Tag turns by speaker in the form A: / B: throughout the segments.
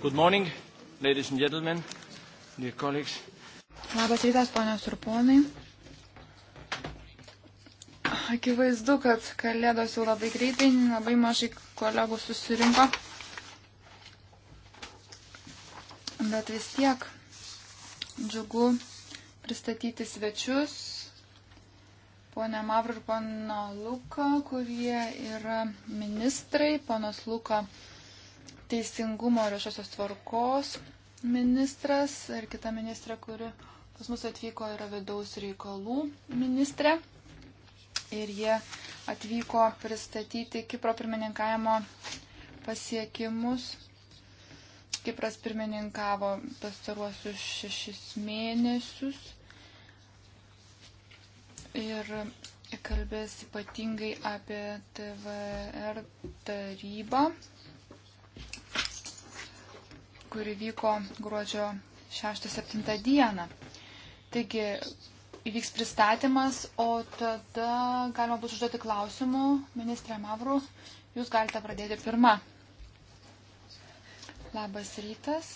A: Good morning, ladies
B: and gentlemen, dear colleagues.
C: Labas rytas, ponios ir ponai. Akivaizdu, kad kalėdos jau labai greitai, labai mažai kolegų susirinko. Bet vis tiek džiugu pristatyti svečius, ponę Mavrą ir poną Luką, kurie yra ministrai. Ponas Luka teisingumo ir viešosios tvarkos ministras ir kita ministrė, kuri pas mus atvyko, yra vidaus reikalų ministrė. Ir jie atvyko pristatyti Kipro pirmininkavimo pasiekimus. Kipras pirmininkavo pastaruosius šešis mėnesius. Ir kalbės ypatingai apie TVR tarybą, kuri vyko gruodžio 6-7 dieną. Taigi įvyks pristatymas, o tada galima bus užduoti klausimų. Ministrė Mavru, jūs galite pradėti pirmą. Labas rytas.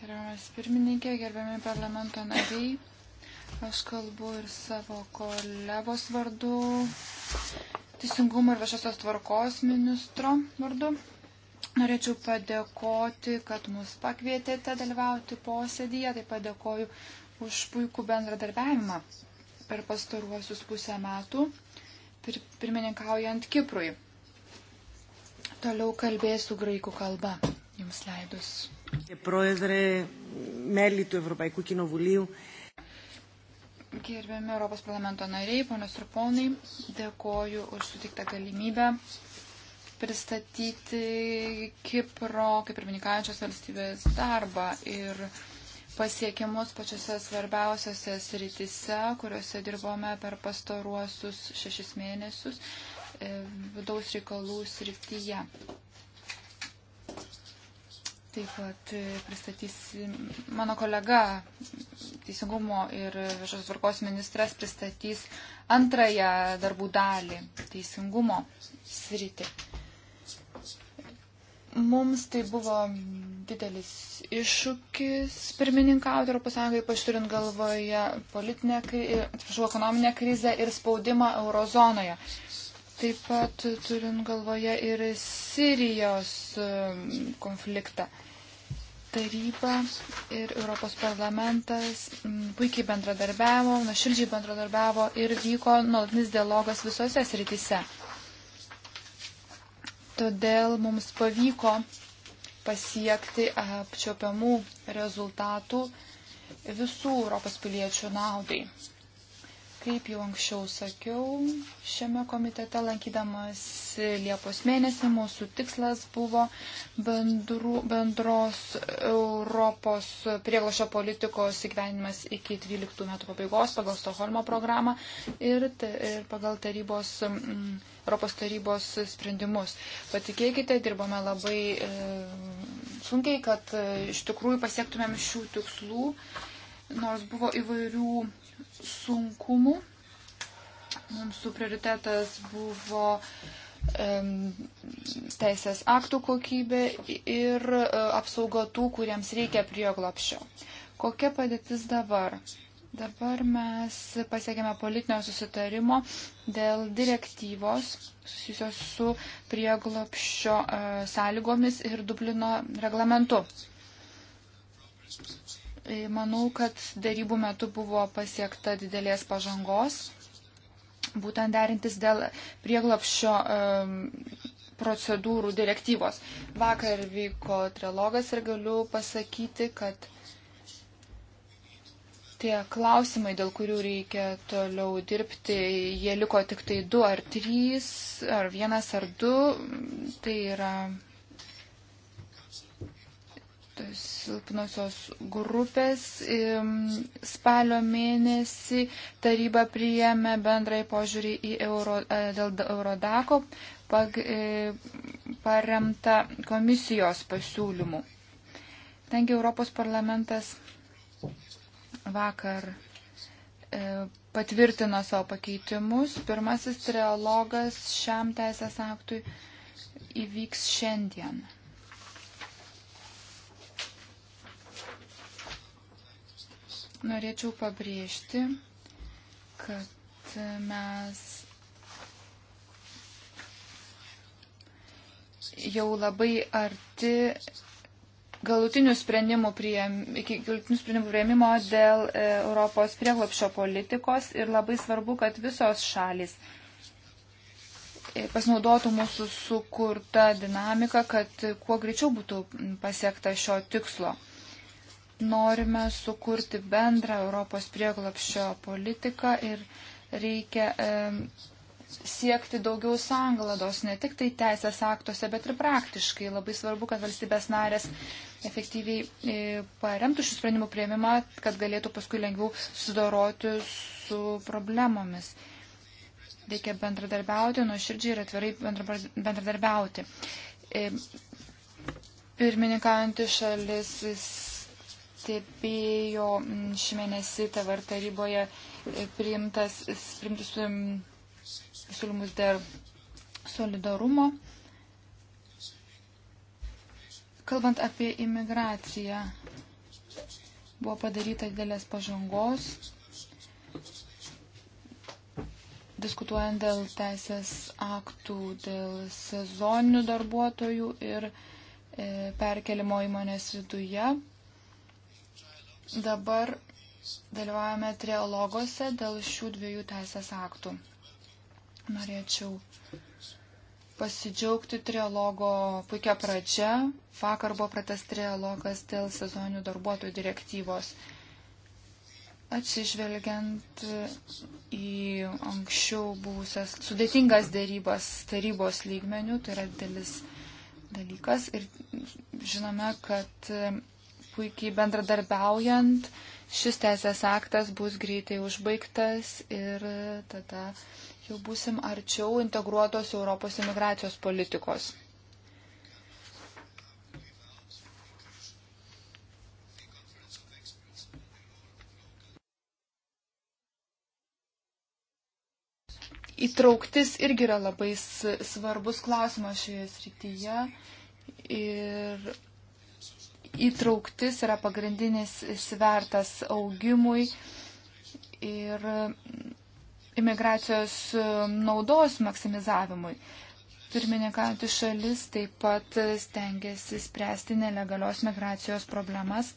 C: Gerbiamas pirmininkė, gerbiami parlamento nariai. Aš kalbu ir savo kolegos vardu, teisingumo ir viešosios tvarkos ministro vardu. Norėčiau padėkoti, kad mus pakvietėte dalyvauti posėdyje, taip pat dėkoju už puikų bendradarbiavimą per pastaruosius pusę metų, pir pirmininkaujant Kiprui. Toliau kalbėsiu graikų kalba, jums leidus. Gerbiami Europos parlamento nariai, ponios ir ponai, dėkoju už sutiktą galimybę pristatyti Kipro kaip pirmininkaujančios valstybės darbą ir pasiekimus pačiose svarbiausiose sritise, kuriuose dirbome per pastaruosius šešis mėnesius e, vidaus reikalų srityje. Taip pat e, pristatys mano kolega Teisingumo ir viešos tvarkos ministras pristatys antrąją darbų dalį Teisingumo sritį. Mums tai buvo didelis iššūkis pirmininkauti Europos Sąjungai, ypač turint galvoje politinę, e, atsiprašau, ekonominę krizę ir spaudimą eurozonoje. Taip pat turint galvoje ir Sirijos e, konfliktą. Taryba ir Europos parlamentas puikiai bendradarbiavo, nuoširdžiai bendradarbiavo ir vyko nuolatinis dialogas visose srityse. Todėl mums pavyko pasiekti apčiopiamų rezultatų visų Europos piliečių naudai. Kaip jau anksčiau sakiau, šiame komitete lankydamas Liepos mėnesį mūsų tikslas buvo bendru, bendros Europos prieglašio politikos įgyvenimas iki 12 metų pabaigos pagal Stoholmo programą ir, ir pagal tarybos. Mm, Europos tarybos sprendimus. Patikėkite, dirbame labai e, sunkiai, kad e, iš tikrųjų pasiektumėm šių tikslų, nors buvo įvairių sunkumų. Mūsų prioritetas buvo teisės aktų kokybė ir e, apsauga tų, kuriems reikia prieglopšio. Kokia padėtis dabar? Dabar mes pasiekėme politinio susitarimo dėl direktyvos susijusios su prieglopščio e, sąlygomis ir Dublino reglamentu. E, manau, kad darybų metu buvo pasiekta didelės pažangos, būtent derintis dėl prieglopščio e, procedūrų direktyvos. Vakar vyko trilogas ir galiu pasakyti, kad Tie klausimai, dėl kurių reikia toliau dirbti, jie liko tik tai du ar trys, ar vienas ar du. Tai yra silpnosios grupės. Spalio mėnesį taryba priėmė bendrai požiūrį į Euro, e, dėl Eurodako pag, e, paremta komisijos pasiūlymų. Tengi Europos parlamentas vakar e, patvirtino savo pakeitimus. Pirmasis trialogas šiam teisės aktui įvyks šiandien. Norėčiau pabrėžti, kad mes jau labai arti galutinių sprendimų, prieim, iki galutinių sprendimų prieimimo dėl e, Europos prieglopšio politikos ir labai svarbu, kad visos šalis e, pasinaudotų mūsų sukurta dinamika, kad kuo greičiau būtų pasiekta šio tikslo. Norime sukurti bendrą Europos prieglopščio politiką ir reikia e, siekti daugiau sanglados, ne tik tai teisės aktuose, bet ir praktiškai. Labai svarbu, kad valstybės narės efektyviai e, paremtų šių sprendimų prieimimą, kad galėtų paskui lengviau susidoroti su problemomis. Reikia bendradarbiauti, nuoširdžiai ir atvirai bendradarbiauti. E, pirmininkaujantį šalis stebėjo šį mėnesį TVR taryboje e, priimtas, priimtus pasiūlymus dėl solidarumo. Kalbant apie imigraciją, buvo padaryta didelės pažangos, diskutuojant dėl teisės aktų, dėl sezoninių darbuotojų ir e, perkelimo įmonės viduje. Dabar dalyvavome trialogose dėl šių dviejų teisės aktų. Norėčiau pasidžiaugti trialogo puikia pradžia. Vakar buvo pratas trialogas dėl sezoninių darbuotojų direktyvos. Atsižvelgiant į anksčiau buvusias sudėtingas dėrybas tarybos lygmenių, tai yra didelis dalykas ir žinome, kad puikiai bendradarbiaujant šis teisės aktas bus greitai užbaigtas ir tada jau būsim arčiau integruotos Europos imigracijos politikos. Įtrauktis irgi yra labai svarbus klausimas šioje srityje ir įtrauktis yra pagrindinis svertas augimui ir imigracijos um, naudos maksimizavimui. Pirmininkauti šalis taip pat stengiasi spręsti nelegalios migracijos problemas,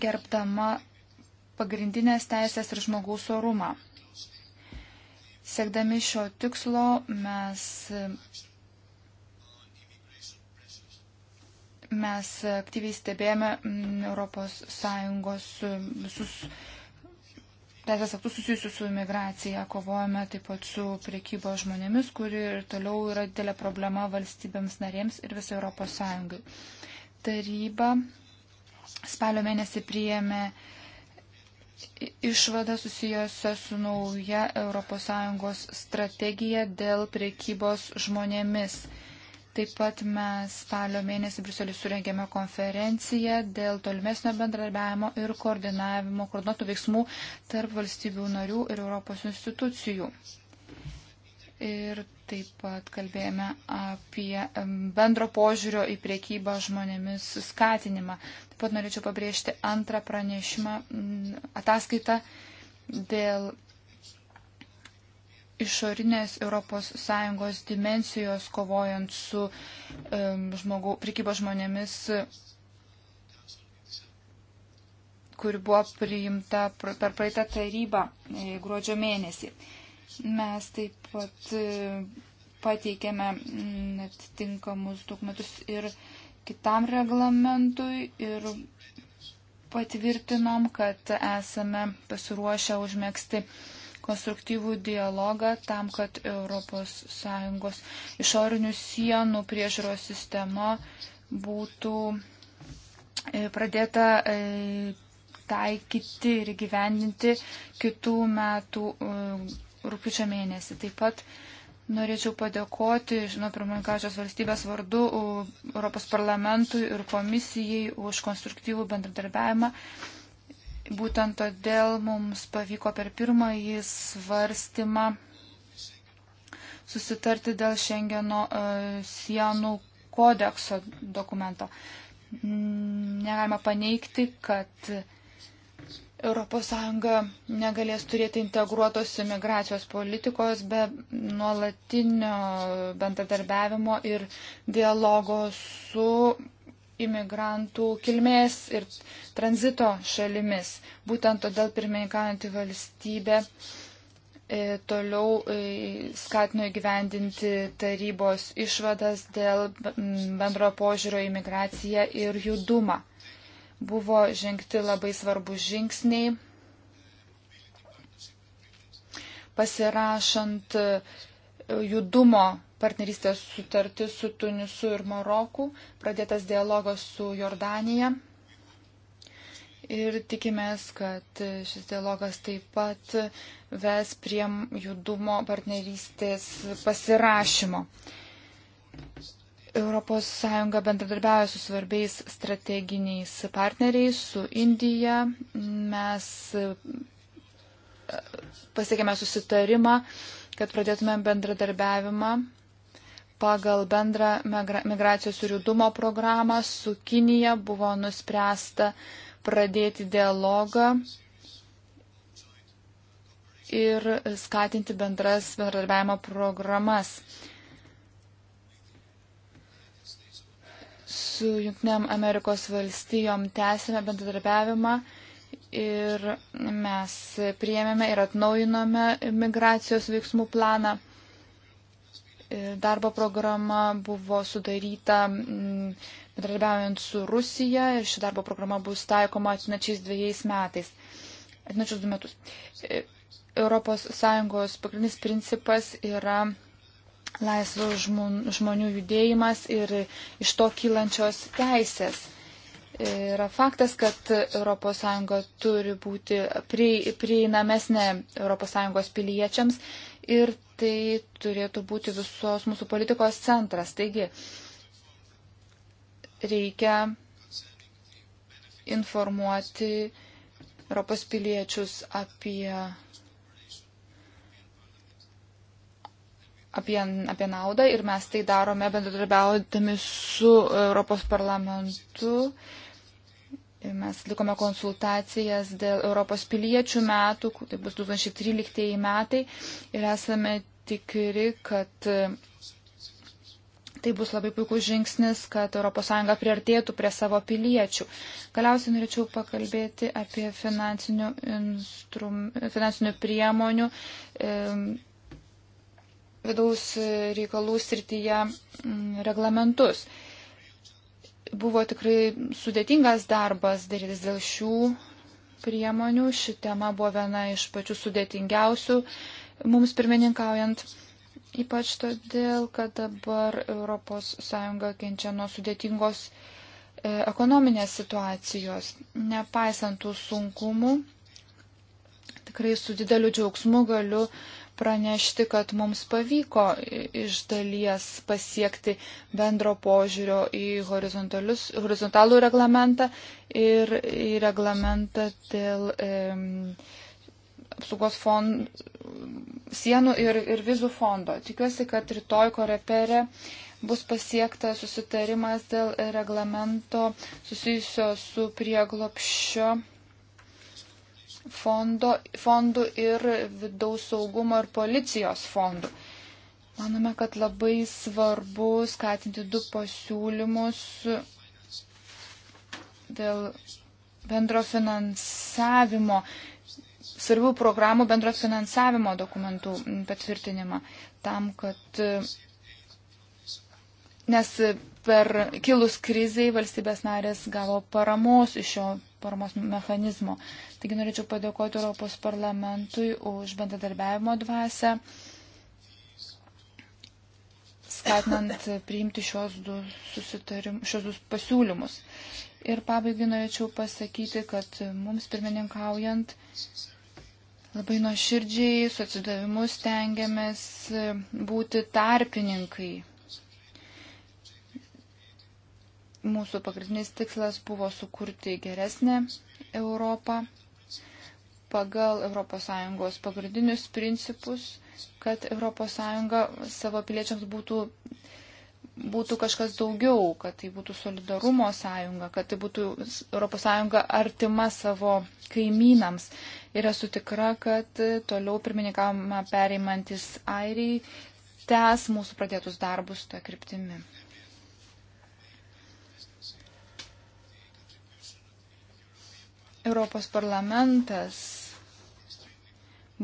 C: gerbdama pagrindinės teisės ir žmogaus orumą. Siekdami šio tikslo mes, mes aktyviai stebėjome ES visus teisės aktus susijusius su imigracija, kovojame taip pat su priekybo žmonėmis, kuri ir toliau yra didelė problema valstybėms narėms ir visai Europos Sąjungai. Taryba spalio mėnesį priėmė išvadą susijusią su nauja ES strategija dėl priekybos žmonėmis. Taip pat mes spalio mėnesį Briuselį surengėme konferenciją dėl tolimesnio bendradarbiavimo ir koordinavimo, koordinuotų veiksmų tarp valstybių narių ir Europos institucijų. Ir taip pat kalbėjome apie bendro požiūrio į priekybą žmonėmis skatinimą. Taip pat norėčiau pabrėžti antrą pranešimą ataskaitą dėl išorinės ES dimensijos kovojant su um, žmogų, prikybo žmonėmis, kuri buvo priimta per praeitą tarybą e, gruodžio mėnesį. Mes taip pat e, pateikėme mm, atitinkamus dokumentus ir kitam reglamentui ir patvirtinom, kad esame pasiruošę užmėgsti uh, konstruktyvų dialogą tam, kad ES išorinių sienų priežiūros sistema būtų e, pradėta e, taikyti ir gyvendinti kitų metų e, rūpiučio mėnesį. Taip pat norėčiau padėkoti, žinau, pirmininkačios valstybės vardu Europos parlamentui ir komisijai už konstruktyvų bendradarbiavimą Būtent todėl mums pavyko per pirmąjį svarstymą susitarti dėl Šengeno e, sienų kodekso dokumento. Negalima paneigti, kad ES negalės turėti integruotos imigracijos politikos be nuolatinio bendradarbiavimo ir dialogo su imigrantų kilmės ir tranzito šalimis. Būtent todėl pirmininkaujantį valstybę e, toliau e, skatino įgyvendinti tarybos išvadas dėl bendro požiūrio į migraciją ir judumą. Buvo žengti labai svarbus žingsniai, pasirašant e, judumo partnerystės sutartis su Tunisu ir Maroku, pradėtas dialogas su Jordanija. Ir tikimės, kad šis dialogas taip pat ves prie judumo partnerystės pasirašymo. ES bendradarbiauja su svarbiais strateginiais partneriais, su Indija. Mes e, pasiekėme susitarimą, kad pradėtume bendradarbiavimą pagal bendrą migracijos ir judumo programą su Kinija buvo nuspręsta pradėti dialogą ir skatinti bendras bendradarbiavimo programas. Su Junktinėm Amerikos valstijom tęsime bendradarbiavimą ir mes priėmėme ir atnaujinome migracijos veiksmų planą. E, darbo programa buvo sudaryta mm, bendradarbiaujant su Rusija ir ši darbo programa bus taikoma atinačiais dviejais metais. Atinačius du metus. ES pagrindinis principas yra laisvo žmonių judėjimas ir iš to kylančios teisės. E, yra faktas, kad ES turi būti prieinamesnė ES piliečiams ir tai turėtų būti visos mūsų politikos centras. Taigi reikia informuoti Europos piliečius apie, apie, apie naudą ir mes tai darome bendradarbiaudami su Europos parlamentu. Uh, Mes likome konsultacijas dėl Europos piliečių metų, tai bus 2013 metai ir esame tikri, kad tai bus labai puikus žingsnis, kad ES priartėtų prie savo piliečių. Galiausiai norėčiau pakalbėti apie finansinių, instrum, finansinių priemonių e, vidaus reikalų srityje mm, reglamentus. E, Buvo tikrai sudėtingas darbas darytis dėl šių priemonių. Ši tema buvo viena iš pačių sudėtingiausių mums pirmininkaujant. Ypač todėl, kad dabar ES kenčia nuo sudėtingos e, ekonominės situacijos. Nepaisant tų sunkumų, tikrai su dideliu džiaugsmu galiu pranešti, kad mums pavyko iš dalies pasiekti bendro požiūrio į horizontalų reglamentą ir į reglamentą dėl e, apsaugos fond, sienų ir, ir vizų fondo. Tikiuosi, kad rytoj korepere bus pasiektas susitarimas dėl reglamento susijusio su prieglopščio fondo, fondų ir vidaus saugumo ir policijos fondų. Manome, kad labai svarbu skatinti du pasiūlymus dėl bendro finansavimo, svarbių programų bendro finansavimo dokumentų patvirtinimą. Tam, kad nes per kilus kriziai valstybės narės gavo paramos iš šio paramos mechanizmo. Taigi norėčiau padėkoti Europos parlamentui už bendradarbiavimo dvasę, skatinant priimti šios du, šios du pasiūlymus. Ir pabaigai norėčiau pasakyti, kad mums pirmininkaujant labai nuoširdžiai su atsidavimu stengiamės būti tarpininkai Mūsų pagrindinis tikslas buvo sukurti geresnę Europą pagal ES pagrindinius principus, kad ES savo piliečiams būtų, būtų kažkas daugiau, kad tai būtų solidarumo sąjunga, kad tai būtų ES artima savo kaimynams. Ir esu tikra, kad toliau pirmininkavimą pereimantis Airijai tęs mūsų pradėtus darbus tą kryptimį. Europos parlamentas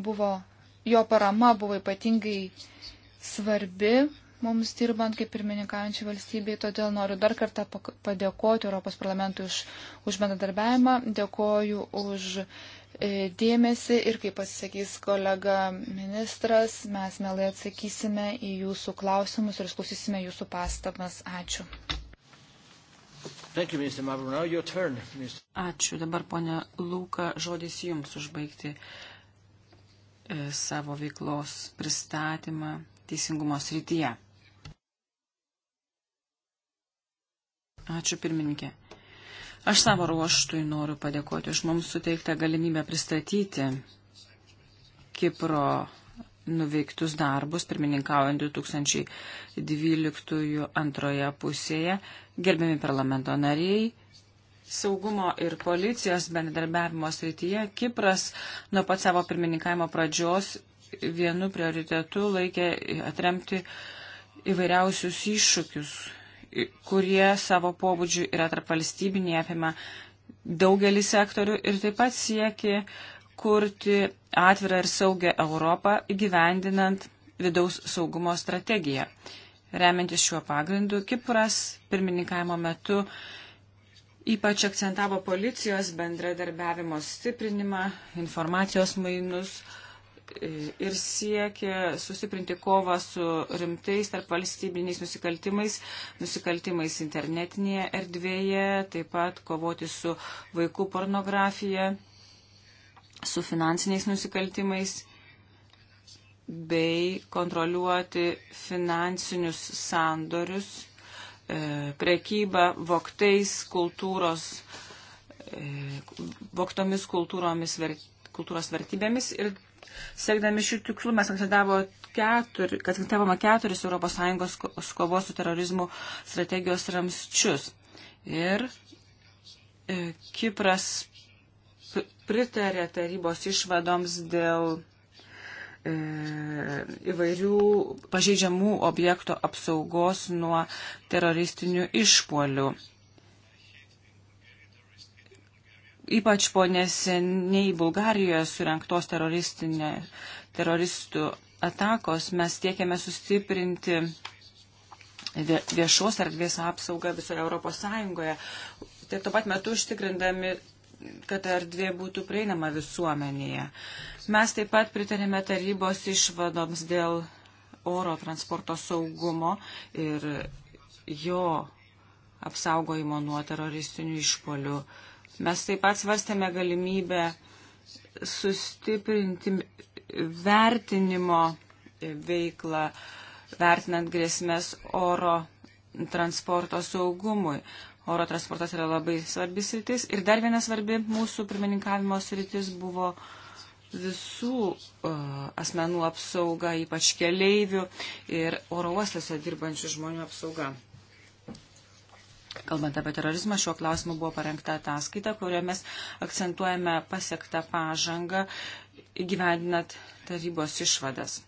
C: buvo, jo parama buvo ypatingai svarbi mums dirbant kaip pirmininkaujančiai valstybei, todėl noriu dar kartą padėkoti Europos parlamentui už, už bendradarbiavimą, dėkoju už e, dėmesį ir kaip pasisakys kolega ministras, mes mielai atsakysime į
A: jūsų klausimus ir išklausysime jūsų pastabas. Ačiū. You, Now, turn, Ačiū. Dabar, ponia Lūka, žodis Jums užbaigti e, savo veiklos pristatymą teisingumo srityje. Ačiū pirmininkė. Aš savo ruoštui noriu padėkoti už mums suteiktą galimybę pristatyti Kipro nuveiktus darbus, pirmininkaujant 2012 antroje pusėje. Gerbiami parlamento nariai, saugumo ir policijos bendradarbiavimo srityje Kipras nuo pat savo pirmininkavimo pradžios vienu prioritetu laikė atremti įvairiausius iššūkius, kurie savo pobūdžių yra tarp valstybinė apima daugelį sektorių ir taip pat siekė uh, kurti atvirą ir saugę Europą įgyvendinant vidaus saugumo strategiją. Remiantis šiuo pagrindu, Kipras pirmininkavimo metu ypač akcentavo policijos bendradarbiavimo stiprinimą, informacijos mainus e, ir siekė sustiprinti kovą su rimtais tarp valstybiniais nusikaltimais, nusikaltimais internetinėje erdvėje, taip pat kovoti su vaikų pornografija su finansiniais nusikaltimais bei kontroliuoti finansinius sandorius, e, prekybą voktais kultūros, e, voktomis kultūromis, kultūros vertybėmis ir Siekdami šių tikslų mes keturi, akcentavome keturis ES kovos su terorizmu strategijos ramsčius. Ir e, Kipras pritarė tarybos išvadoms dėl e, įvairių pažeidžiamų objekto apsaugos nuo teroristinių išpolių. Ypač po neseniai Bulgarijoje surinktos teroristų atakos mes tiekėme sustiprinti viešos erdvės apsaugą visoje Europos Sąjungoje. Tai tuo pat metu užtikrindami kad erdvė būtų prieinama visuomenėje. Mes taip pat pritarėme tarybos išvadoms dėl oro transporto saugumo ir jo apsaugojimo nuo teroristinių išpolių. Mes taip pat svarstėme galimybę sustiprinti vertinimo veiklą, vertinant grėsmės oro transporto saugumui oro transportas yra labai svarbi sritis. Ir dar viena svarbi mūsų pirmininkavimo sritis buvo visų uh, asmenų apsauga, ypač keleivių ir oro uostose dirbančių žmonių apsauga. Kalbant apie terorizmą, šiuo klausimu buvo parengta ataskaita, kurioje mes akcentuojame pasiektą pažangą įgyvendinat tarybos išvadas.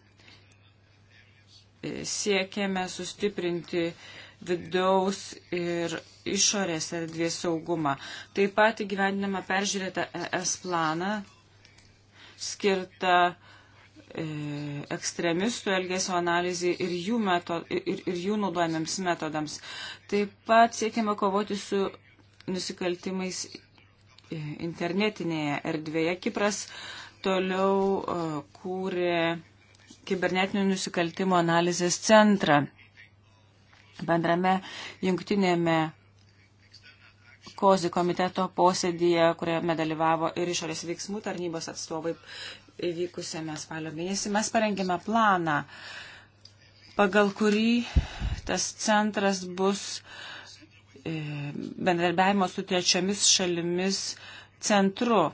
A: E, siekėme sustiprinti uh, vidaus ir išorės erdvės saugumą. Taip pat įgyvendinama peržiūrėta ES planą skirtą e, ekstremistų elgesio analizai ir jų, metod, ir, ir jų naudojamiams metodams. Taip pat siekiama kovoti su nusikaltimais e, internetinėje erdvėje. Kipras toliau e, kūrė kibernetinių nusikaltimų analizės centrą bendrame jungtinėme kozi komiteto posėdėje, kuriame dalyvavo ir išorės veiksmų tarnybos atstovai įvykusiame spalio mėnesį, mes parengėme planą, pagal kurį tas centras bus e, bendradarbiavimo su trečiomis šalimis centru.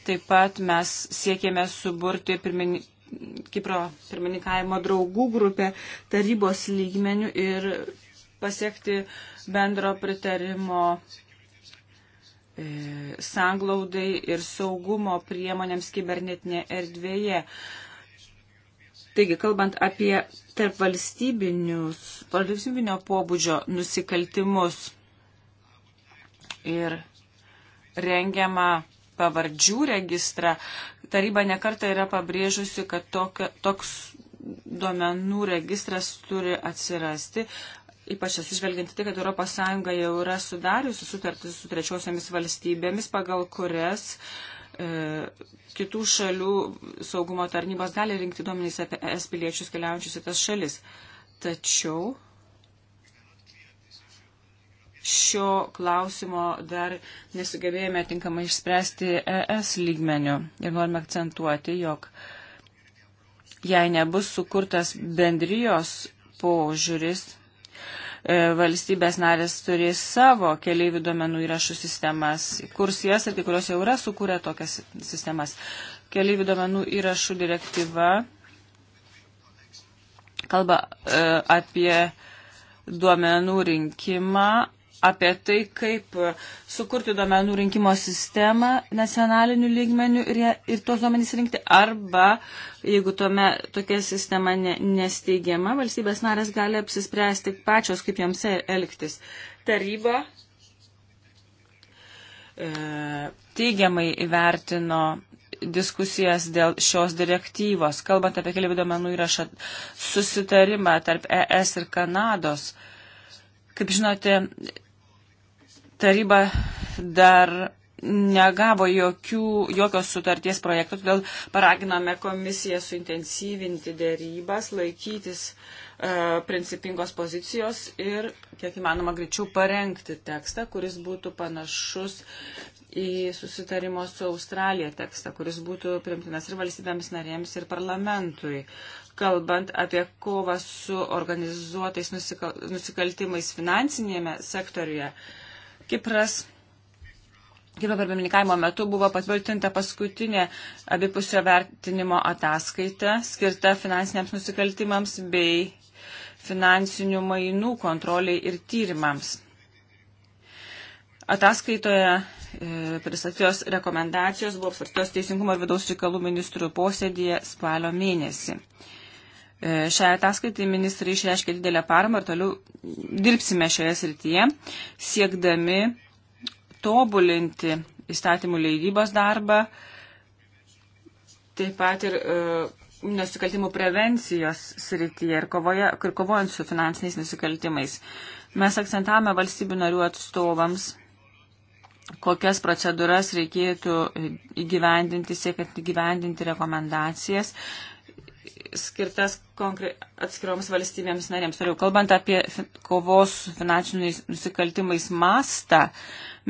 A: Taip pat mes siekėme suburti pirmin, Kipro pirmininkavimo draugų grupė tarybos lygmenių ir pasiekti bendro pritarimo e, sanglaudai ir saugumo priemonėms kibernetinėje erdvėje. Taigi, kalbant apie tarpvalstybinio pobūdžio nusikaltimus ir rengiamą pavardžių registrą, taryba nekarta yra pabrėžusi, kad tokia, toks duomenų registras turi atsirasti. Ypač atsižvelgiant tai, kad ES jau yra sudariusi sutartis su trečiosiamis valstybėmis, pagal kurias e, kitų šalių saugumo tarnybos gali rinkti duomenys apie es piliečius keliaujančius į tas šalis. Tačiau šio klausimo dar nesugebėjome tinkamai išspręsti ES lygmenių ir norime akcentuoti, jog jei nebus sukurtas bendrijos požiūris, e, valstybės narės turės savo keliaivių duomenų įrašų sistemas, kurs jas ir kai kurios jau yra sukūrę tokias sistemas. Keliaivių duomenų įrašų direktyva kalba e, apie duomenų rinkimą apie tai, kaip sukurti duomenų rinkimo sistemą nacionaliniu lygmeniu ir, ir tos duomenys rinkti, arba jeigu tuome tokia sistema ne, nesteigiama, valstybės narės gali apsispręsti pačios, kaip joms e-, elgtis. Taryba e, teigiamai įvertino diskusijas dėl šios direktyvos, kalbant apie kelių duomenų įrašą susitarimą tarp ES ir Kanados. Kaip žinote, taryba dar negavo jokių, jokios sutarties projektų, todėl paraginome komisiją suintensyvinti dėrybas, laikytis e, principingos pozicijos ir kiek įmanoma greičiau parengti tekstą, kuris būtų panašus į susitarimo su Australija tekstą, kuris būtų primtinas ir valstybėms narėms, ir parlamentui. Kalbant apie kovą su organizuotais nusikal, nusikaltimais finansinėme sektoriuje, e, Kipras. Kipro pirmininkavimo metu buvo patvirtinta paskutinė abipusio vertinimo ataskaita skirta finansiniams nusikaltimams bei finansinių mainų kontroliai ir tyrimams. Ataskaitoje e, pristatytos rekomendacijos buvo apsvarstytos Teisingumo ir vidaus reikalų ministrų posėdėje spalio mėnesį. E, šią ataskaitą ministrai išreiškė didelę paramą ir toliau dirbsime šioje srityje, siekdami tobulinti įstatymų leidybos darbą, taip pat ir e, nusikaltimų prevencijos srityje ir, kovoje, ir kovojant su finansiniais nusikaltimais. Mes akcentavome valstybių narių atstovams, kokias procedūras reikėtų įgyvendinti, siekiant įgyvendinti rekomendacijas skirtas konkre... atskiroms valstybėms narėms. Toliau, kalbant apie kovos su finansiniais nusikaltimais mastą,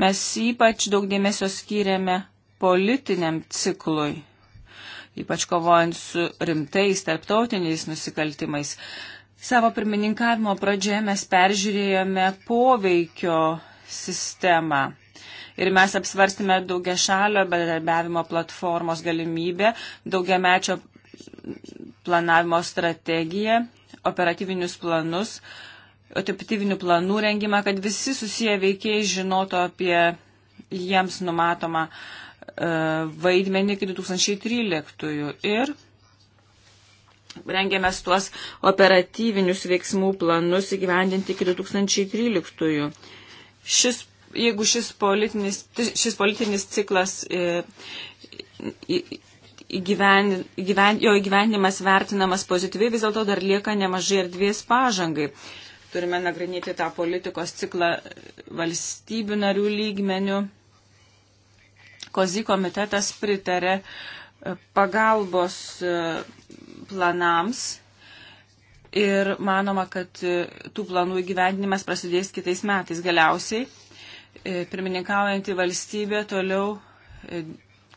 A: mes ypač daug dėmesio skiriame politiniam ciklui, ypač kovojant su rimtais tarptautiniais nusikaltimais. Savo pirmininkavimo pradžioje mes peržiūrėjome poveikio sistemą ir mes apsvarstėme daugia šalio bedarbiavimo platformos galimybę, daugia mečio planavimo strategiją, operatyvinius planus, operatyvinių planų rengimą, kad visi susiję veikėjai žinotų apie jiems numatomą e, vaidmenį iki 2013 ir rengiamės tuos operatyvinius veiksmų planus įgyvendinti iki 2013. Šis, jeigu šis politinis, šis politinis ciklas e, įgyven, įgyven, jo įgyvendimas vertinamas pozityviai, vis dėlto dar lieka nemažai erdvės pažangai. Turime nagrinėti tą politikos ciklą valstybių narių lygmenių. Kozy komitetas pritarė e, pagalbos e, planams ir manoma, kad e, tų planų įgyvendinimas prasidės kitais metais. Galiausiai pirmininkaujantį valstybę toliau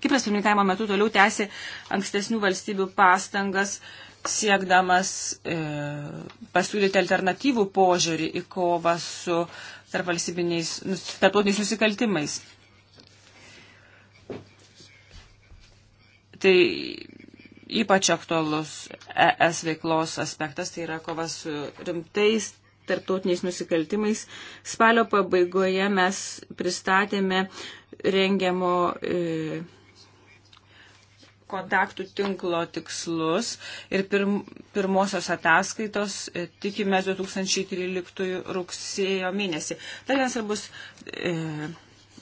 A: Kipras pirmininkavimo metu toliau tęsi ankstesnių valstybių pastangas siekdamas e, pasiūlyti alternatyvų požiūrį į kovą su tarpvalstybiniais nu, tarptautiniais nusikaltimais. Tai ypač aktualus ES veiklos aspektas, tai yra kova su rimtais tarptautiniais nusikaltimais. Spalio pabaigoje mes pristatėme rengiamo. E, kontaktų tinklo tikslus ir pirm, pirmosios ataskaitos e, tikimės 2013 rugsėjo mėnesį. Tai vienas ir bus e,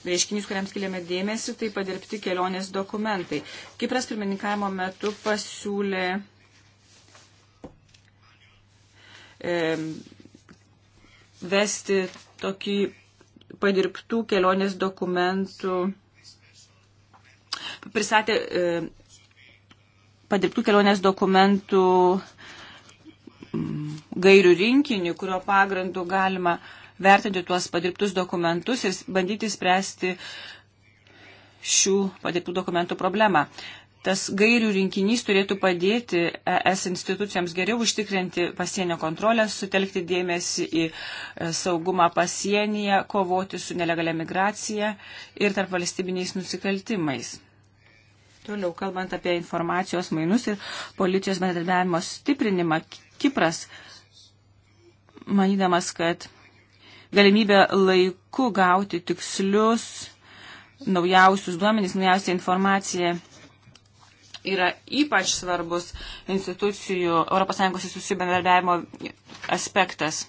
A: reiškinys, kuriam skiriame dėmesį, tai padirbti kelionės dokumentai. Kipras pirmininkavimo metu pasiūlė e, vesti tokį padirbtų kelionės dokumentų pristatė e, padirbtų kelionės dokumentų mm, gairių rinkinį, kurio pagrindų galima vertinti tuos padirbtus dokumentus ir bandyti spręsti šių padirbtų dokumentų problemą. Tas gairių rinkinys turėtų padėti ES institucijoms geriau užtikrinti pasienio kontrolę, sutelkti dėmesį į e, saugumą pasienyje, kovoti su nelegalia migracija ir tarp valstybiniais nusikaltimais. Toliau, kalbant apie informacijos mainus ir policijos bendradarbiavimo stiprinimą, Kipras, manydamas, kad galimybė laiku gauti tikslius, naujausius duomenys, naujausią informaciją yra ypač svarbus institucijų, ES institucijų bendradarbiavimo aspektas.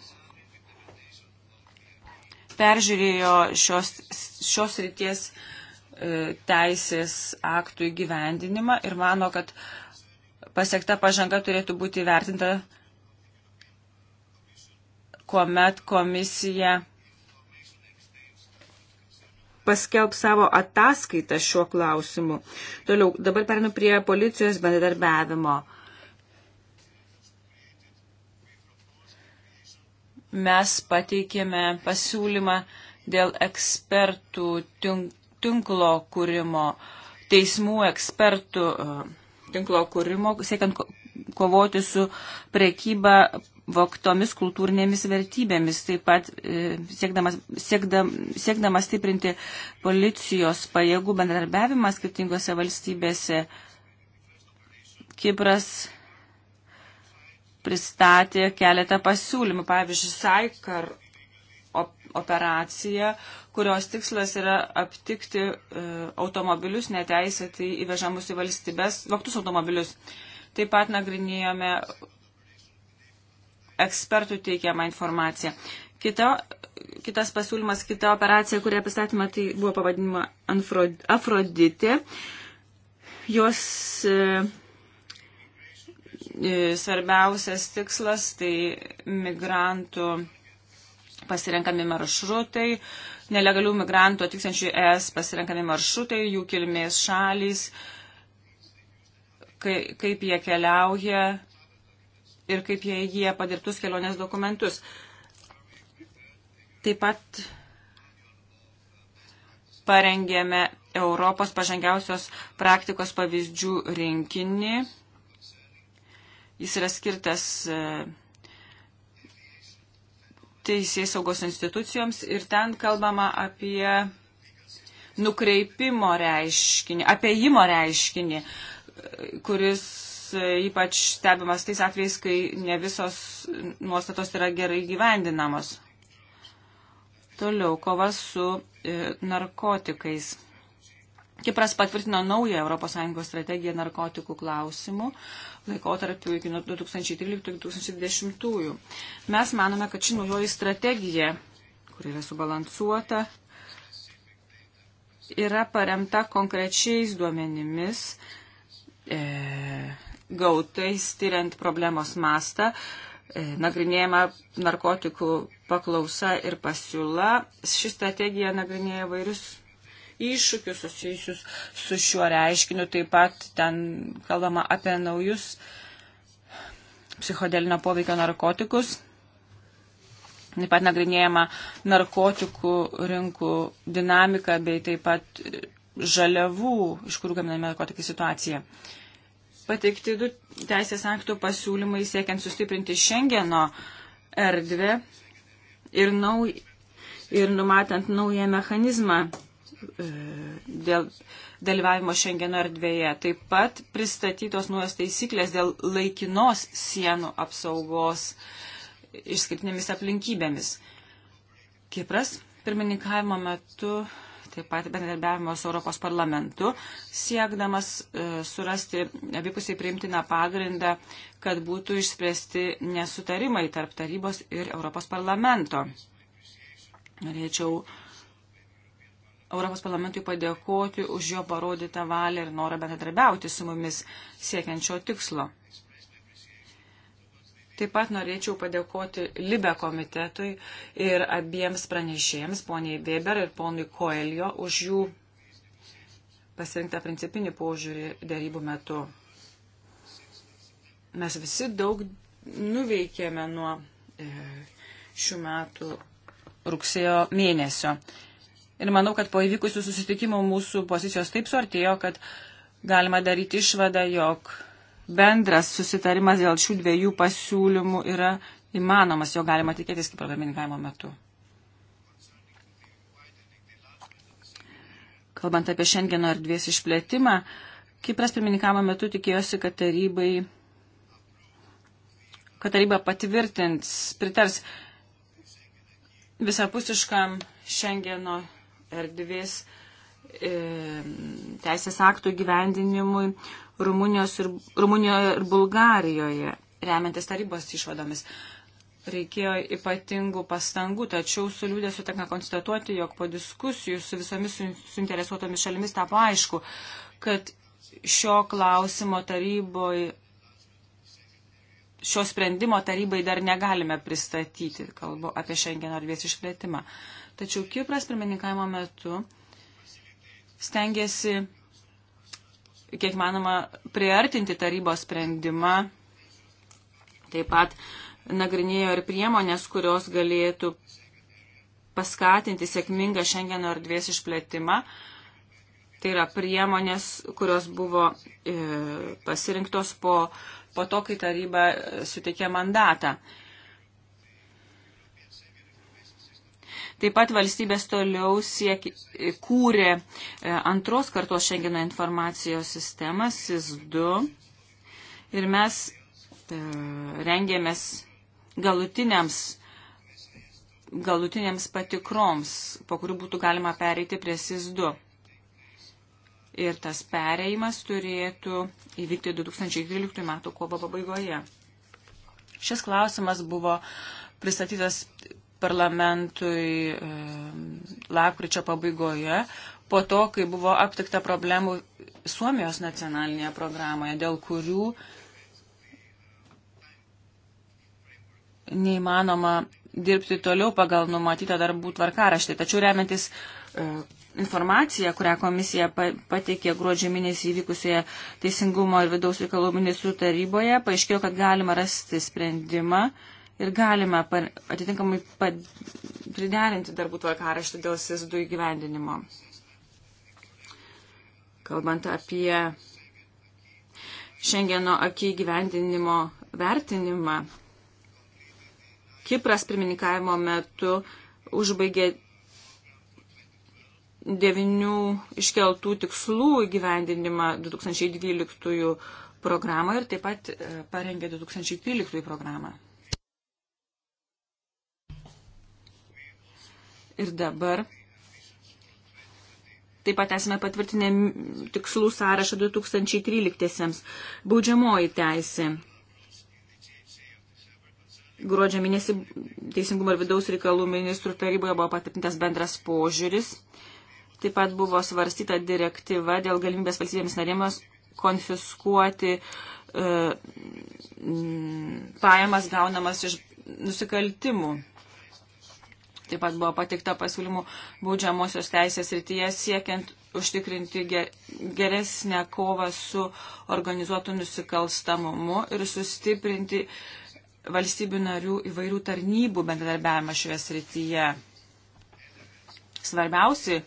A: Peržiūrėjo šios, šios ryties uh, E, teisės aktų įgyvendinimą ir mano, kad pasiekta pažanga turėtų būti vertinta, kuomet komisija paskelb savo ataskaitą šiuo klausimu. Toliau, dabar perinu prie policijos bendradarbiavimo. Mes pateikėme pasiūlymą dėl ekspertų tink, tinklo kūrimo, teismų ekspertų e, tinklo kūrimo, siekiant kovoti su prekyba voktomis kultūrinėmis vertybėmis, taip pat e, siekdamas, siekdam, siekdamas stiprinti policijos pajėgų bendradarbiavimą skirtingose valstybėse. Kipras pristatė keletą pasiūlymų, pavyzdžiui, Saikar operacija, kurios tikslas yra aptikti e, automobilius neteisėtai įvežamus į valstybės, voktus automobilius. Taip pat nagrinėjome ekspertų teikiamą informaciją. Kita, kitas pasiūlymas, kita operacija, kurią pristatymą, tai buvo pavadinima Afroditė. Jos e, e, svarbiausias tikslas tai migrantų pasirenkami maršrutai, nelegalių migrantų atvykstančių ES pasirenkami maršrutai, jų kilmės šalys, kai, kaip jie keliauja ir kaip jie įgyja padirbtus kelionės dokumentus. Taip pat parengėme Europos pažangiausios praktikos pavyzdžių rinkinį. Jis yra skirtas e, teisės saugos institucijoms ir ten kalbama apie nukreipimo reiškinį, apiejimo reiškinį, kuris e, ypač stebimas tais atvejais, kai ne visos nuostatos yra gerai gyvendinamos. Toliau kova su e, narkotikais. Kipras patvirtino naują ES strategiją narkotikų klausimų, laikotarpiu iki 2013-2020. Mes manome, kad ši naujoji strategija, kuri yra subalansuota, yra paremta konkrečiais duomenimis e, gautais tyriant problemos mastą, e, nagrinėjama narkotikų paklausa ir pasiūla. Ši strategija nagrinėja vairius iššūkius susijusius su šiuo reiškiniu. Taip pat ten kalbama apie naujus psichodelinio poveikio narkotikus. Taip pat nagrinėjama narkotikų rinkų dinamika bei taip pat žaliavų, iš kurių gaminami narkotikai situacija. Pateikti du teisės aktų pasiūlymai siekiant sustiprinti Šengeno erdvę ir, nau, ir numatant naują mechanizmą E, dėl dalyvavimo Šengeno erdvėje. Taip pat pristatytos nuos taisyklės dėl laikinos sienų apsaugos išskirtinėmis aplinkybėmis. Kipras pirmininkavimo metu taip pat bendradarbiavimo su Europos parlamentu, siekdamas e, surasti abipusiai priimtiną pagrindą, kad būtų išspręsti nesutarimai tarp tarybos ir Europos parlamento. Norėčiau e, Europos parlamentui padėkoti už jo parodytą valią ir norą bendradarbiauti su mumis siekiančio tikslo. Taip pat norėčiau padėkoti Libe komitetui ir abiems pranešėjams, poniai Weber ir ponui Koelio, už jų pasirinktą principinį požiūrį dėrybų metu. Mes visi daug nuveikėme nuo e, šių metų rugsėjo mėnesio. Ir manau, kad po įvykusių susitikimų mūsų pozicijos taip suartėjo, kad galima daryti išvadą, jog bendras susitarimas dėl šių dviejų pasiūlymų yra įmanomas, jo galima tikėtis kaip programininkavimo metu. Kalbant apie šiandieno erdvės išplėtimą, Kipras pirmininkavimo metu tikėjosi, kad tarybai kad taryba patvirtins, pritars visapusiškam Šengeno erdvės e, teisės aktų gyvendinimui Rumunijos ir, Rumunijoje ir Bulgarijoje, remiantis tarybos išvadomis. Reikėjo ypatingų pastangų, tačiau su liūdėsiu tenka konstatuoti, jog po diskusijų su visomis suinteresuotomis šalimis tapo aišku, kad šio klausimo taryboje, šio sprendimo tarybai dar negalime pristatyti, kalbu apie šiandien erdvės išplėtimą. Uh, Tačiau Kipras pirmininkavimo metu stengiasi, kiek manoma, priartinti tarybos sprendimą. Taip pat nagrinėjo ir priemonės, kurios galėtų paskatinti sėkmingą šiandieno erdvės išplėtimą. Tai yra priemonės, kurios buvo e, pasirinktos po, po to, kai taryba e, suteikė mandatą. Taip pat valstybės toliau siek, kūrė e, antros kartos Schengeno informacijos sistemą SIS2 ir mes e, rengėmės galutiniams galutinėms patikroms, po kurių būtų galima pereiti prie SIS2 ir tas pereimas turėtų įvykti 2012 m. kovo pabaigoje. Šis klausimas buvo pristatytas parlamentui lapkričio pabaigoje, po to, kai buvo aptikta problemų Suomijos nacionalinėje programoje, dėl kurių neįmanoma dirbti toliau pagal numatytą darbų tvarkaraštį. Tačiau remiantis e, informacija, kurią komisija pateikė gruodžio mėnesį įvykusioje Teisingumo ir vidaus reikalų ministrų taryboje, paaiškėjo, kad galima rasti sprendimą, uh, ir galime atitinkamai priderinti darbų tvarkaraštį dėl SIS2 įgyvendinimo. Kalbant apie Šengeno akį įgyvendinimo vertinimą, Kipras pirmininkavimo metu užbaigė devinių iškeltų tikslų įgyvendinimą 2012 programą ir taip pat e, parengė 2013 programą. Ir dabar taip pat esame patvirtinę tikslų sąrašą 2013. Baudžiamoji teisė. Gruodžio mėnesį Teisingumo ir vidaus reikalų ministrų taryboje buvo patvirtintas bendras požiūris. Taip pat buvo svarstyta direktyva dėl galimybės valstybėms narėmės konfiskuoti e, pajamas gaunamas iš nusikaltimų. Taip pat buvo patikta pasiūlymų būdžiamosios teisės rytyje siekiant užtikrinti geresnę kovą su organizuotu nusikalstamumu ir sustiprinti valstybių narių įvairių tarnybų bendradarbiavimą šioje srityje. Svarbiausi e,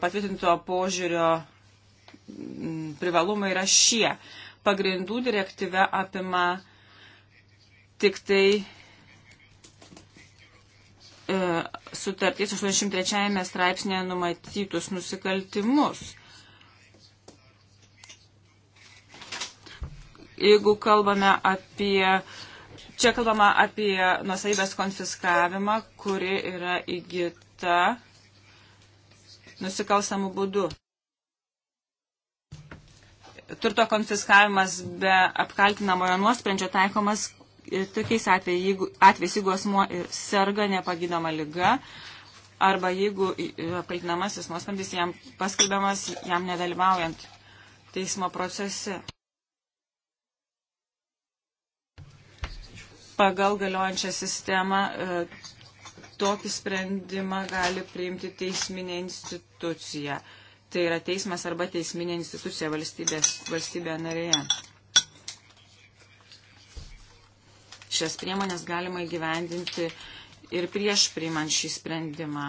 A: patvirtinto požiūrio privalumai yra šie. Pagrindų direktyve apima tik tai sutarties 83 straipsnėje numatytus nusikaltimus. Jeigu kalbame apie, čia kalbama apie nusaibės konfiskavimą, kuri yra įgyta nusikalstamų būdų. Turto konfiskavimas be apkaltinamojo nuosprendžio taikomas E, tokiais atvejais, jeigu, atvejais, jeigu asmuo serga nepagydama lyga, arba jeigu e, apkaltinamasis nuosprendis jam paskelbiamas, jam nedalyvaujant teismo procese. Pagal galiojančią sistemą e, tokį sprendimą gali priimti teisminė institucija. Tai yra teismas arba teisminė institucija valstybės, valstybė narėje. Šias priemonės galima įgyvendinti ir prieš priimant šį sprendimą.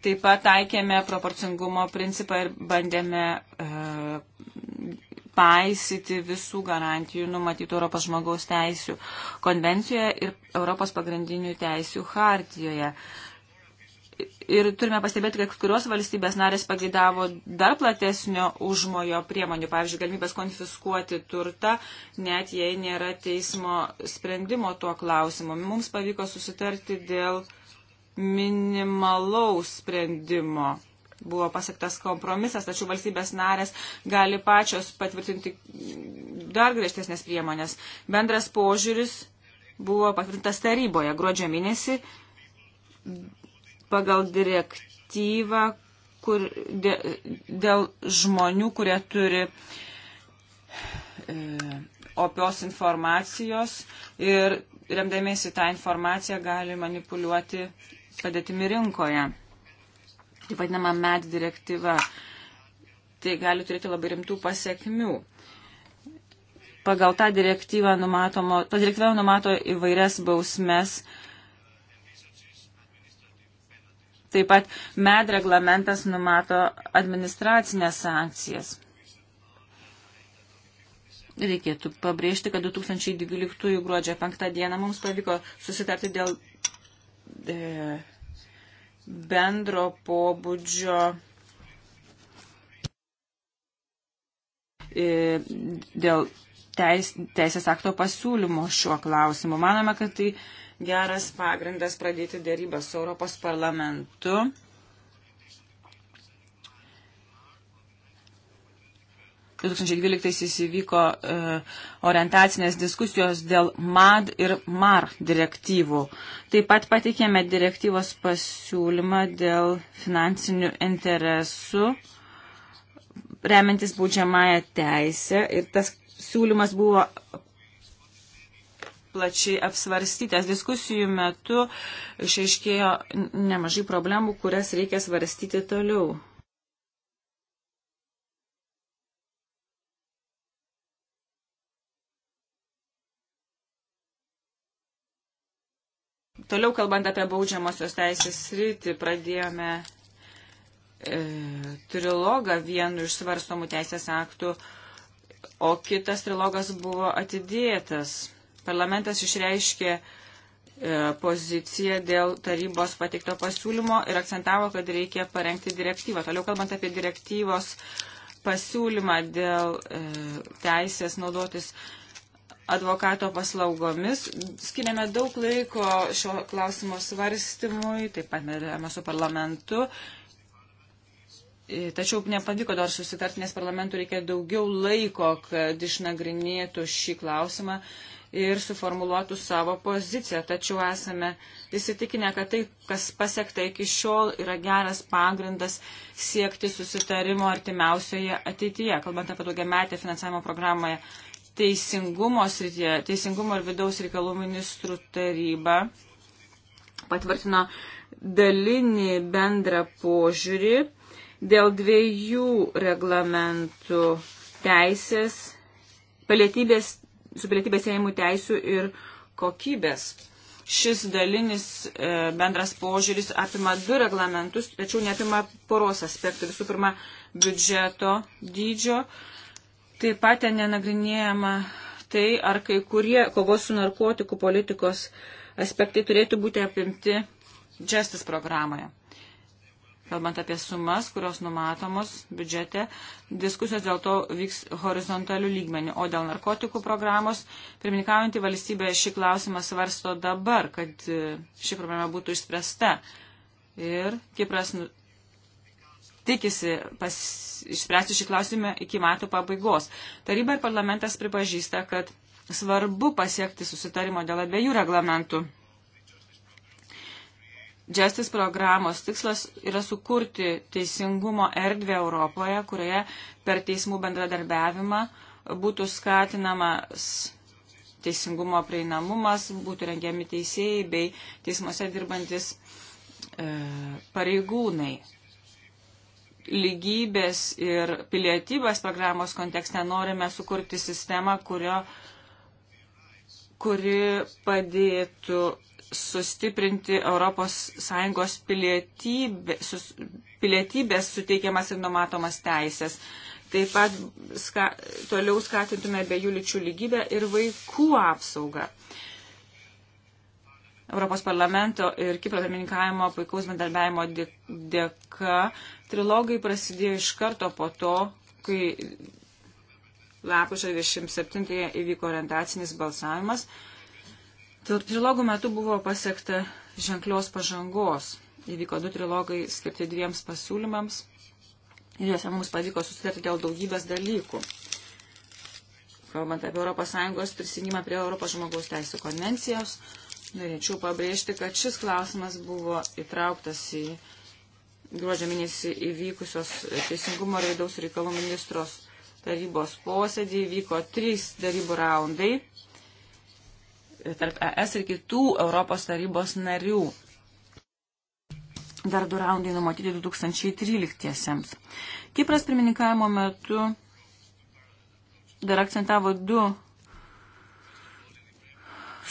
A: Taip pat taikėme proporcingumo principą ir bandėme e, paisyti visų garantijų numatytų Europos žmogaus teisių konvencijoje ir Europos pagrindinių teisių hartijoje. E, ir turime pastebėti, kad kurios valstybės narės pagėdavo dar platesnio užmojo priemonių, pavyzdžiui, galimybės konfiskuoti turtą, net jei nėra teismo sprendimo tuo klausimu. Mums pavyko susitarti dėl minimalaus sprendimo. Buvo pasiektas kompromisas, tačiau valstybės narės gali pačios patvirtinti dar griežtesnės priemonės. Bendras požiūris buvo patvirtintas taryboje gruodžio mėnesį pagal direktyvą kur, dė, dėl žmonių, kurie turi e, opios informacijos ir remdamėsi tą informaciją gali manipuliuoti padėtimi rinkoje. Taip vadinama MED direktyva. Tai gali turėti labai rimtų pasiekmių. Pagal tą direktyvą numato, ta direktyva numato įvairias bausmes Taip pat med reglamentas numato administracinės sankcijas. Reikėtų pabrėžti, kad 2012 gruodžio 5 dieną mums pavyko susitarti dėl e, bendro pobūdžio e, dėl teis, teisės akto pasiūlymo šiuo klausimu. Manome, kad tai geras pagrindas pradėti dėrybą su Europos parlamentu. Tai 2012 įvyko e, orientacinės diskusijos dėl MAD ir MAR direktyvų. Taip pat patikėme direktyvos pasiūlymą dėl finansinių interesų remiantis būdžiamąją teisę ir tas siūlymas buvo plačiai apsvarstytas. Diskusijų metu išaiškėjo nemažai problemų, kurias reikia svarstyti toliau. Toliau kalbant apie baudžiamosios teisės rytį, pradėjome e, trilogą vienu iš svarstomų teisės aktų, o kitas trilogas buvo atidėtas. Parlamentas išreiškė e, poziciją dėl tarybos pateikto pasiūlymo ir akcentavo, kad reikia parengti direktyvą. Toliau kalbant apie direktyvos pasiūlymą dėl e, teisės naudotis advokato paslaugomis. Skiriame daug laiko šio klausimo svarstymui, taip pat medėjame su parlamentu. E, tačiau nepavyko dar susitarti, nes parlamentų reikia daugiau laiko, kad išnagrinėtų šį klausimą ir suformuluotų savo poziciją. Tačiau esame įsitikinę, kad tai, kas pasiekta iki šiol, yra geras pagrindas siekti susitarimo artimiausioje ateityje. Kalbant apie daugiametę finansavimo programoje, teisingumo srityje, teisingumo ir vidaus reikalų ministrų taryba patvirtino dalinį bendrą požiūrį dėl dviejų reglamentų teisės, palietybės su pilietybės ėmimų teisų ir kokybės. Šis dalinis e, bendras požiūris apima du reglamentus, tačiau neapima poros aspektų. Visų pirma, biudžeto dydžio. Taip pat ten nenagrinėjama tai, ar kai kurie kovos su narkotikų politikos aspektai turėtų būti apimti Justice programoje kalbant apie sumas, kurios numatomos biudžete. Diskusijos dėl to vyks horizontalių lygmenių. O dėl narkotikų programos, pirmininkaujantį valstybę šį klausimą svarsto dabar, kad e, ši problema būtų išspręsta. Ir Kipras nu, tikisi pas, išspręsti šį klausimą iki metų pabaigos. Taryba ir parlamentas pripažįsta, kad svarbu pasiekti susitarimo dėl abiejų reglamentų. Justice programos tikslas yra sukurti teisingumo erdvę Europoje, kurioje per teismų bendradarbiavimą būtų skatinamas teisingumo prieinamumas, būtų rengiami teisėjai bei teismuose dirbantis e, pareigūnai. Lygybės ir pilietybės programos kontekste norime sukurti sistemą, kurio e, kuri padėtų sustiprinti ES pilietybė, sus, pilietybės suteikiamas ir numatomas teisės. Taip pat ska, toliau skatintume abiejų lyčių lygybę ir vaikų apsaugą. Europos parlamento ir Kipro pirmininkavimo puikaus bendarbiavimo dėka trilogai prasidėjo iš karto po to, kai Lapušio 27 įvyko orientacinis balsavimas. Trilogų metu buvo pasiekta ženklios pažangos. Įvyko du trilogai skirti dviems pasiūlymams ir juose mums pavyko susitarti dėl daugybės dalykų. Kalbant apie ES prisijungimą prie Europos žmogaus teisų konvencijos, norėčiau pabrėžti, kad šis klausimas buvo įtrauktas į gruodžio mėnesį įvykusios Teisingumo ir vidaus reikalų ministros tarybos posėdį vyko trys darybų raundai tarp ES ir kitų Europos tarybos narių. Dar du raundai numatyti 2013-iesiems. Kipras pirmininkavimo metu dar akcentavo du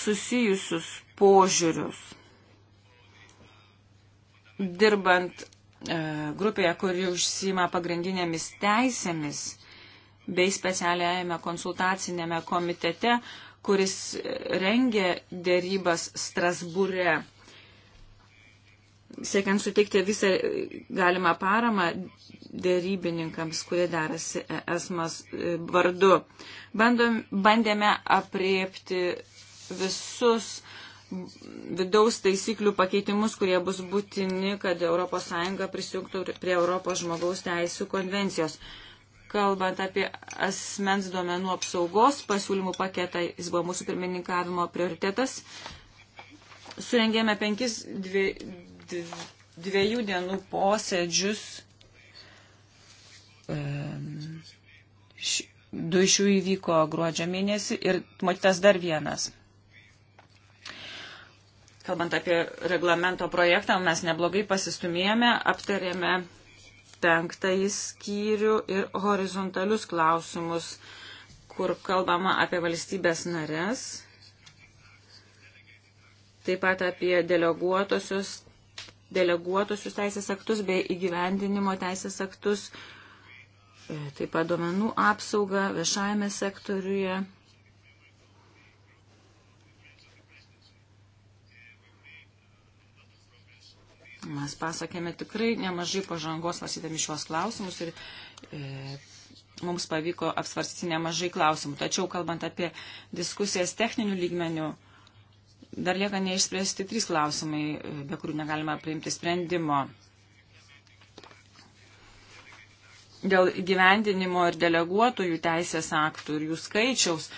A: susijusius požiūrius. Dirbant e, grupėje, kuri užsima pagrindinėmis teisėmis, bei specialiajame konsultacinėme komitete, kuris rengė dėrybas Strasbūre. Siekiant suteikti visą galimą paramą dėrybininkams, kurie darasi esmas e, vardu. Bandom, bandėme apriepti visus vidaus taisyklių pakeitimus, kurie bus būtini, kad ES prisijungtų prie Europos žmogaus teisų konvencijos kalbant apie asmens duomenų apsaugos pasiūlymų paketą, jis buvo mūsų pirmininkavimo prioritetas. Surengėme penkis dvi, dvi, dviejų dienų posėdžius. Du iš jų įvyko gruodžio mėnesį ir matytas dar vienas. Kalbant apie reglamento projektą, mes neblogai pasistumėjome, aptarėme penktąjį skyrių ir horizontalius klausimus, kur kalbama apie valstybės narės, taip pat apie deleguotosius, deleguotosius teisės aktus bei įgyvendinimo teisės aktus, e, taip pat duomenų apsaugą viešajame sektoriuje. Mes pasakėme tikrai nemažai pažangos svarstydami šiuos klausimus ir e, mums pavyko apsvarstyti nemažai klausimų. Tačiau, kalbant apie diskusijas techninių lygmenių, dar lieka neišspręsti trys klausimai, e, be kurių negalima priimti sprendimo. Dėl gyvendinimo ir deleguotojų teisės aktų ir jų skaičiaus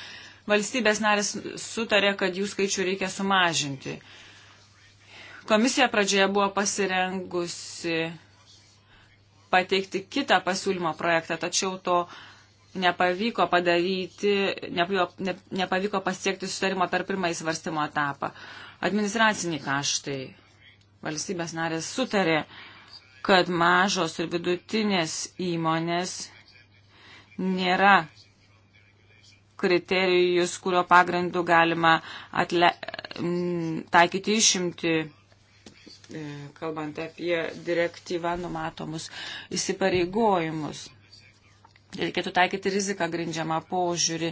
A: valstybės narės sutarė, kad jų skaičių reikia sumažinti. Komisija pradžioje buvo pasirengusi pateikti kitą pasiūlymo projektą, tačiau to nepavyko padaryti, nepavyko, nepavyko pasiekti sutarimo per pirmąjį svarstymo etapą. Administraciniai kaštai. Valstybės narės sutarė, kad mažos ir vidutinės įmonės nėra kriterijus, kurio pagrindu galima atle, taikyti išimti E, kalbant apie direktyvą numatomus įsipareigojimus. Reikėtų taikyti riziką grindžiamą požiūrį.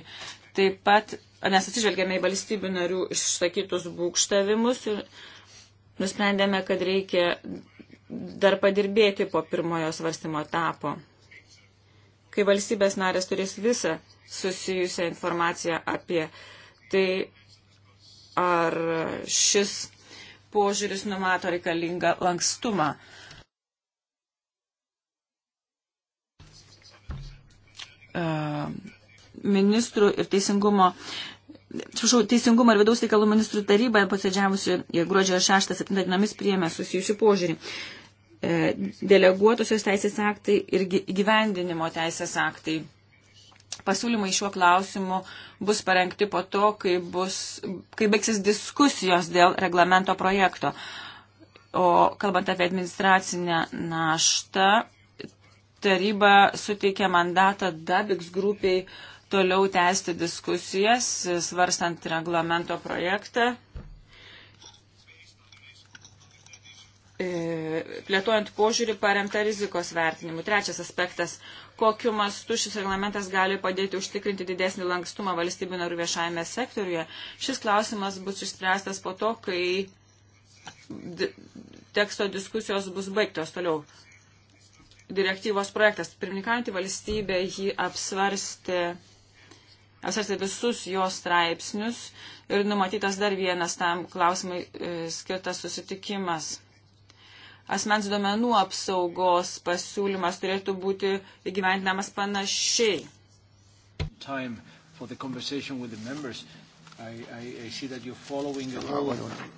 A: Taip pat nes atsižvelgėme į valstybių narių išsakytus būkštavimus ir nusprendėme, kad reikia dar padirbėti po pirmojo svarstymo etapo. Kai valstybės narės turės visą susijusią informaciją apie tai, ar šis požiūris numato reikalingą lankstumą. E, ministrų ir teisingumo atsiprašau, Teisingumo ir vidaus reikalų ministrų taryba posėdžiavusi e, gruodžio 6-7 dienomis priėmė susijusių požiūrį. E, Deleguotusios teisės aktai ir gyvendinimo teisės aktai. Pasiūlymai šiuo klausimu bus parengti po to, kai, bus, kai baigsis diskusijos dėl reglamento projekto. O kalbant apie administracinę naštą, taryba suteikė mandatą DABIX grupiai toliau tęsti diskusijas, svarstant reglamento projektą, e, plėtojant požiūrį paremtą rizikos vertinimu. Trečias aspektas, kokiu mastu šis reglamentas gali padėti užtikrinti didesnį lankstumą valstybių narių viešajame sektoriuje. Šis klausimas bus išspręstas po to, kai teksto diskusijos bus baigtos toliau. Direktyvos projektas. Pirmininkanti valstybė jį apsvarstė, apsvarstė visus jos straipsnius ir numatytas dar vienas tam klausimai e, skirtas susitikimas asmens duomenų apsaugos pasiūlymas turėtų būti įgyvendinamas panašiai. Time for the conversation with the members. I, I, I see that you're
B: following a whole...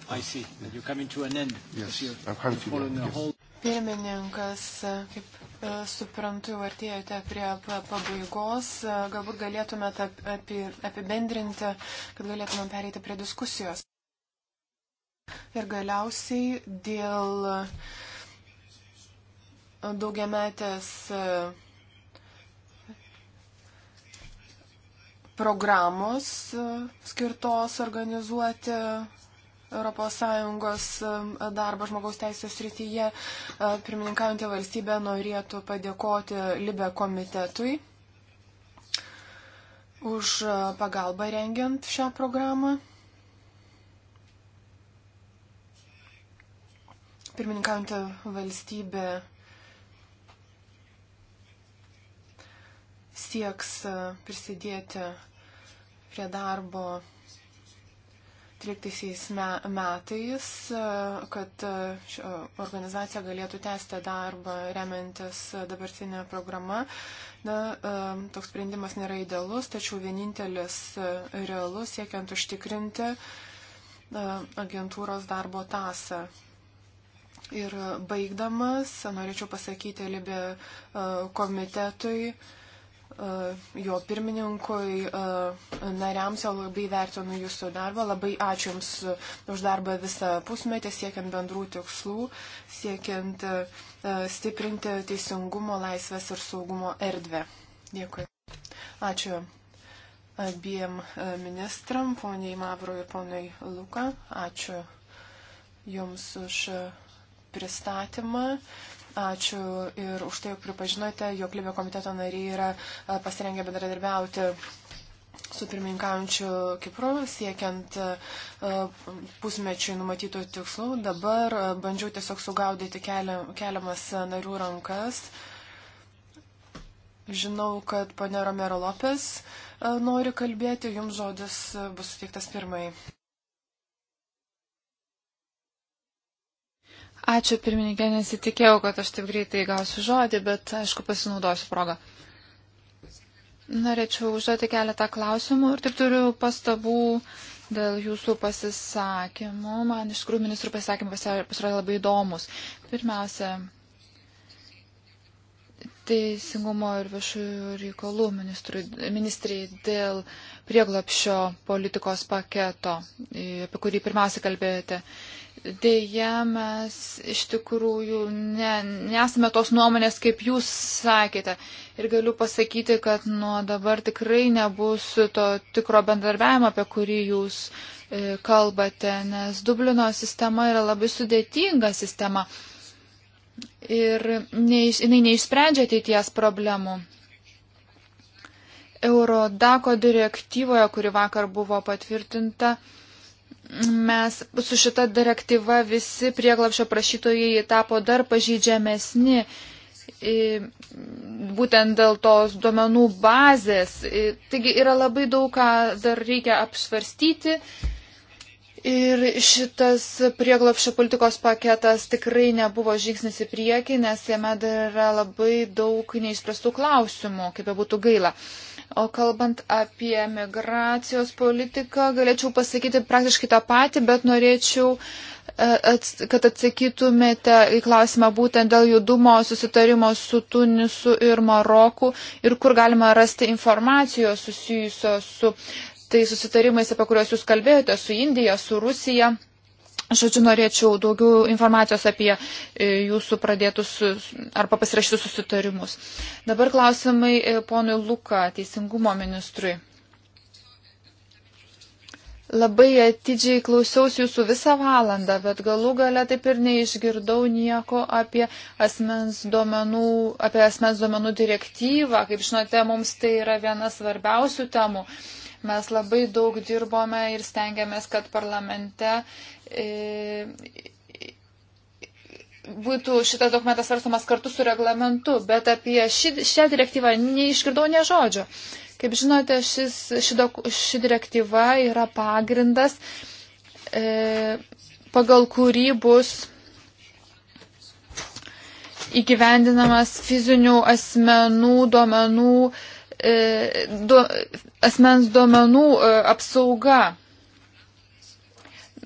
B: I see that you're coming to an end. Yes, you're, I'm you're following a whole... Pirmininkas, kaip suprantu, artėjote prie pabaigos. Galbūt galėtumėte apibendrinti, kad galėtumėm pereiti prie diskusijos. Ir galiausiai dėl daugiametės e, programos e, skirtos organizuoti ES e, darbą žmogaus teisės rytyje. Pirmininkaujantė valstybė norėtų padėkoti Libe komitetui už pagalbą rengiant šią programą. pirmininkaujantį valstybę sieks e, prisidėti prie darbo 13 metais, e, kad e, organizacija galėtų tęsti darbą remiantis dabartinė programa. Na, toks sprendimas nėra idealus, tačiau vienintelis realus siekiant užtikrinti agentūros darbo tasą. Ir baigdamas, norėčiau pasakyti Libė e, komitetui, e, jo pirmininkui, e, nariams jau labai vertinu jūsų darbą. Labai ačiū Jums už darbą visą pusmetį, siekiant bendrų tikslų, siekiant stiprinti teisingumo, laisvės ir saugumo erdvę. Dėkui. Ačiū abiem ministram, poniai Mavro ir poniai Luka. Ačiū Jums už pristatymą. Ačiū ir už tai, jog pripažinote, jog Libio komiteto nariai yra pasirengę bendradarbiauti su pirmininkaujančiu Kipru, siekiant pusmečiui numatytų tikslų. Dabar bandžiau tiesiog sugaudyti keliamas narių rankas. Žinau, kad ponė Romero Lopes nori kalbėti, jums žodis bus suteiktas pirmai.
C: Ačiū pirmininkė, nesitikėjau, kad aš taip greitai gausiu žodį, bet aišku pasinaudosiu progą. Norėčiau užduoti keletą klausimų ir taip turiu pastabų dėl jūsų pasisakymų. Man iš tikrųjų ministrų pasisakymai pasirodė labai įdomus. Pirmiausia, teisingumo ir viešųjų reikalų ministrai dėl prieglapšio politikos paketo, apie kurį pirmiausia kalbėjote. Deja, mes iš tikrųjų ne, nesame tos nuomonės, kaip jūs sakėte. Ir galiu pasakyti, kad nuo dabar tikrai nebus to tikro bendarbiavimo, apie kurį jūs e, kalbate, nes Dublino sistema yra labai sudėtinga sistema. Ir neiš, jinai neišsprendžia ateities problemų. Eurodako direktyvoje, kuri vakar buvo patvirtinta, mes su šita direktyva visi prieglapšio prašytojai tapo dar pažydžiamesni būtent dėl tos duomenų bazės. Taigi yra labai daug, ką dar reikia apsvarstyti. Ir šitas prieglapšio politikos paketas tikrai nebuvo žingsnis į priekį, nes jame dar yra labai daug neišspręstų klausimų, kaip be būtų gaila. Uh, O kalbant apie migracijos politiką, galėčiau pasakyti praktiškai tą patį, bet norėčiau, e, kad atsakytumėte į klausimą būtent dėl judumo susitarimo su Tunisu ir Maroku ir kur galima rasti informacijos susijusios su tai susitarimais, apie kuriuos jūs kalbėjote, su Indija, su Rusija. Žodžiu, norėčiau daugiau informacijos apie e, jūsų pradėtus arba pasirašytus susitarimus. Dabar klausimai e, ponui Luka, teisingumo ministrui. Labai atidžiai klausiausi jūsų visą valandą, bet galų gale taip ir neišgirdau nieko apie asmens duomenų, apie asmens duomenų direktyvą. Kaip žinote, mums tai yra viena svarbiausių temų mes labai daug dirbome ir stengiamės, kad parlamente E, būtų šitas dokumentas svarstomas kartu su reglamentu, bet apie šį, šią direktyvą neišgirdau ne žodžio. Kaip žinote, šis, ši, doku, ši direktyva yra pagrindas, e, pagal kurį bus įgyvendinamas fizinių asmenų duomenų, e, du, asmens duomenų e, apsauga.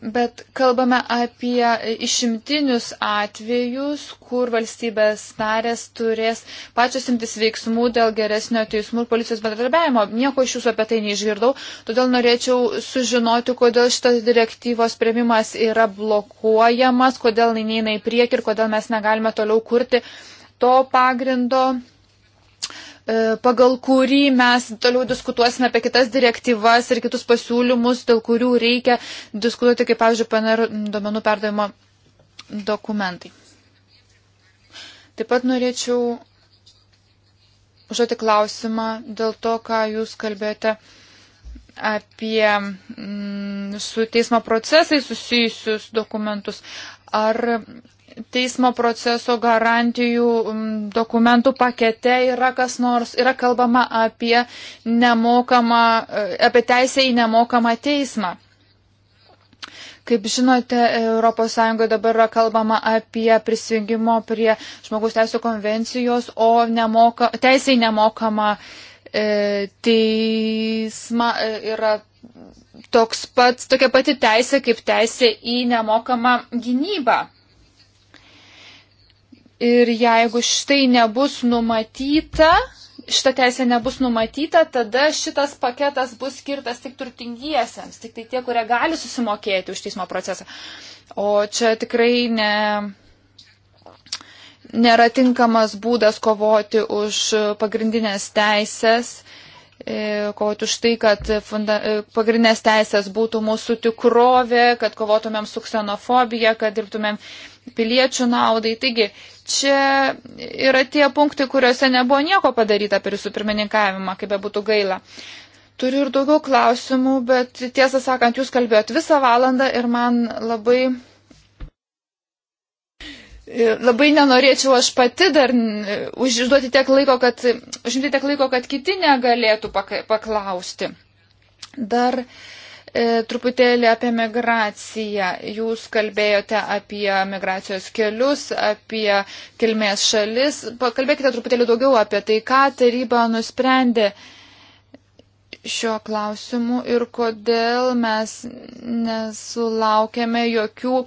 C: Bet kalbame apie išimtinius atvejus, kur valstybės narės turės pačios imtis veiksmų dėl geresnio teismų ir policijos bendradarbiavimo. Nieko iš jūsų apie tai neišgirdau, todėl norėčiau sužinoti, kodėl šitas direktyvos prieimimas yra blokuojamas, kodėl neina į priekį ir kodėl mes negalime toliau kurti to pagrindo E, pagal kurį mes toliau diskutuosime apie kitas direktyvas ir kitus pasiūlymus, dėl kurių reikia diskutuoti, kaip, pavyzdžiui, PNR duomenų perdavimo dokumentai. Taip pat norėčiau užduoti klausimą dėl to, ką jūs kalbėjote apie mm, su teismo procesai susijusius dokumentus. Ar teismo proceso garantijų mm, dokumentų pakete yra kas nors, yra kalbama apie, nemokamą, e, apie teisę į nemokamą teismą. Kaip žinote, ES dabar yra kalbama apie prisijungimo prie žmogaus teisų konvencijos, o nemoka, teisė į nemokamą e, teismą e, yra toks pat, tokia pati teisė kaip teisė į nemokamą gynybą. Ir jeigu štai nebus numatyta, šita teisė nebus numatyta, tada šitas paketas bus skirtas tik turtingiesiems, tik tai tie, kurie gali susimokėti už teismo procesą. O čia tikrai ne, nėra tinkamas būdas kovoti už pagrindinės teisės, e, kovoti už tai, kad funda, e, pagrindinės teisės būtų mūsų tikrovė, kad kovotumėm su ksenofobija, kad dirbtumėm piliečių naudai. Taigi, čia yra tie punktai, kuriuose nebuvo nieko padaryta per jūsų pirmininkavimą, kaip be būtų gaila. Turiu ir daugiau klausimų, bet tiesą sakant, jūs kalbėjot visą valandą ir man labai. Labai nenorėčiau aš pati dar užduoti tiek laiko, kad, užimti tiek laiko, kad kiti negalėtų paklausti. Dar uh, E, truputėlį apie migraciją. Jūs kalbėjote apie migracijos kelius, apie kilmės šalis. Pakalbėkite truputėlį daugiau apie tai, ką taryba nusprendė šiuo klausimu ir kodėl mes nesulaukėme jokių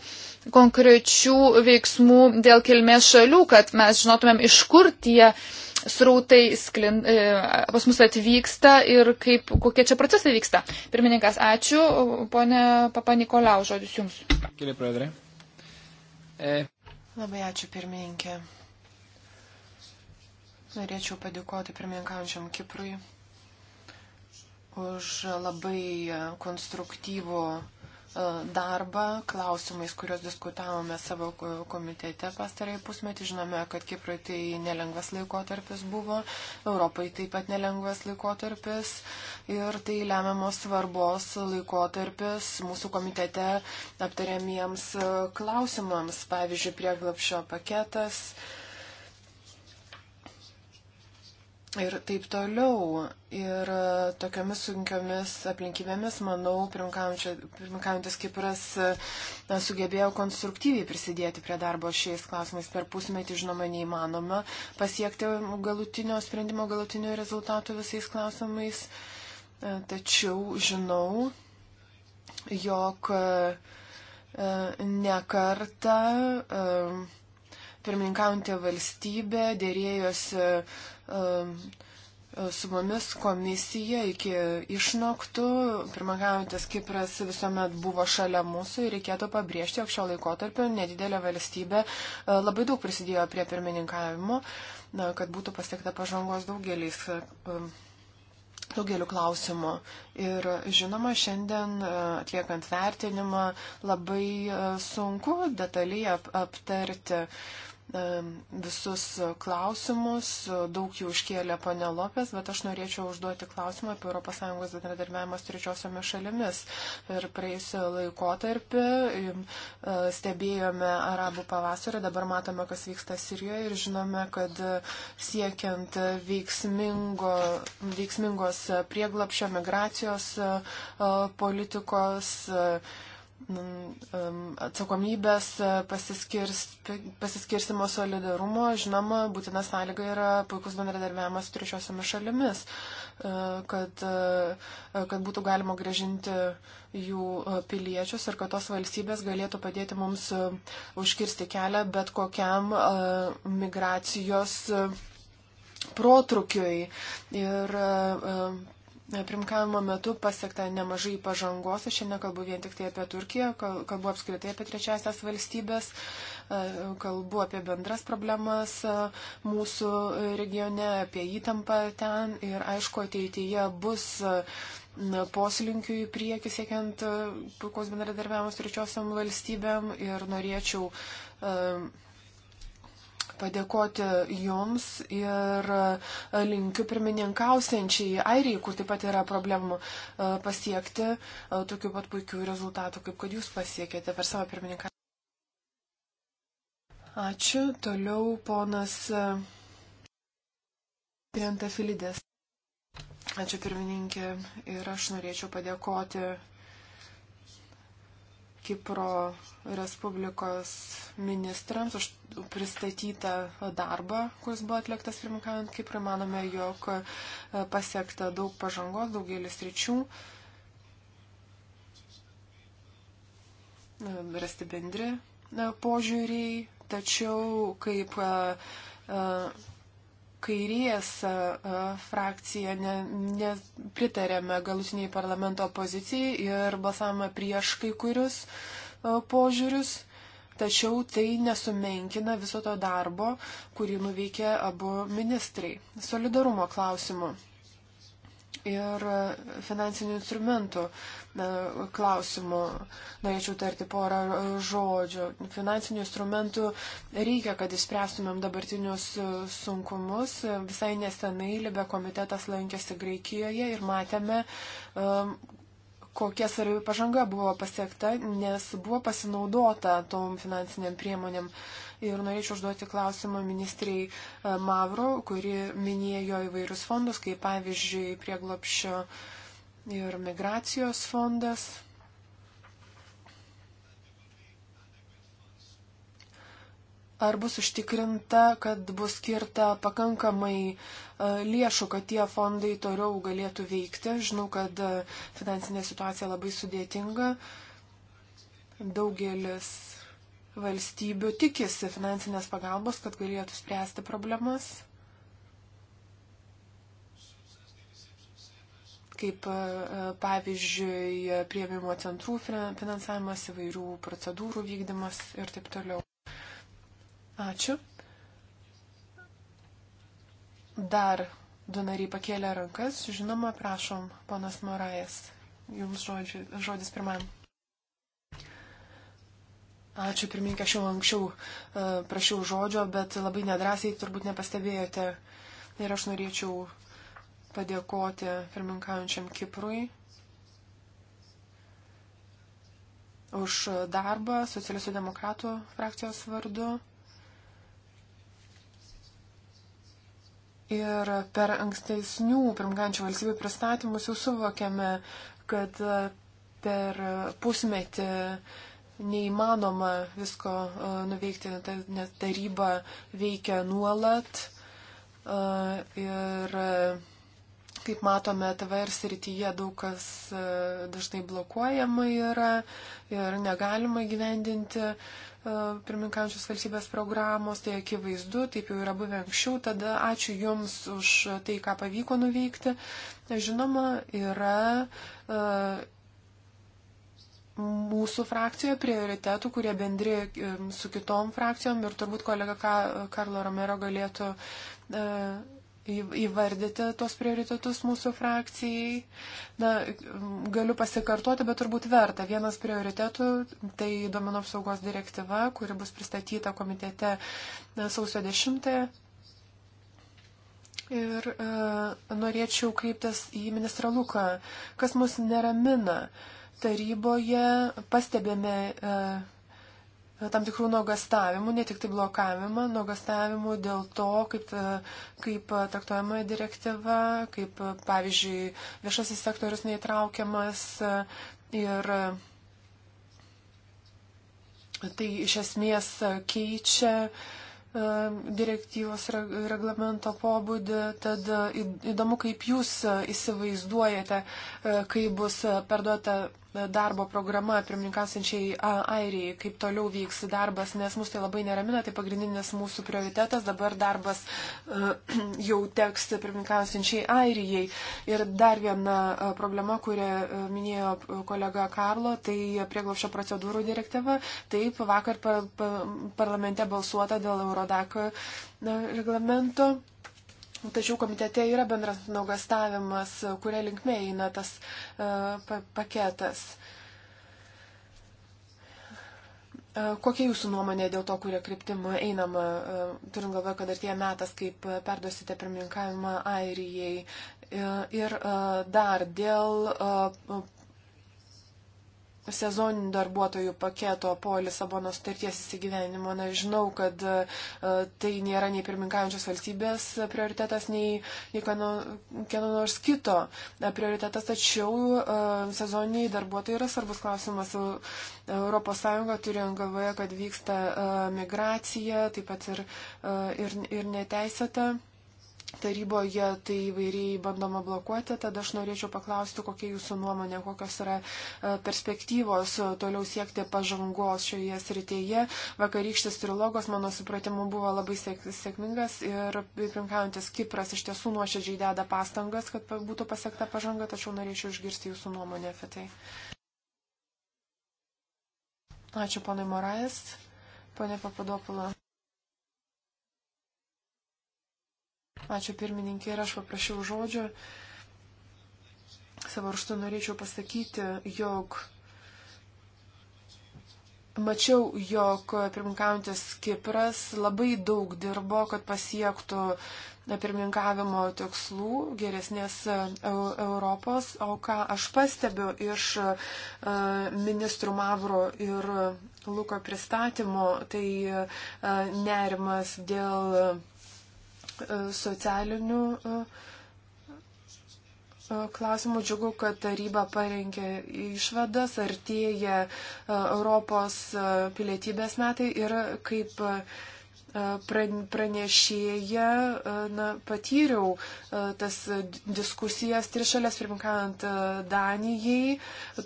C: konkrečių veiksmų dėl kilmės šalių, kad mes žinotumėm, iš kur tie srautai sklin, e, pas mus atvyksta ir kaip, kokie čia procesai vyksta. Pirmininkas, ačiū. Pone Papa Nikolau, žodis Jums.
B: Kėlė, pradrė. E. Labai ačiū, pirmininkė. Norėčiau padėkoti pirmininkaujančiam Kiprui už labai konstruktyvų E, darbą klausimais, kuriuos diskutavome savo komitete pastarąjį pusmetį. Žinome, kad Kiprui tai nelengvas laikotarpis buvo, Europai taip pat nelengvas laikotarpis ir tai lemiamos svarbos laikotarpis mūsų komitete aptariamiems e, klausimams, pavyzdžiui, prieglapšio paketas. ir taip toliau. Ir e, tokiamis sunkiomis aplinkybėmis, manau, pirmkaujantis Kipras e, na, sugebėjo konstruktyviai prisidėti prie darbo šiais klausimais. Per pusmetį, žinoma, neįmanoma pasiekti galutinio sprendimo, galutinio rezultato visais klausimais. E, tačiau žinau, jog ne kartą pirmininkaujantė valstybė dėrėjosi um, su mumis komisija iki išnoktų. Pirmininkaujantis Kipras visuomet buvo šalia mūsų ir reikėtų pabrėžti, jog šio laikotarpio nedidelė valstybė uh, labai daug prisidėjo prie pirmininkavimo, kad būtų pasiekta pažangos daugeliais um, daugeliu klausimų. Ir žinoma, šiandien uh, atliekant vertinimą labai uh, sunku detaliai aptarti E, visus klausimus, daug jų iškėlė pane Lopės, bet aš norėčiau užduoti klausimą apie ES bendradarbiavimą su trečiosiomis šalimis. Ir praėjusią laikotarpį e, stebėjome arabų pavasarį, dabar matome, kas vyksta Sirijoje ir žinome, kad siekiant veiksmingo, veiksmingos prieglapšio migracijos e, politikos, atsakomybės e, pasiskirstimo solidarumo, žinoma, būtina sąlyga yra puikus bendradarbiavimas trečiosiomis šalimis, e, kad, e, kad būtų galima gražinti jų piliečius ir kad tos valstybės galėtų padėti mums užkirsti kelią bet kokiam migracijos protrukiui. Ir Primkavimo metu pasiekta nemažai pažangos, aš šiandien kalbu vien tik tai apie Turkiją, kalbu apskritai apie trečiasias valstybės, kalbu apie bendras problemas mūsų regione, apie įtampą ten ir aišku, ateityje bus poslinkių į priekį siekiant puikaus bendradarbiavimas trečiosiam valstybėm ir norėčiau uh, padėkoti Jums ir e, linkiu pirmininkausiančiai Airijai, kur taip pat yra problemų e, pasiekti e, tokių pat puikių rezultatų, kaip kad Jūs pasiekėte per savo pirmininką. Ačiū. Toliau ponas Pientafilidės. Ačiū pirmininkė ir aš norėčiau padėkoti Kipro Respublikos ministrams už pristatytą darbą, kuris buvo atliktas pirmininkavant Kiprui. Manome, jog e, pasiekta daug pažangos, daugelis ryčių. E, rasti bendri e, požiūriai, tačiau kaip kairės frakcija nepritarėme ne, ne galutiniai parlamento pozicijai ir balsavome prieš kai kurius požiūrius, tačiau tai nesumenkina viso to darbo, kurį nuveikė abu ministrai solidarumo klausimu ir finansinių instrumentų klausimų. Norėčiau tarti porą žodžių. Finansinių instrumentų reikia, kad išspręstumėm dabartinius sunkumus. Visai nesenai Libe komitetas lankėsi Graikijoje ir matėme, um, kokia svarbi pažanga buvo pasiekta, nes buvo pasinaudota tom finansiniam priemonėm. Uh, ir norėčiau užduoti klausimą ministrei e, Mavro, kuri minėjo įvairius fondus, kaip pavyzdžiui prieglopščio ir migracijos fondas. Ar bus užtikrinta, kad bus skirta pakankamai e, lėšų, kad tie fondai toliau galėtų veikti? Žinau, kad e, finansinė situacija labai sudėtinga. Daugelis valstybių tikisi finansinės pagalbos, kad galėtų spręsti problemas. kaip e, pavyzdžiui prieimimo centrų finansavimas, įvairių procedūrų vykdymas ir taip toliau. Ačiū. Dar du nariai pakėlė rankas. Žinoma, prašom, ponas Morajas, jums žodžiu, žodis pirmam. Ačiū, pirmininkė, aš jau anksčiau e, prašiau žodžio, bet labai nedrasiai turbūt nepastebėjote. Ir aš norėčiau padėkoti pirmininkaujančiam Kiprui už darbą socialistų demokratų frakcijos vardu. Ir per ankstesnių pirmgančių valstybių pristatymus jau suvokėme, kad per pusmetį uh, neįmanoma visko e, nuveikti, nes taryba veikia nuolat e, ir e, kaip matome, TVR srityje daug kas dažnai blokuojama yra ir negalima gyvendinti pirminkančios valstybės programos, tai akivaizdu, taip jau yra buvę anksčiau, tada ačiū Jums už tai, ką pavyko nuveikti. Žinoma, yra mūsų frakcijoje prioritetų, kurie bendri su kitom frakcijom ir turbūt kolega Karlo Romero galėtų e, įvardyti tuos prioritetus mūsų frakcijai. Na, galiu pasikartoti, bet turbūt verta. Vienas prioritetų tai duomenų apsaugos direktyva, kuri bus pristatyta komitete e, sausio 10. Ir e, norėčiau kreiptis į ministrą Luką, kas mus neramina. E, taryboje pastebėme e, tam tikrų nuogastavimų, ne tik tai blokavimą, nuogastavimų dėl to, kaip, e, kaip traktuojama direktyva, kaip, e, pavyzdžiui, viešasis sektorius neįtraukiamas ir tai iš esmės keičia direktyvos reglamento pobūdį, tad įdomu, kaip jūs įsivaizduojate, kai bus perduota darbo programa pirmininkasinčiai Airijai, kaip toliau vyks darbas, nes mus tai labai neramina, tai pagrindinis mūsų prioritetas, dabar darbas e, jau teks pirmininkasinčiai Airijai. Ir dar viena e, problema, kurią e, minėjo kolega Karlo, tai prieglopšio procedūrų direktyva. Taip, vakar par, par, parlamente balsuota dėl Eurodak reglamento. Tačiau komitete yra bendras nuogastavimas, kuria linkme eina tas uh, paketas. Uh, kokia jūsų nuomonė dėl to, kuria kryptimą einama, uh, turint galvoje, kad artėja metas, kaip perduosite pirmininkavimą Airijai. Ir dar dėl sezoninių darbuotojų paketo po Lisabono sutarties įsigyvenimo. Na, žinau, kad e, tai nėra nei pirmininkaujančios valstybės prioritetas, nei, nei kano, kieno nors kito e, prioritetas, tačiau e, sezoniniai darbuotojai yra svarbus klausimas. ES turi galvoje, kad vyksta migracija, taip pat ir, ir, ir neteisėta taryboje tai įvairiai bandoma blokuoti, tad aš norėčiau paklausti, kokia jūsų nuomonė, kokios yra e, perspektyvos e, toliau siekti pažangos šioje srityje. Vakarykštis trilogos, mano supratimu, buvo labai sėk sėkmingas ir pirmkaujantis Kipras iš tiesų nuoširdžiai deda pastangas, kad būtų pasiekta pažanga, tačiau norėčiau išgirsti jūsų nuomonę apie tai. Ačiū, ponai Morais, ponė Papadopula. Ačiū pirmininkė ir aš paprašiau žodžio. Savo ruštu norėčiau pasakyti, jog mačiau, jog pirmininkaujantis Kipras labai daug dirbo, kad pasiektų pirmininkavimo tikslų, geresnės e, Europos. O ką aš pastebiu iš e, ministrų Mavro ir Luko pristatymo, tai e, nerimas dėl E, socialinių e, e, klausimų. Džiugu, kad taryba parengė išvadas, artėja Europos pilietybės metai ir kaip pranešėja e, na, patyriau e, tas diskusijas trišalės pirminkant e, Danijai,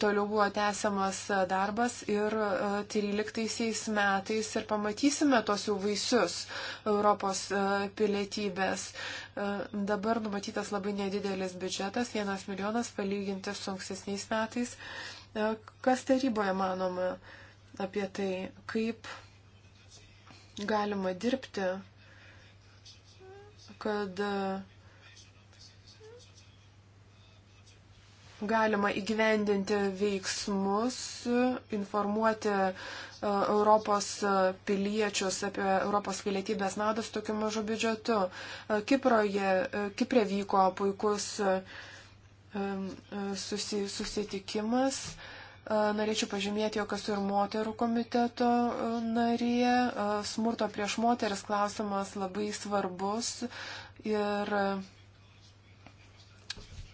B: toliau buvo tęsiamas darbas ir 13 metais ir pamatysime tos jau vaisius Europos pilietybės. Dabar numatytas labai nedidelis biudžetas, vienas milijonas palyginti su ankstesniais metais. Kas taryboje manoma apie tai, kaip galima dirbti, kad galima įgyvendinti veiksmus, informuoti e, Europos piliečius apie Europos pilietybės naudas tokiu mažu biudžetu. E, Kiproje, e, Kiprė vyko puikus susitikimas Norėčiau pažymėti, jog esu ir moterų komiteto narė. Smurto prieš moteris klausimas labai svarbus ir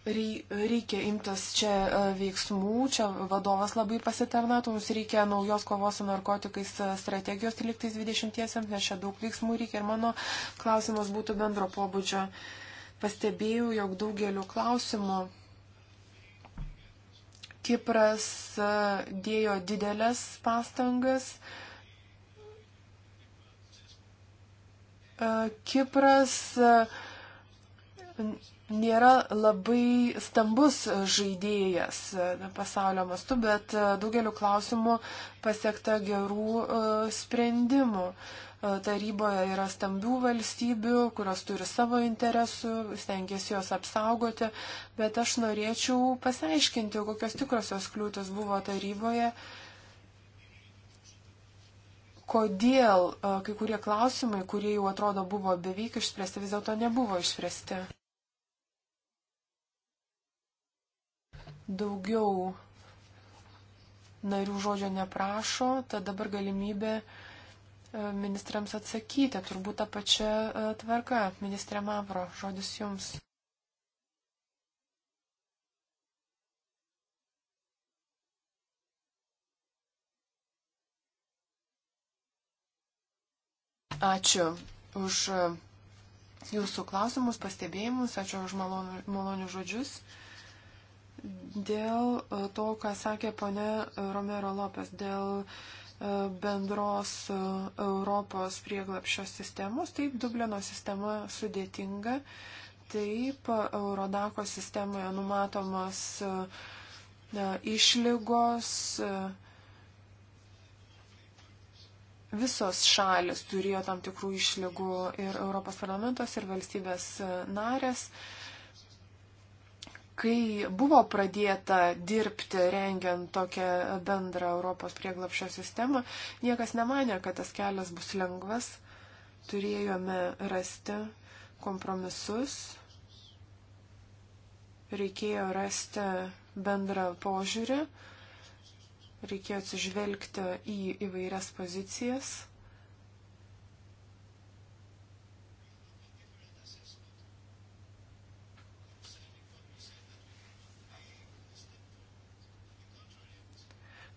B: reikia imtis čia veiksmų, čia vadovas labai pasitarnatų, mums reikia naujos kovos su narkotikais strategijos 13-20, nes čia daug veiksmų reikia ir mano klausimas būtų bendro pobūdžio. Pastebėjau, jog daugeliu klausimų Kipras dėjo didelės pastangas. Kipras nėra labai stambus žaidėjas pasaulio mastu, bet daugeliu klausimų pasiekta gerų sprendimų. E, taryboje yra stambių valstybių, kurios turi savo interesų, stengiasi juos apsaugoti, bet aš norėčiau pasiaiškinti, kokios tikrosios kliūtis buvo taryboje, kodėl e, kai kurie klausimai, kurie jau atrodo buvo beveik išspręsti, vis dėlto nebuvo išspręsti. Daugiau narių žodžio neprašo, tad dabar galimybė uh, E, ministrams atsakyti, turbūt tą pačią e, tvarką. Ministrė Mavro, žodis jums. Ačiū už e, jūsų klausimus, pastebėjimus, ačiū už malonių, malonių žodžius. Dėl to, ką sakė ponė Romero Lopes, dėl uh, E, bendros e, Europos prieglapšio sistemos. Taip, Dublino sistema sudėtinga. Taip, Eurodako sistemoje numatomos e, išlygos. Visos šalis turėjo tam tikrų išlygų ir Europos parlamentas, ir valstybės narės. Uh, Kai buvo pradėta dirbti rengiant tokią bendrą Europos prieglapšio sistemą, niekas nemanė, kad tas kelias bus lengvas. Turėjome rasti kompromisus, reikėjo rasti bendrą požiūrį, reikėjo atsižvelgti į įvairias pozicijas.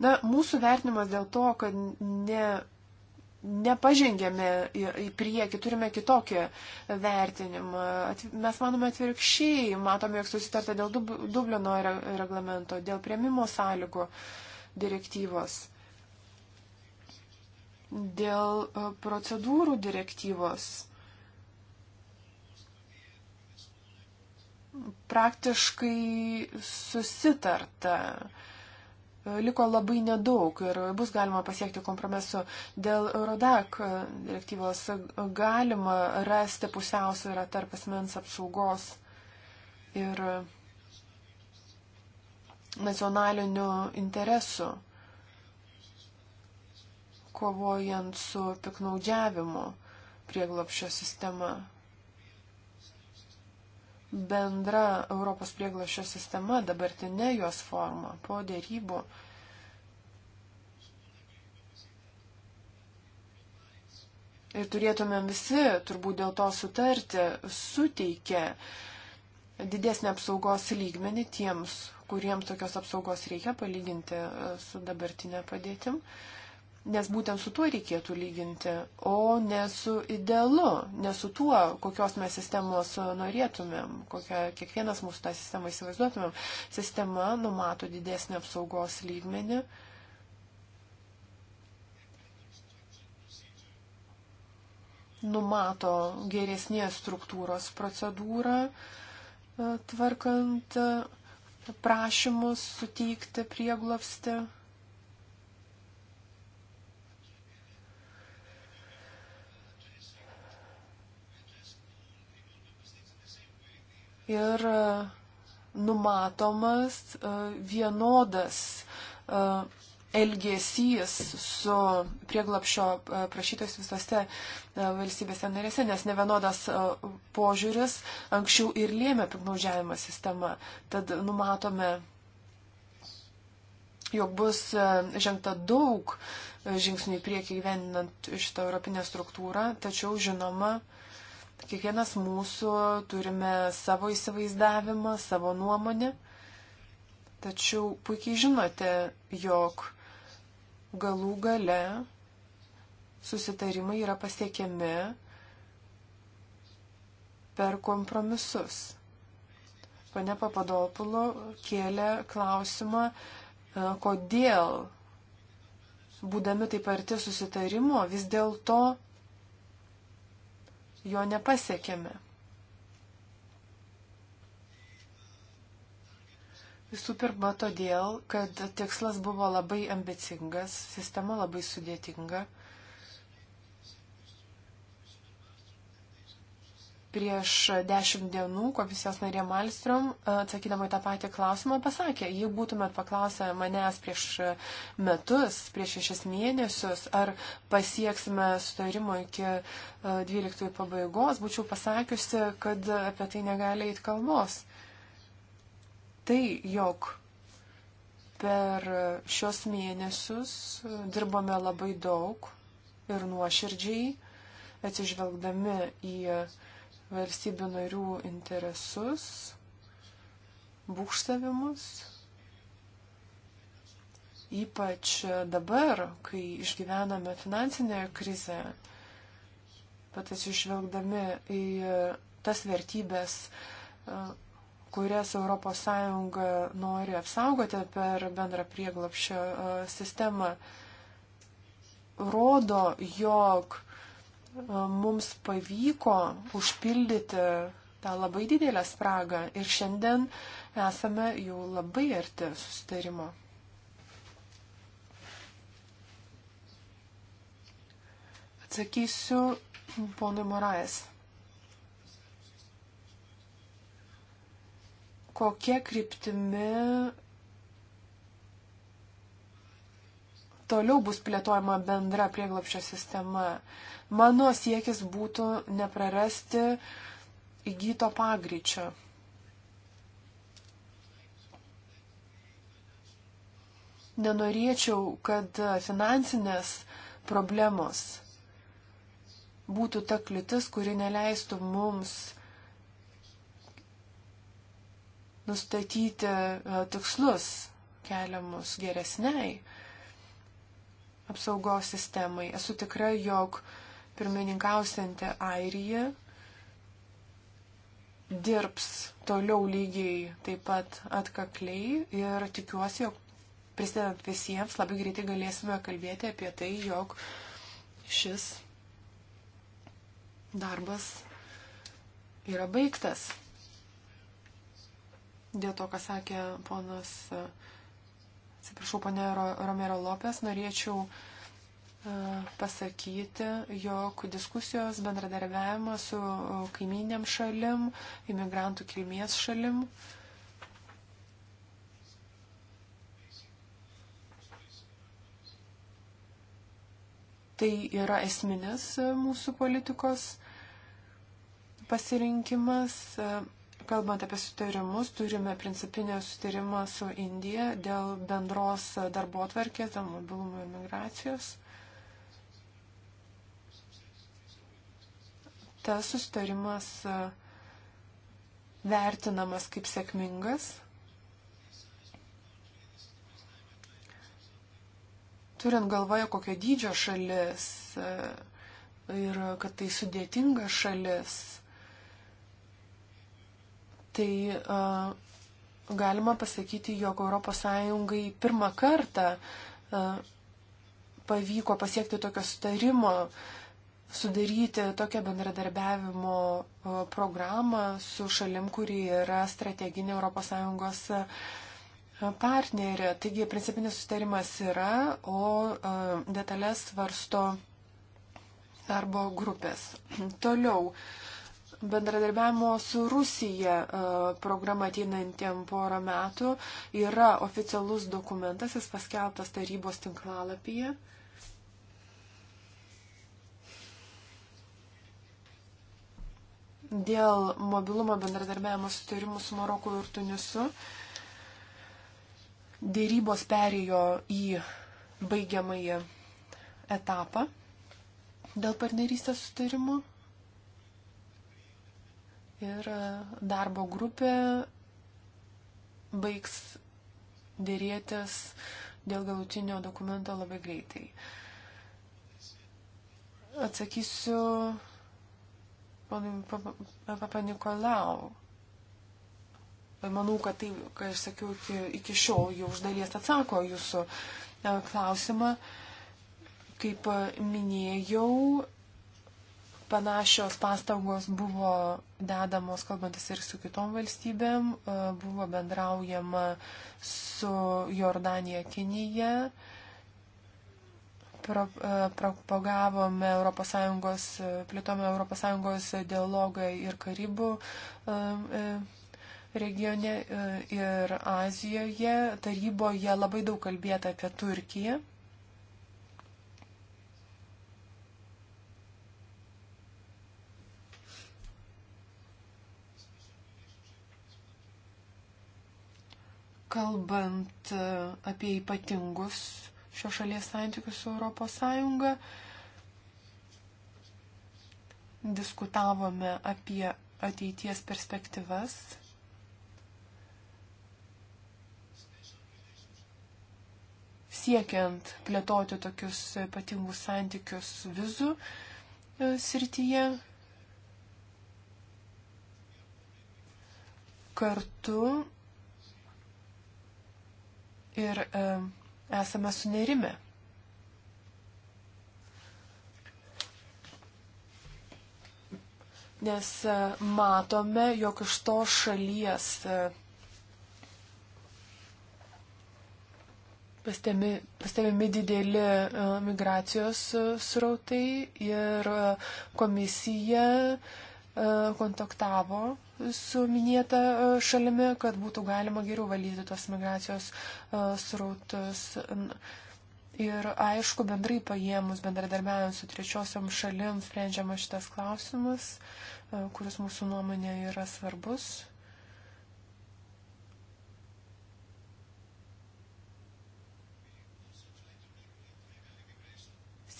B: Na, mūsų vertinimas dėl to, kad ne, nepažengėme į, į priekį, turime kitokį vertinimą. Mes manome atvirkščiai, matome, jog susitarta dėl Dublino reglamento, dėl prieimimo sąlygų direktyvos, dėl e, procedūrų direktyvos. Praktiškai susitarta. Uh, E, liko labai nedaug ir bus galima pasiekti kompromisu. Dėl Eurodak e, direktyvos e, galima rasti pusiausvyrą tarp asmens apsaugos ir nacionalinių interesų, kovojant su piknaudžiavimu prieglopščio sistema bendra Europos prieglašio sistema, dabartinė jos forma po dėrybų. Ir turėtumėm visi turbūt dėl to sutarti, suteikia didesnį apsaugos lygmenį tiems, kuriems tokios apsaugos reikia palyginti e, su dabartinė padėtim. Uh, Nes būtent su tuo reikėtų lyginti, o ne su idealu, ne su tuo, kokios mes sistemos norėtumėm, kokią kiekvienas mūsų tą sistemą įsivaizduotumėm. Sistema numato didesnį apsaugos lygmenį. Numato geresnės struktūros procedūrą, e, tvarkant e, prašymus suteikti prieglopsti ir e, numatomas e, vienodas e, elgesys su prieglapšio prašytojais visose valstybėse narėse, nes ne vienodas požiūris anksčiau ir lėmė piknaudžiavimą sistemą. Tad numatome, jog bus žengta daug žingsnių į priekį gyveninant šitą europinę struktūrą, tačiau žinoma, Kiekvienas mūsų turime savo įsivaizdavimą, savo nuomonę. Tačiau puikiai žinote, jog galų gale susitarimai yra pasiekiami per kompromisus. Pane Papadopulo kėlė klausimą, e, kodėl, būdami taip arti susitarimo, vis dėlto jo nepasiekėme. Visų pirma, todėl, kad tikslas buvo labai ambicingas, sistema labai sudėtinga. Prieš dešimt dienų komisijos narė Malstrom, e, atsakydama į tą patį klausimą, pasakė, jei būtumėt paklausę manęs prieš metus, prieš šešis mėnesius, ar pasieksime sutarimo iki 12 e, pabaigos, būčiau pasakiusi, kad apie tai negali eiti kalbos. Tai, jog per šios mėnesius e, dirbome labai daug ir nuoširdžiai, atsižvelgdami į uh, valstybių narių interesus, būkštavimus. Ypač dabar, kai išgyvename finansinę krizę, bet atsižvelgdami į tas vertybės, e, kurias ES nori apsaugoti per bendrą prieglapšio e, sistemą, rodo, jog mums pavyko užpildyti tą labai didelę spragą ir šiandien esame jau labai arti susitarimo. Atsakysiu ponui Morais. Kokia kryptimi toliau bus plėtojama bendra prieglapščio sistema. Mano siekis būtų neprarasti įgyto pagryčio. Nenorėčiau, kad finansinės problemos būtų ta kliūtis, kuri neleistų mums nustatyti e, tikslus keliamus geresniai apsaugos sistemai. Esu tikra, jog pirmininkausianti Airija dirbs toliau lygiai taip pat atkakliai ir tikiuosi, jog prisidedant visiems labai greitai galėsime kalbėti apie tai, jog šis darbas yra baigtas. Dėl to, ką sakė ponas atsiprašau, ponė Romero Lopes, norėčiau e, pasakyti, jog diskusijos bendradarbiavimas su e, kaiminėm šalim, imigrantų kilmės šalim, tai yra esminis e, mūsų politikos pasirinkimas. Kalbant apie sutarimus, turime principinę sutarimą su Indija dėl bendros darbo atverkės, dėl mobilumo ir migracijos. Tas sustarimas e, vertinamas kaip sėkmingas. Turint galvoje, kokio dydžio šalis e, ir kad tai sudėtinga šalis tai uh, galima pasakyti, jog ES pirmą kartą uh, pavyko pasiekti tokio sutarimo, sudaryti tokią bendradarbiavimo uh, programą su šalim, kuri yra strateginė ES partnerė. Taigi principinis sutarimas yra, o uh, detalės svarsto darbo grupės. Toliau. Uh, bendradarbiavimo su Rusija e, programa ateinantiem porą metų yra oficialus dokumentas, jis paskelbtas tarybos tinklalapyje. Dėl mobilumo bendradarbiavimo sutarimų su Maroku ir Tunisu dėrybos perėjo į baigiamąjį etapą dėl partnerystės sutarimų. Ir e, darbo grupė baigs dėrėtis dėl galutinio dokumento labai greitai. Atsakysiu papa Nikolau. Manau, kad tai, ką aš sakiau iki, iki šiol, jau už dalies atsako jūsų e, klausimą. Kaip minėjau, Panašios pastangos buvo dedamos, kalbantis ir su kitom valstybėm, e, buvo bendraujama su Jordanija, Kinija, e, propagavome ES, e, plėtome ES dialogą ir Karibų regione ir Azijoje. Taryboje labai daug kalbėta apie Turkiją. kalbant e, apie ypatingus šio šalies santykius su ES, diskutavome apie ateities perspektyvas. Siekiant plėtoti tokius ypatingus santykius vizų e, srityje, kartu ir e, esame sunerime. Nes e, matome, jog iš to šalies e, pastebimi, pastebimi dideli e, migracijos e, srautai ir e, komisija e, kontaktavo su minėta e, šalimi, kad būtų galima geriau valyti tos migracijos e, srautus. Ir aišku, bendrai paėmus, bendradarbiavant su trečiosiam šalim, sprendžiama šitas klausimas, e, kuris mūsų nuomonė yra svarbus.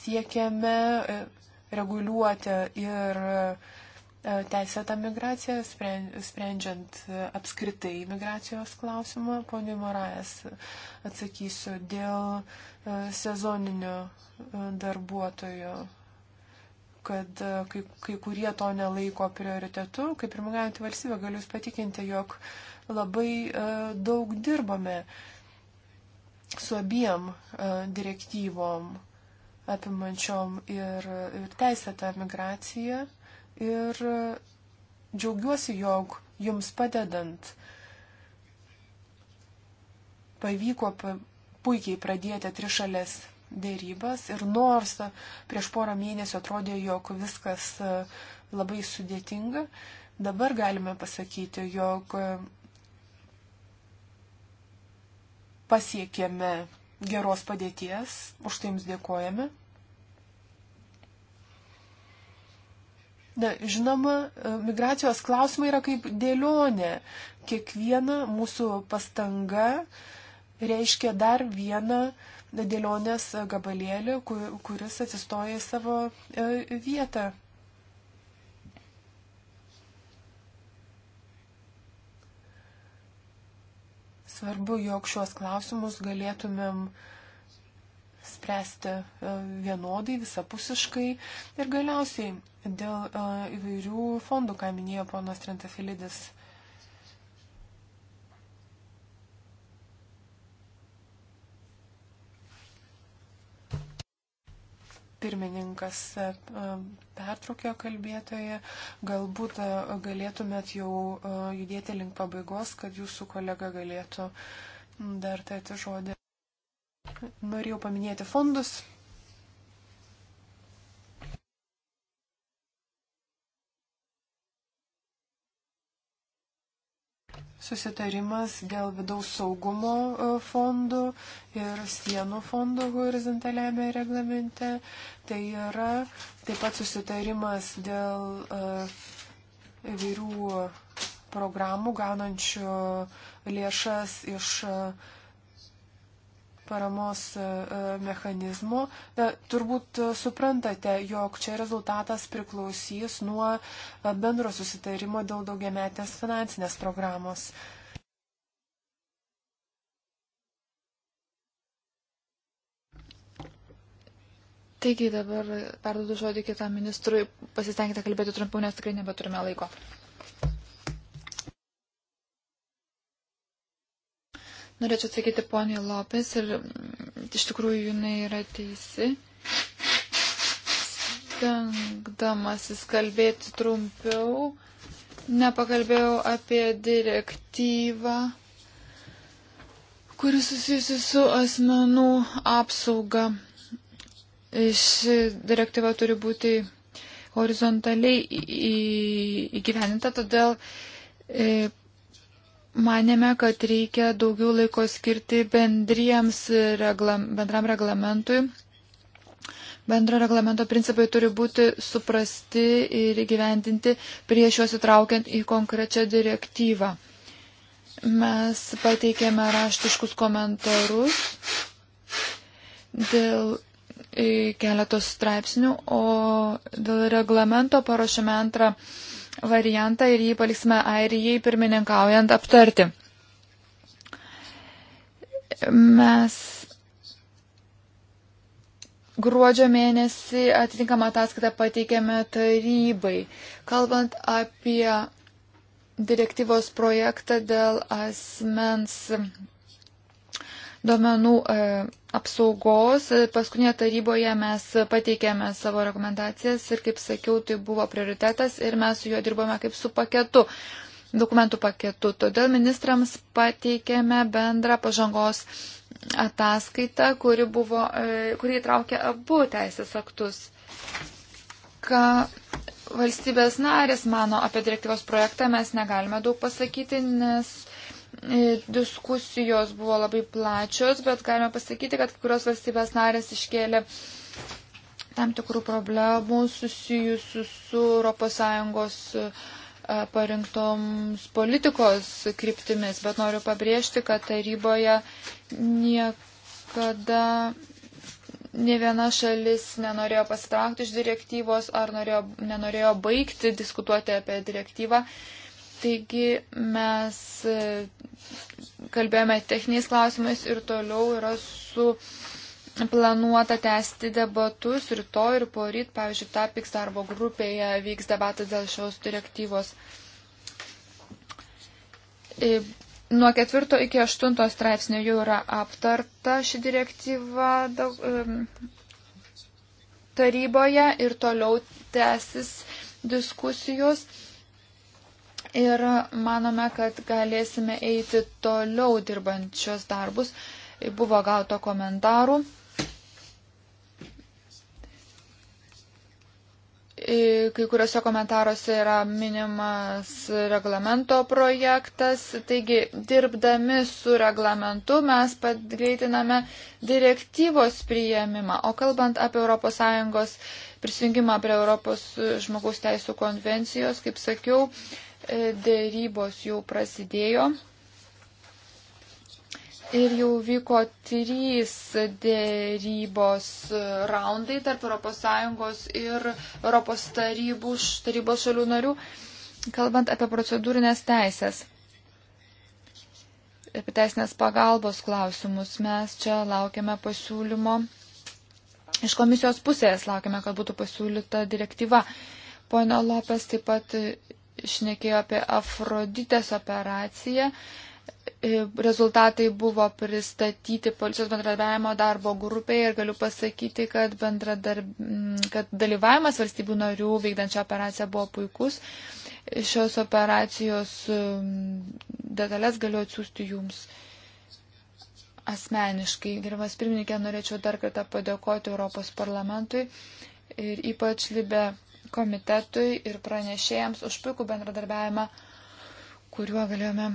B: Siekiame reguliuoti ir uh, E, teisėtą migraciją, sprendžiant e, apskritai migracijos klausimą. Pone Morajas, atsakysiu dėl e, sezoninio darbuotojo kad kai, kai kurie to nelaiko prioritetu, kaip ir magalinti valstybė, galiu jūs patikinti, jog labai uh, daug dirbame su abiem uh, direktyvom apimančiom ir, ir teisėtą migraciją, uh, ir džiaugiuosi, jog jums padedant pavyko puikiai pradėti trišalės dėrybas ir nors prieš porą mėnesių atrodė, jog viskas e, labai sudėtinga, dabar galime pasakyti, jog e, pasiekėme geros padėties, už tai jums dėkojame. Na, žinoma, e, migracijos klausimai yra kaip dėlionė. Kiekviena mūsų pastanga reiškia dar vieną dėlionės gabalėlį, kuris atsistoja į savo e, vietą. Svarbu, jog šios klausimus galėtumėm uh, spręsti e, vienodai, visapusiškai ir galiausiai dėl e, įvairių fondų, ką minėjo ponas Trentafilidis. pirmininkas e, pertraukė kalbėtoje. Galbūt galėtumėt jau judėti link pabaigos, kad jūsų kolega galėtų dar tarti žodį. Norėjau paminėti fondus. Susitarimas dėl vidaus saugumo e, fondų ir sienų fondų horizontaliame reglamente. Tai yra taip pat susitarimas dėl e, įvairių programų gaunančių lėšas iš uh, paramos e, e, mechanizmų. Na, e, turbūt suprantate, jog čia rezultatas priklausys nuo bendro susitarimo dėl daugiametės finansinės programos.
C: Taigi dabar perduodu žodį kitam ministrui. Pasistengite kalbėti trumpiau, nes tikrai nebeturime laiko. Norėčiau atsakyti poniai Lopes ir mm, iš tikrųjų jinai yra teisi. Stengdamasis kalbėti trumpiau, nepakalbėjau apie direktyvą kuris susijusi su asmenų apsauga. Ši direktyva turi būti horizontaliai įgyveninta, todėl e, Manėme, kad reikia daugiau laiko skirti reglam, bendram reglamentui. Bendro reglamento principai turi būti suprasti ir įgyvendinti prieš juos įtraukiant į konkrečią direktyvą. Mes pateikėme raštiškus komentarus dėl e, keletos straipsnių, o dėl reglamento paruošėme antrą variantą ir jį paliksime Airijai pirmininkaujant aptarti. Mes gruodžio mėnesį atitinkamą ataskaitą pateikėme tarybai. Kalbant apie direktyvos projektą dėl asmens duomenų e, apsaugos. Paskutinėje taryboje mes pateikėme savo rekomendacijas ir, kaip sakiau, tai buvo prioritetas ir mes su juo dirbome kaip su paketu dokumentų paketu. Todėl ministrams pateikėme bendrą pažangos ataskaitą, kuri, buvo, e, kuri įtraukė abu teisės aktus. Ką valstybės narės mano apie direktyvos projektą, mes negalime daug pasakyti, nes diskusijos buvo labai plačios, bet galima pasakyti, kad kai kurios valstybės narės iškėlė tam tikrų problemų susijusių su ES e, parinktoms politikos kryptimis, bet noriu pabrėžti, kad taryboje niekada ne viena šalis nenorėjo pasitraukti iš direktyvos ar norėjo, nenorėjo baigti diskutuoti apie direktyvą. Uh, Taigi mes e, kalbėjome techniniais klausimais ir toliau yra su planuota tęsti debatus rytoj ir poryt, pavyzdžiui, TAPIX darbo grupėje vyks debatas dėl šios direktyvos. E, nuo ketvirto iki aštunto straipsnio jau yra aptarta ši direktyva e, taryboje ir toliau tęsis diskusijos ir manome, kad galėsime eiti toliau dirbant šios darbus. Buvo gauta komentarų. Kai kuriuose komentaruose yra minimas reglamento projektas, taigi dirbdami su reglamentu mes padgreitiname direktyvos priėmimą. O kalbant apie ES prisijungimą prie Europos žmogaus teisų konvencijos, kaip sakiau, E, dėrybos jau prasidėjo. Ir jau vyko trys dėrybos raundai tarp ES ir ES tarybų, tarybos šalių narių, kalbant apie procedūrinės teisės. Apie teisinės pagalbos klausimus mes čia laukiame pasiūlymo. Iš komisijos pusės laukiame, kad būtų pasiūlyta direktyva. Pono Lopes taip pat šnekėjo apie Afroditės operaciją. E, rezultatai buvo pristatyti policijos bendradarbiavimo darbo grupėje ir galiu pasakyti, kad, bendradarb... kad dalyvavimas valstybių narių veikdančią operaciją buvo puikus. Šios operacijos detalės galiu atsiųsti jums asmeniškai. Gerbiamas pirmininkė, norėčiau dar kartą padėkoti Europos parlamentui ir ypač Libe komitetui ir pranešėjams už puikų bendradarbiavimą, kuriuo galėjome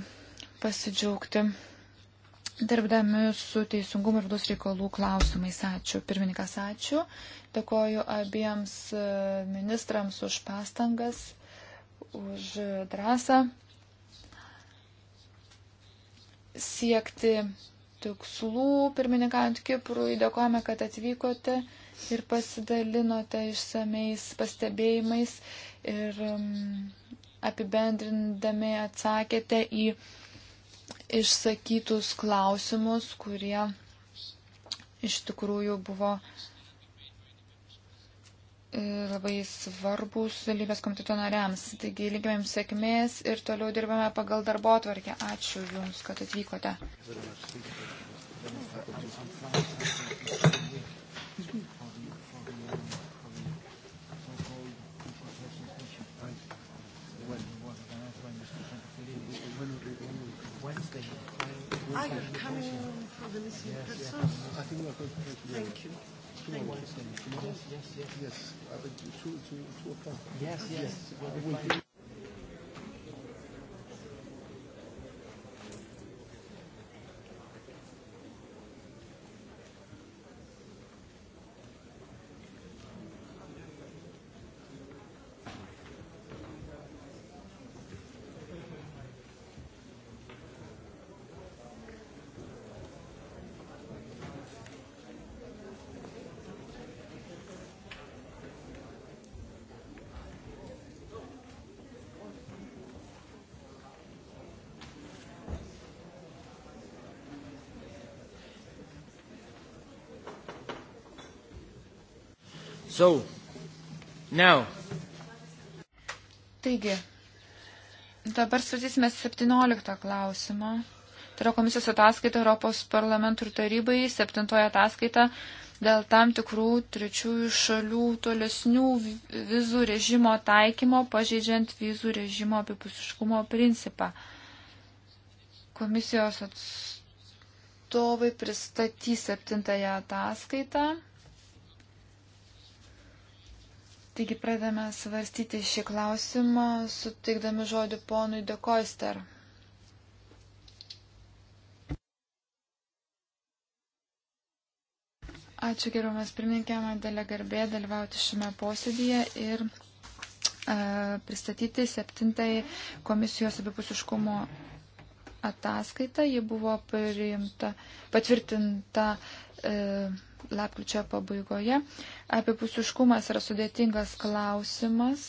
C: pasidžiaugti dirbdami su teisingumo ir vidaus reikalų klausimais. Ačiū. Pirmininkas, ačiū. Dėkoju abiems e, ministrams už pastangas, už drąsą siekti tikslų pirmininkaujant Kiprui. Dėkojame, kad atvykote ir pasidalinote išsameis pastebėjimais ir um, apibendrindami atsakėte į išsakytus klausimus, kurie iš tikrųjų buvo e, labai svarbus dalykas komiteto nariams. Taigi lygiam jums sėkmės ir toliau dirbame pagal darbo atvarkę. Ačiū Jums, kad atvykote.
B: Wednesday. We'll ah, you're coming for the missing yes, persons? Yes. I think we are going to play together. Thank you. Tomorrow. Thank you. Tomorrow?
A: Yes, yes. Yes, yes. Uh, two, two, two o'clock. Yes, okay. yes. yes. We'll be So, now.
C: Taigi, dabar svarstysime 17 klausimą. Tai yra komisijos ataskaita Europos parlamentų ir tarybai, 7 ataskaita dėl tam tikrų trečiųjų šalių tolesnių vizų režimo taikymo, pažeidžiant vizų režimo apipusiškumo principą. Komisijos atstovai pristatys septintąją ataskaitą. Taigi pradame svarstyti šį klausimą, suteikdami žodį ponui Dekoister. Ačiū gerbiamas pirmininkė, man dėlė garbė dalyvauti šiame posėdėje ir e, pristatyti septintai komisijos abipusiškumo ataskaita, ji buvo priimta, patvirtinta e, lapkričio pabaigoje. Apipusiškumas yra sudėtingas klausimas.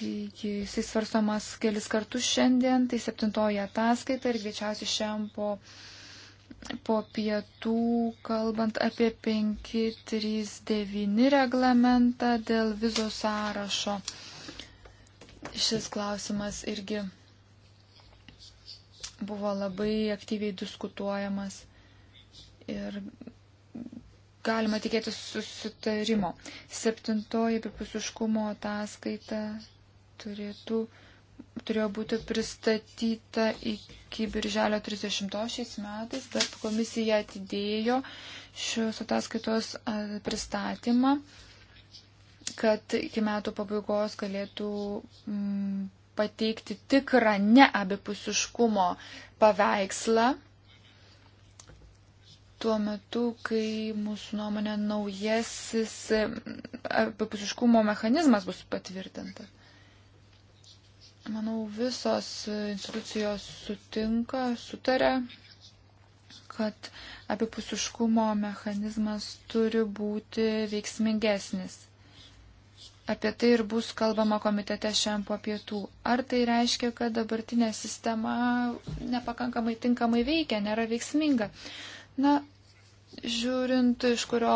C: Jisai svarstomas kelis kartus šiandien, tai septintoji ataskaita ir greičiausiai šiam po, po pietų, kalbant apie 539 reglamentą dėl vizų sąrašo. Šis klausimas irgi buvo labai aktyviai diskutuojamas ir galima tikėtis susitarimo. Septintoji apipusiškumo ataskaita turėtų, turėjo būti pristatyta iki birželio 30 šiais metais, bet komisija atidėjo šios ataskaitos pristatymą, kad iki metų pabaigos galėtų. Mm, pateikti tikrą neabipusiškumo paveikslą tuo metu, kai mūsų nuomonė naujasis abipusiškumo mechanizmas bus patvirtintas. Manau, visos institucijos sutinka, sutarė, kad abipusiškumo mechanizmas turi būti veiksmingesnis. Apie tai ir bus kalbama komitete šiam po pietų. Ar tai reiškia, kad dabartinė sistema nepakankamai tinkamai veikia, nėra veiksminga? Na, žiūrint, iš kurio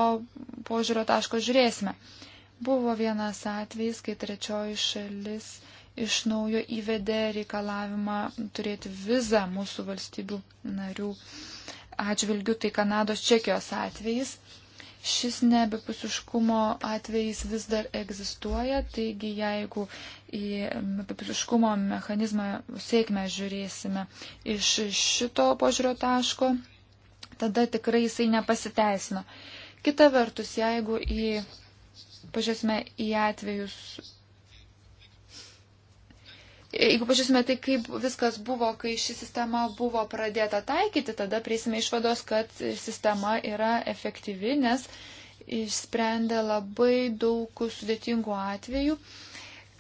C: požiūrio taško žiūrėsime. Buvo vienas atvejis, kai trečioji šalis iš naujo įvedė reikalavimą turėti vizą mūsų valstybių narių atžvilgių, tai Kanados Čekijos atvejis. Šis nebepusiškumo atvejis vis dar egzistuoja, taigi jeigu į apipusiškumo mechanizmą sėkmę žiūrėsime iš šito požiūrio taško, tada tikrai jisai nepasiteisino. Kita vertus, jeigu į, pažiūrėsime į atvejus Jeigu pažiūrėsime tai, kaip viskas buvo, kai ši sistema buvo pradėta taikyti, tada prieisime išvados, kad sistema yra efektyvi, nes išsprendė labai daug sudėtingų atvejų.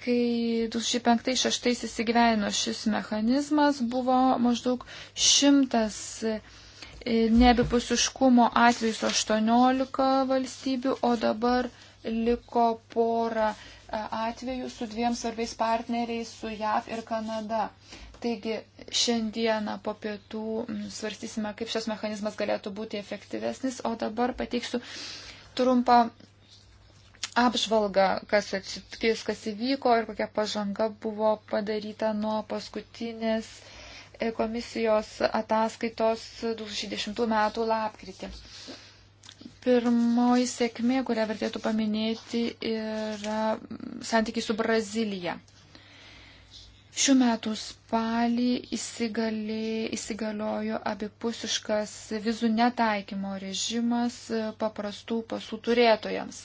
C: Kai 2005-2006 įsigyveno šis mechanizmas, buvo maždaug šimtas e, neabipusiškumo atvejus 18 valstybių, o dabar liko pora atveju su dviem svarbiais partneriais, su JAV ir Kanada. Taigi šiandieną po pietų mm, svarstysime, kaip šios mechanizmas galėtų būti efektyvesnis, o dabar pateiksiu trumpą apžvalgą, kas atsitikės, kas įvyko ir kokia pažanga buvo padaryta nuo paskutinės e, komisijos ataskaitos 2010 m. lapkritį. Pirmoji sėkmė, kurią vertėtų paminėti, yra santykiai su Brazilyje. Šių metų spalį įsigali, įsigaliojo abipusiškas vizų netaikymo režimas paprastų pasų turėtojams.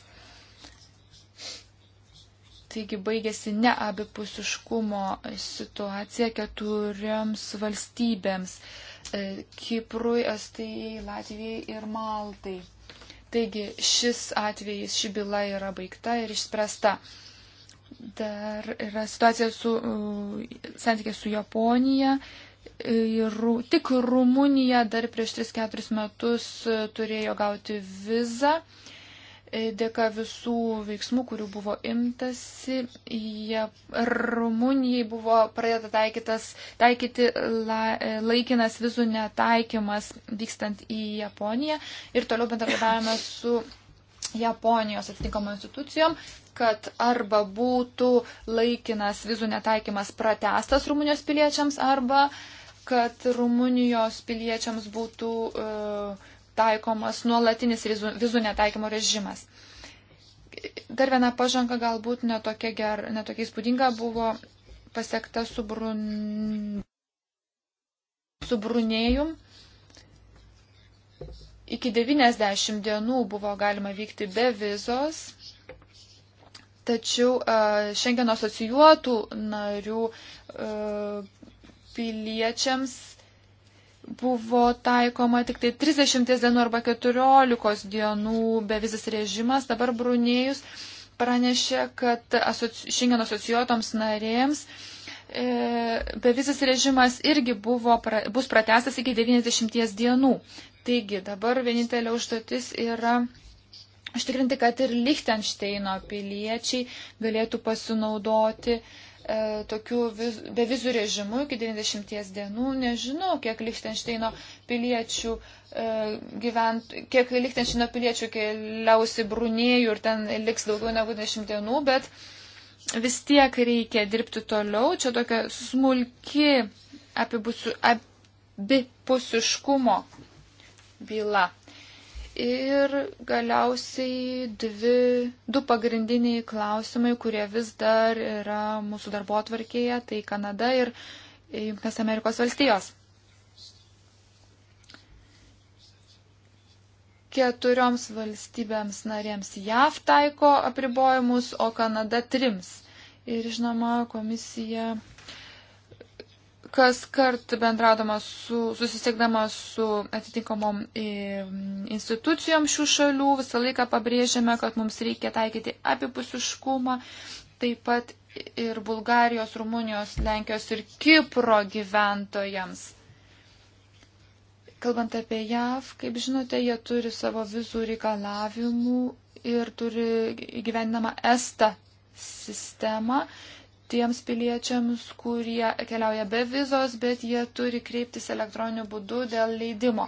C: Taigi baigėsi neabipusiškumo situacija keturiams valstybėms - e, Kiprui, Estijai, Latvijai ir Maltai. Taigi šis atvejis, ši byla yra baigta ir išspręsta. Dar yra situacija su uh, santykiai su Japonija. Ir tik Rumunija dar prieš 3-4 metus uh, turėjo gauti vizą. Uh, dėka visų veiksmų, kurių buvo imtasi, jie, Rumunijai buvo pradėta taikytas, taikyti la, laikinas vizų netaikymas vykstant į Japoniją ir toliau bendradarbiavame su Japonijos atitinkamom institucijom, kad arba būtų laikinas vizų netaikymas pratestas Rumunijos piliečiams, arba kad Rumunijos piliečiams būtų uh, taikomas nuolatinis vizų netaikymo režimas. Dar viena pažanga galbūt netokia, ger, netokia įspūdinga buvo pasiekta su, brun... su brunėjum. Iki 90 dienų buvo galima vykti be vizos, tačiau e, šiandien asocijuotų narių e, piliečiams buvo taikoma tik tai 30 dienų arba 14 dienų bevizis režimas. Dabar Brunėjus pranešė, kad asoci... šiandien asocijuotoms narėms e, bevizis režimas irgi buvo, pra... bus pratestas iki 90 dienų. Taigi dabar vienintelė užduotis yra. Aš tikrinti, kad ir Lichtensteino piliečiai galėtų pasinaudoti uh, E, tokiu viz, bevizų režimu iki 90 dienų. Nežinau, kiek Lichtensteino piliečių, e, gyvent, kiek Lichtensteino piliečių keliausi Brunėjų ir ten liks daugiau negu 10 dienų, bet vis tiek reikia dirbti toliau. Čia tokia smulki abipusiškumo byla. Ir galiausiai dvi, du pagrindiniai klausimai, kurie vis dar yra mūsų darbo atvarkėje, tai Kanada ir Junktinės Amerikos valstijos. Keturioms valstybėms narėms JAV taiko apribojimus, o Kanada trims. Ir žinoma, komisija kas kart bendraudama su, susisiekdama su atitinkamom e, institucijom šių šalių, visą laiką pabrėžiame, kad mums reikia taikyti abipusiškumą, taip pat ir Bulgarijos, Rumunijos, Lenkijos ir Kipro gyventojams. Kalbant apie JAV, kaip žinote, jie turi savo vizų reikalavimų ir turi gyvenamą ESTA sistemą tiems piliečiams, kurie keliauja be vizos, bet jie turi kreiptis elektroniniu būdu dėl leidimo.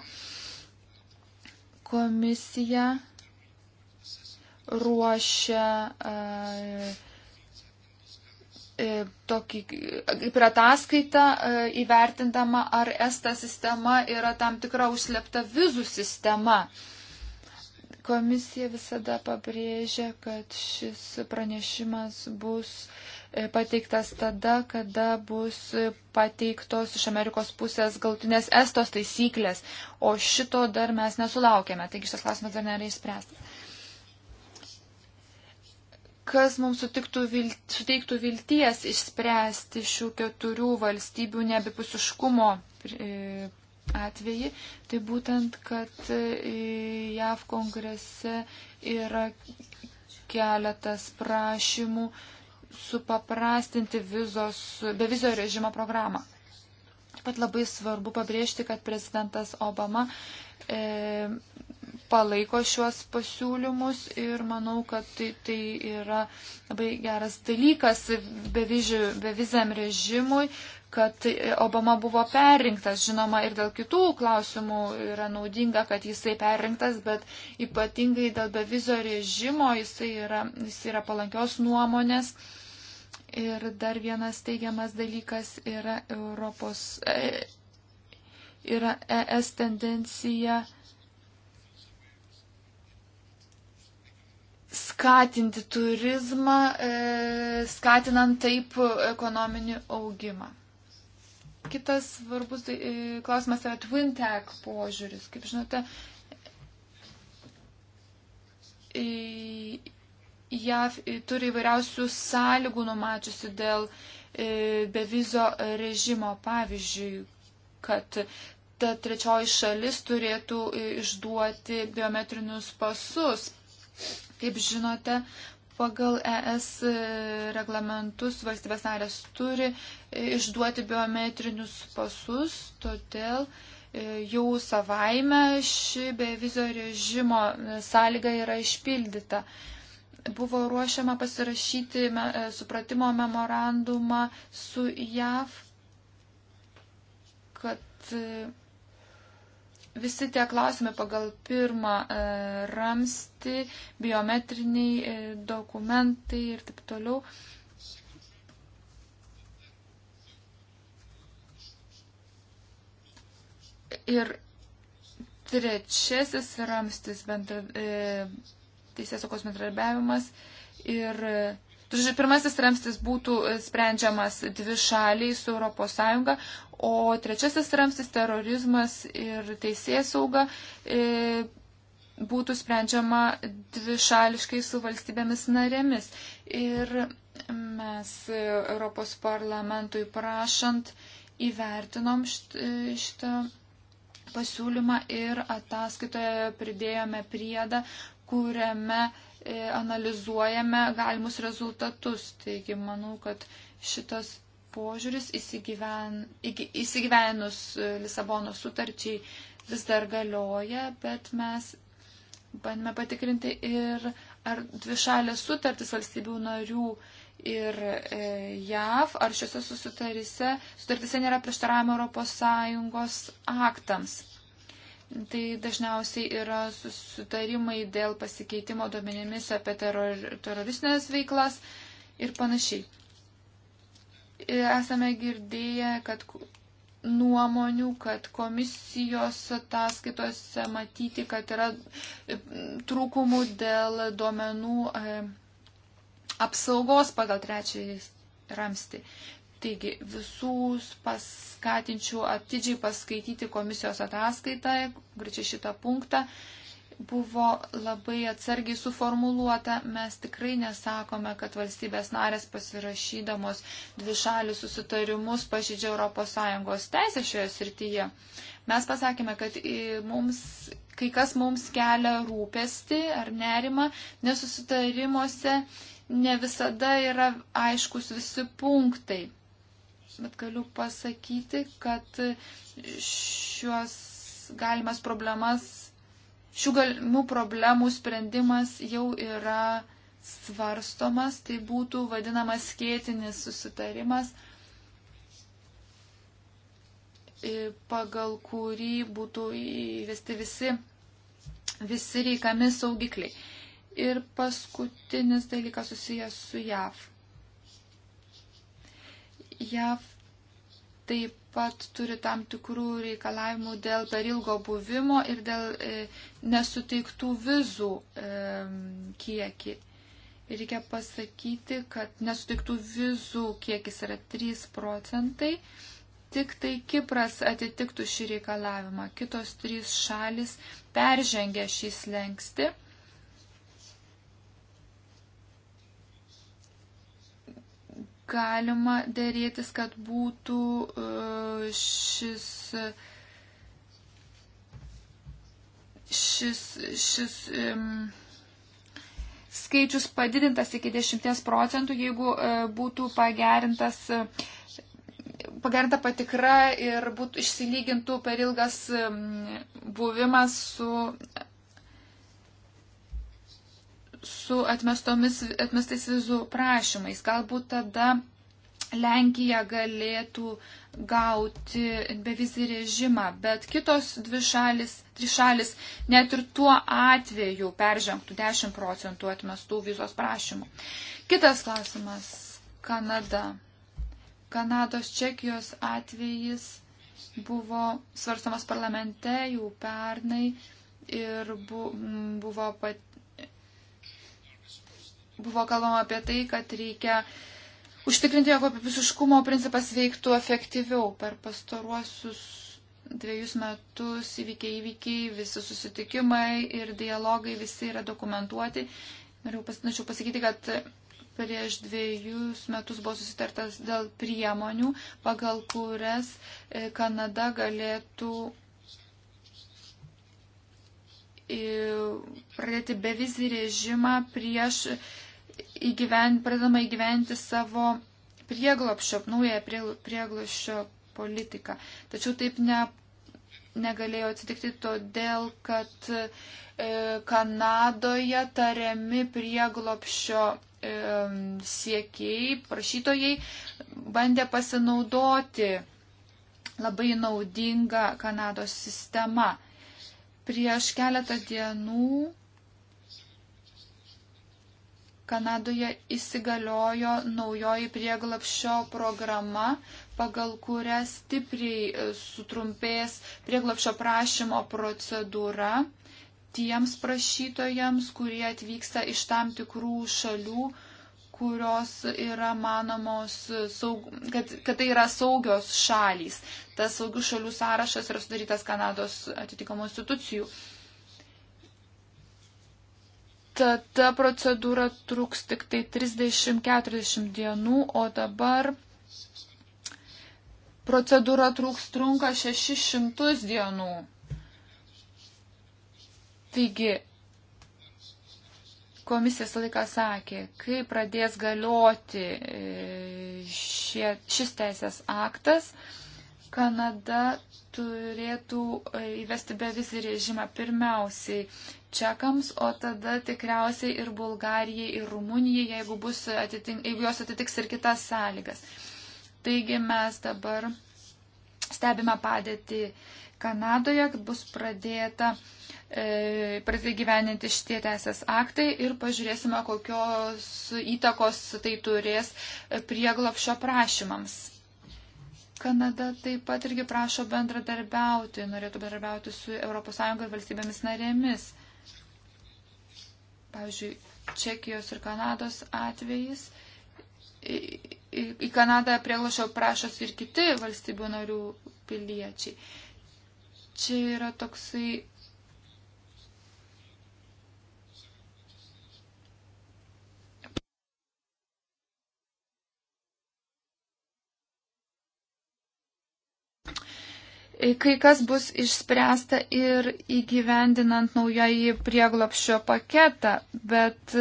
C: Komisija ruošia uh, tokį, kaip e, ir ataskaita, įvertindama, ar ESTA sistema yra tam tikra užslepta vizų sistema. Komisija visada pabrėžia, kad šis pranešimas bus E, pateiktas tada, kada bus pateiktos iš Amerikos pusės galtinės estos taisyklės, o šito dar mes nesulaukėme, taigi šitas klausimas dar nėra išspręstas. Kas mums sutiktų, vilt, suteiktų vilties išspręsti šių keturių valstybių neabipusiškumo e, atvejį, tai būtent, kad e, JAV kongrese yra keletas prašymų supaprastinti vizos, bevizio režimo programą. Taip pat labai svarbu pabrėžti, kad prezidentas Obama e, palaiko šiuos pasiūlymus ir manau, kad tai, tai yra labai geras dalykas beviziam režimui, kad Obama buvo perrinktas, žinoma, ir dėl kitų klausimų yra naudinga, kad jisai perrinktas, bet ypatingai dėl bevizio režimo jisai yra, jis yra palankios nuomonės. E, Ir dar vienas teigiamas dalykas yra, Europos, e, yra ES tendencija skatinti turizmą, e, skatinant taip ekonominį augimą. Kitas svarbus tai, e, klausimas yra TwinTech požiūris. Kaip žinote, e, JAV turi įvairiausių sąlygų numačiusi dėl e, bevizo režimo. Pavyzdžiui, kad ta trečioji šalis turėtų e, išduoti biometrinius pasus. Kaip žinote, pagal ES e, reglamentus valstybės narės turi išduoti biometrinius pasus, todėl jau savaime ši bevizio režimo sąlyga yra išpildyta buvo ruošiama pasirašyti e, supratimo memorandumą su JAV, kad e, visi tie klausimai pagal pirmą e, ramsti, biometriniai dokumentai ir taip toliau. Ir trečiasis ramstis bendra, e, teisės saugos bendradarbiavimas. Ir žodžiu, pirmasis ramstis būtų e, sprendžiamas dvi šaliai su ES, o trečiasis ramstis terorizmas ir teisės sauga e, būtų sprendžiama dvi šališkai su valstybėmis narėmis. Ir mes e, Europos parlamentui prašant įvertinom šitą pasiūlymą ir ataskaitoje pridėjome priedą, kuriame e, analizuojame galimus rezultatus. Taigi manau, kad šitas požiūris įsigyven, įsigyvenus e, Lisabono sutarčiai vis dar galioja, bet mes bandėme patikrinti ir ar dvišalės sutartis valstybių narių ir e, JAV, ar šiuose sutartise nėra prieštaravimo ES aktams. Tai dažniausiai yra susitarimai dėl pasikeitimo duomenimis apie teror, teroristinės veiklas ir panašiai. Esame girdėję, kad nuomonių, kad komisijos ataskaitose matyti, kad yra e, trūkumų dėl duomenų e, apsaugos pagal trečiąjį ramsti. Taigi visus paskatinčiau atidžiai paskaityti komisijos ataskaitą, greičiai šitą punktą. Buvo labai atsargiai suformuluota, mes tikrai nesakome, kad valstybės narės pasirašydamos dvišalių susitarimus pažydžia ES teisę šioje srityje. Mes pasakėme, kad mums, kai kas mums kelia rūpesti ar nerimą, nesusitarimuose ne visada yra aiškus visi punktai bet galiu pasakyti, kad šios galimas problemas, šių galimų problemų sprendimas jau yra svarstomas, tai būtų vadinamas skėtinis susitarimas, pagal kurį būtų įvesti visi, visi reikami saugikliai. Ir paskutinis dalykas susijęs su JAV. JAV taip pat turi tam tikrų reikalavimų dėl per ilgo buvimo ir dėl e, nesuteiktų vizų e, kiekį. Ir reikia pasakyti, kad nesuteiktų vizų kiekis yra 3 procentai, tik tai Kipras atitiktų šį reikalavimą. Kitos trys šalis peržengė šį slengsti. galima dėrėtis, kad būtų e, šis, šis, šis um, skaičius padidintas iki 10 procentų, jeigu uh, būtų pagerintas. Pagerinta patikra ir būtų išsilygintų per ilgas buvimas su su atmestais vizų prašymais. Galbūt tada Lenkija galėtų gauti bevizį režimą, bet kitos dvi šalis, trys šalis net ir tuo atveju peržengtų 10 procentų atmestų vizos prašymų. Kitas klausimas - Kanada. Kanados Čekijos atvejis buvo svarstamas parlamente jau pernai ir bu, buvo pat buvo kalbama apie tai, kad reikia užtikrinti, jog apipusiškumo principas veiktų efektyviau. Per pastaruosius dviejus metus įvykiai įvykiai, visi susitikimai ir dialogai, visi yra dokumentuoti. Norėčiau pasakyti, kad prieš dviejus metus buvo susitartas dėl priemonių, pagal kurias e, Kanada galėtų pradėti bevizį režimą prieš įgyven, pradama įgyventi savo prieglopščio, naują prieglopščio politiką. Tačiau taip ne, negalėjo atsitikti todėl, kad e, Kanadoje tariami prieglopščio e, siekiai, prašytojai bandė pasinaudoti labai naudinga Kanados sistema. Prieš keletą dienų Kanadoje įsigaliojo naujoji prieglapščio programa, pagal kurią stipriai e, sutrumpės prieglapščio prašymo procedūra tiems prašytojams, kurie atvyksta iš tam tikrų šalių, kurios yra manomos, saug, kad, kad tai yra saugios šalys. Tas saugių šalių sąrašas yra sudarytas Kanados atitinkamų institucijų. Ta, ta procedūra truks tik tai 30-40 dienų, o dabar procedūra truks trunka 600 dienų. Taigi, Komisija visą laiką sakė, kai pradės galioti e, šie, šis teisės aktas, Kanada turėtų e, įvesti bevizį režimą pirmiausiai čekams, o tada tikriausiai ir Bulgarijai, ir Rumunijai, jeigu, bus atitink, jeigu jos atitiks ir kitas sąlygas. Taigi mes dabar stebime padėtį Kanadoje, kad bus pradėta uh, E, pradėti gyveninti šitie teisės aktai ir pažiūrėsime, kokios įtakos tai turės prieglapšio prašymams. Kanada taip pat irgi prašo bendradarbiauti, norėtų bendradarbiauti su ES ir valstybėmis narėmis. Pavyzdžiui, Čekijos ir Kanados atvejais. Į, į, į Kanadą prieglašio prašos ir kiti valstybių narių piliečiai. Čia yra toksai kai kas bus išspręsta ir įgyvendinant naująjį prieglopščio paketą, bet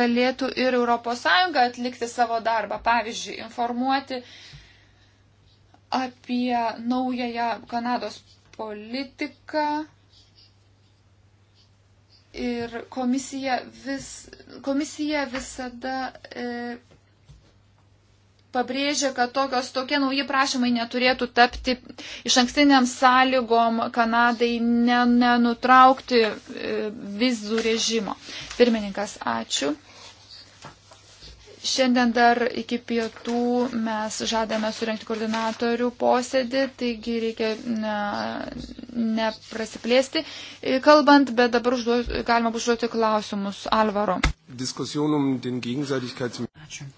C: galėtų ir ES atlikti savo darbą, pavyzdžiui, informuoti apie naująją Kanados politiką. Ir komisija, vis, komisija visada e, pabrėžia, kad tokios, tokie nauji prašymai neturėtų tapti iš ankstiniam sąlygom Kanadai nenutraukti e, vizų režimo. Pirmininkas, ačiū. Šiandien dar iki pietų mes žadame surenkti koordinatorių posėdį, taigi reikia neprasiplėsti ne kalbant, bet dabar užduos, galima užduoti klausimus Alvaro.
A: Ačiū.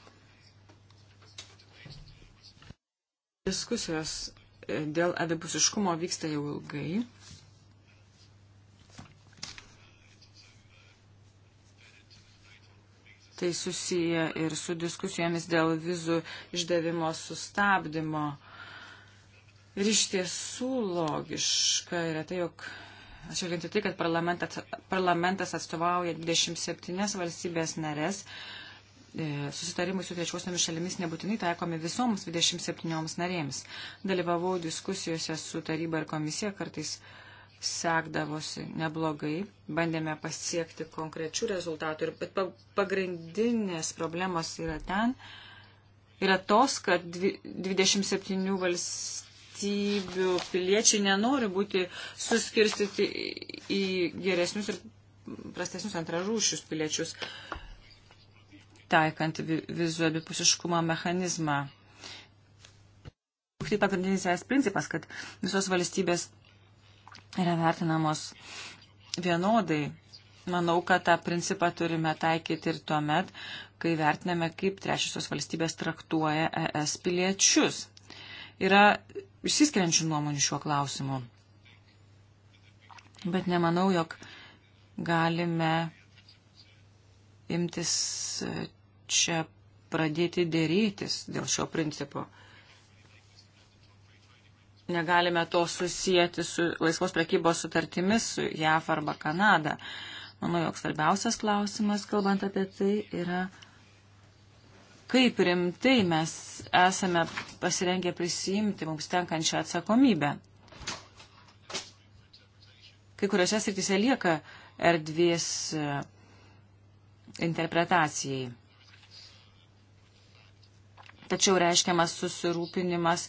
A: Diskusijos e, dėl abipusiškumo vyksta jau ilgai. Tai susiję ir su diskusijomis dėl vizų išdavimo sustabdymo. Ir iš tiesų logiška yra tai, jog atsižvelgiant į tai, kad parlamentas atstovauja 27 valstybės narės, E, susitarimai su trečiosiamis šalimis nebūtinai taikomi visoms 27 narėms. Dalyvavau diskusijose su taryba ir komisija, kartais sekdavosi neblogai, bandėme pasiekti konkrečių rezultatų, bet pagrindinės problemos yra ten, yra tos, kad 27 valstybių piliečiai nenori būti suskirstyti į geresnius ir prastesnius antrarūšius piliečius taikant vizų abipusiškumo mechanizmą. Tai pagrindinis es principas, kad visos valstybės yra vertinamos vienodai. Manau, kad tą principą turime taikyti ir tuo met, kai vertiname, kaip trečiosios valstybės traktuoja ES piliečius. Yra išsiskiriančių nuomonių šiuo klausimu. Bet nemanau, jog galime imtis čia pradėti dėrytis dėl šio principo. Negalime to susijęti su laisvos prekybos sutartimis su JAF arba Kanada. Manau, jog svarbiausias klausimas, kalbant apie tai, yra, kaip rimtai mes esame pasirengę prisijimti mums tenkančią atsakomybę. Kai kuriuose srityse lieka erdvės e, interpretacijai tačiau reiškiamas susirūpinimas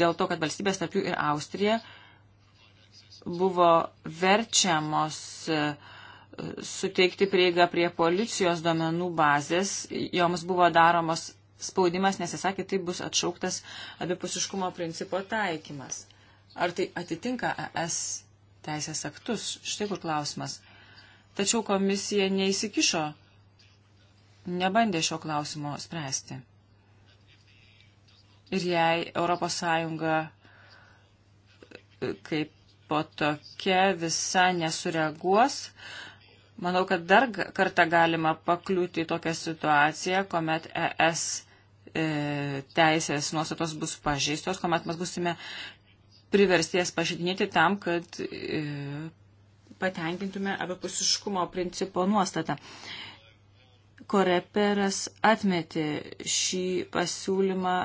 A: dėl to, kad valstybės tarp jų ir Austrija buvo verčiamos e, suteikti prieigą prie policijos domenų bazės, joms buvo daromos spaudimas, nes jis sakė, tai bus atšauktas abipusiškumo principo taikymas. Ar tai atitinka ES teisės aktus? Štai kur klausimas. Tačiau komisija neįsikišo, nebandė šio klausimo spręsti ir jei ES e, kaip po tokia visa nesureaguos, manau, kad dar kartą galima pakliūti į tokią situaciją, kuomet ES e, teisės nuostatos bus pažeistos, kuomet mes būsime priversties pažydinėti tam, kad e, patenkintume abipusiškumo principo nuostatą. Koreperas atmetė šį pasiūlymą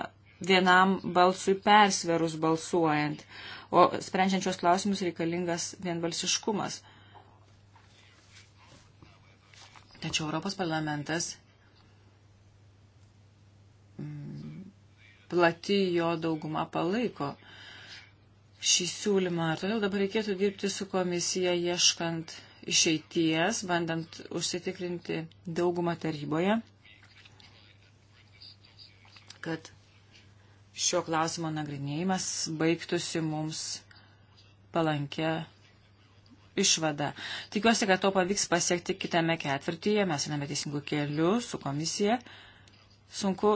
A: vienam balsui persverus balsuojant, o sprendžiančios klausimus reikalingas vienbalsiškumas. Tačiau Europos parlamentas mm, plati jo dauguma palaiko šį siūlymą. Ir todėl dabar reikėtų dirbti su komisija ieškant išeities, bandant užsitikrinti daugumą taryboje, kad šio klausimo nagrinėjimas baigtųsi mums palankę išvada. Tikiuosi, kad to pavyks pasiekti kitame ketvirtyje, mes einame teisingų kelių su komisija. Sunku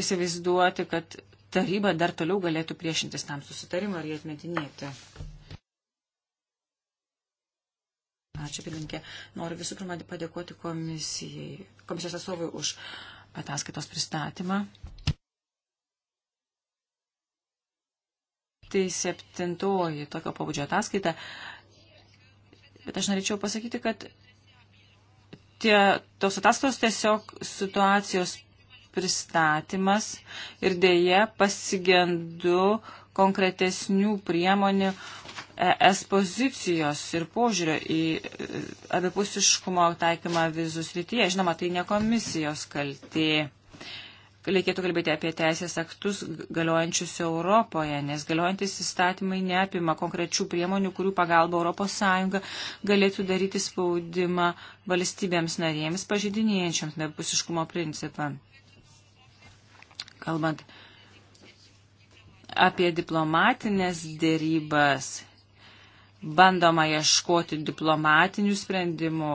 A: įsivaizduoti, kad taryba dar toliau galėtų priešintis tam susitarimui ar jį atmetinėti. Ačiū, pirinkė. Noriu visų pirma padėkoti komisijai, komisijos atstovui už ataskaitos pristatymą. tai septintoji tokio pabudžio ataskaita. Bet aš norėčiau pasakyti, kad tie, tos ataskaitos tiesiog situacijos pristatymas ir dėje pasigendu konkretesnių priemonių ES pozicijos ir požiūrio į e, abipusiškumo taikymą vizų srityje. Žinoma, tai ne komisijos kaltė reikėtų kalbėti apie teisės aktus galiojančius Europoje, nes galiojantis įstatymai neapima konkrečių priemonių, kurių pagalba ES galėtų daryti spaudimą valstybėms narėms pažydinėjančiams nepusiškumo principą. Kalbant apie diplomatinės dėrybas, bandoma ieškoti diplomatinių sprendimų,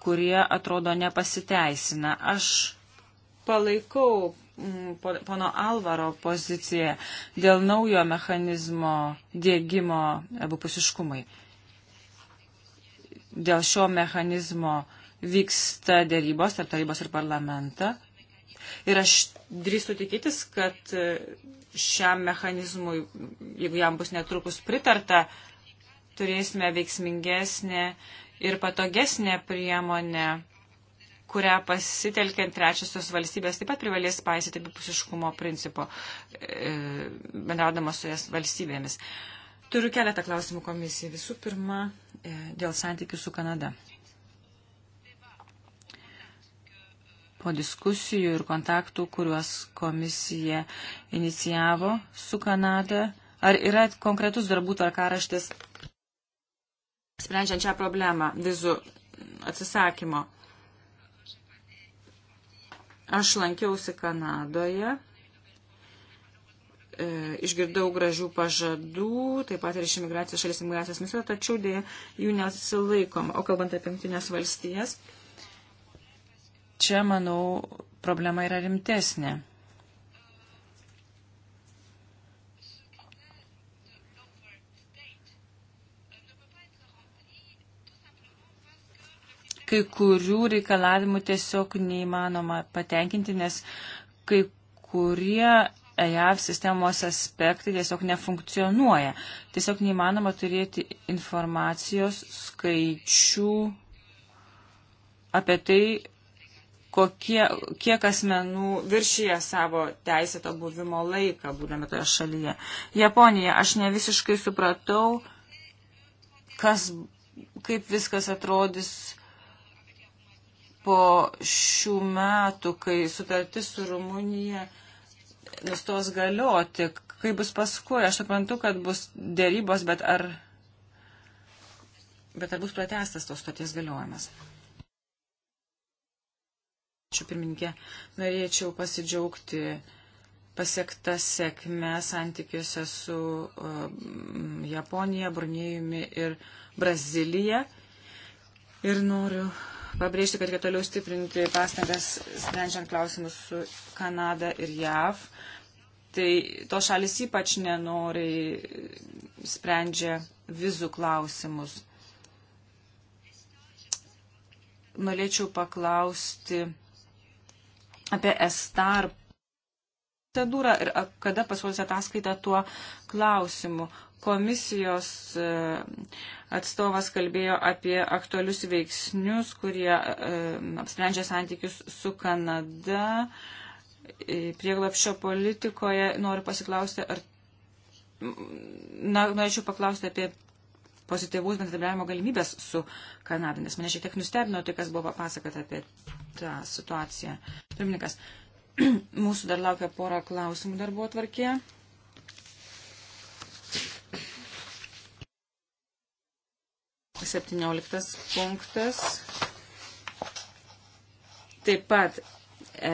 A: kurie atrodo nepasiteisina. Aš palaikau pono Alvaro poziciją dėl naujo mechanizmo dėgymo abipusiškumai. Dėl šio mechanizmo vyksta dėrybos tarp tarybos ir parlamentą. Ir aš drįstu tikėtis, kad e, šiam mechanizmui, jeigu jam bus netrukus pritarta, turėsime veiksmingesnę ir patogesnę priemonę kurią pasitelkiant trečiosios valstybės taip pat privalės paisyti abipusiškumo principo e, bendraudamas su jas valstybėmis. Turiu keletą klausimų komisijai. Visų pirma, e, dėl santykių su Kanada. Po diskusijų ir kontaktų, kuriuos komisija inicijavo su Kanada, ar yra konkretus darbų tvarkaraštis sprendžiant šią problemą vizų atsisakymo? Aš lankiausi Kanadoje, e, išgirdau gražių pažadų, taip pat ir iš imigracijos šalies imigracijos ministro, tačiau dėja jų nesilaikom. O kalbant apie jungtinės valstijas, čia, manau, problema yra rimtesnė. kai kurių reikalavimų tiesiog neįmanoma patenkinti, nes kai kurie EAV sistemos aspektai tiesiog nefunkcionuoja. Tiesiog neįmanoma turėti informacijos, skaičių apie tai, kokie, kiek asmenų viršyje savo teisėto buvimo laiką, būdami toje šalyje. Japonija, aš ne visiškai supratau, kas, kaip viskas atrodys po šių metų, kai sutartis su Rumunija nustos galioti, kai bus paskui, aš suprantu, kad bus dėrybos, bet ar, bet ar bus pratestas tos sutarties galiojimas. Ačiū pirmininkė, norėčiau pasidžiaugti pasiekta sėkme santykiuose su uh, Japonija, Brunėjumi ir Brazilija. Ir noriu pabrėžti, kad reikia toliau stiprinti pastangas, sprendžiant klausimus su Kanada ir JAV. Tai to šalis ypač nenoriai sprendžia vizų klausimus. Norėčiau paklausti apie STAR procedūrą ir kada pasiūlys ataskaita tuo klausimu. Komisijos e, atstovas kalbėjo apie aktualius veiksnius, kurie e, apsprendžia santykius su Kanada. E, Prieglapšio politikoje noriu pasiklausti, ar. Na, norėčiau paklausti apie pozityvus bendradarbiavimo galimybės su Kanada, nes mane šiek tiek nustebino tai, kas buvo papasakota apie tą situaciją. Pirmininkas, mūsų dar laukia pora klausimų darbo atvarkė. 17 punktas. Taip pat e,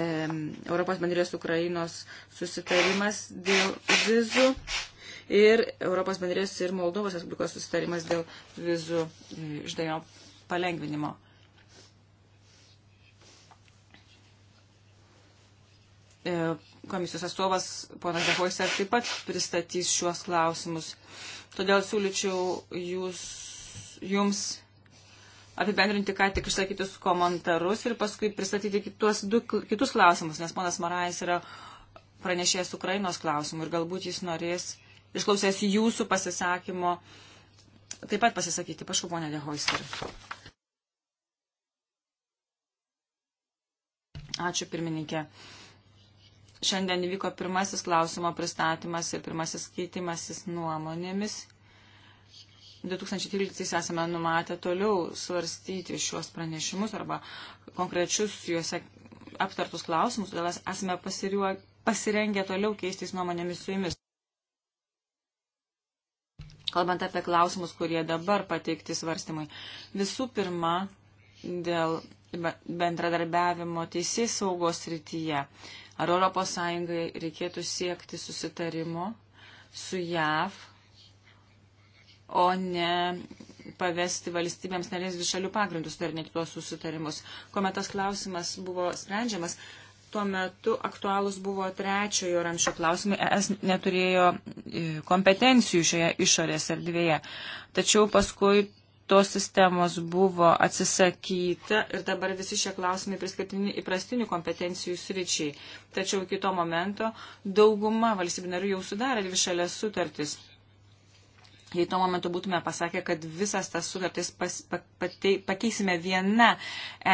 A: Europos bendrijos Ukrainos susitarimas dėl vizų ir Europos bendrijos ir Moldovos Respublikos susitarimas dėl vizų e, išdavimo palengvinimo. E, komisijos atstovas ponas Dehoiser taip pat pristatys šiuos klausimus. Todėl siūlyčiau jūs jums apibendrinti ką tik išsakytus komentarus ir paskui pristatyti kitus, du, kitus klausimus, nes ponas Marais yra pranešėjęs Ukrainos klausimų ir galbūt jis norės, išklausęs jūsų pasisakymo, taip pat pasisakyti. Prašau, ponė Dehoister. Ačiū, pirmininkė. Šiandien įvyko pirmasis klausimo pristatymas ir pirmasis keitimasis nuomonėmis 2013 esame numatę toliau svarstyti šios pranešimus arba konkrečius juose aptartus klausimus, todėl esame pasirengę toliau keistis nuomonėmis su jumis. Kalbant apie klausimus, kurie dabar pateikti svarstymui. Visų pirma, dėl bendradarbiavimo teisės saugos rytyje. Ar ES reikėtų siekti susitarimo su JAV o ne pavesti valstybėms narės višalių pagrindų sudarinėti tuos susitarimus. Kuomet tas klausimas buvo sprendžiamas, tuo metu aktualūs buvo trečiojo ramščio klausimai, es neturėjo e, kompetencijų šioje išorės erdvėje. Tačiau paskui tos sistemos buvo atsisakyta ir dabar visi šie klausimai priskirtini įprastinių kompetencijų sričiai. Tačiau iki to momento dauguma valstybių narių jau sudarė dvi šalės sutartis. Jei tuo momentu būtume pasakę, kad visas tas sutartis pas, pa, patei, pakeisime vieną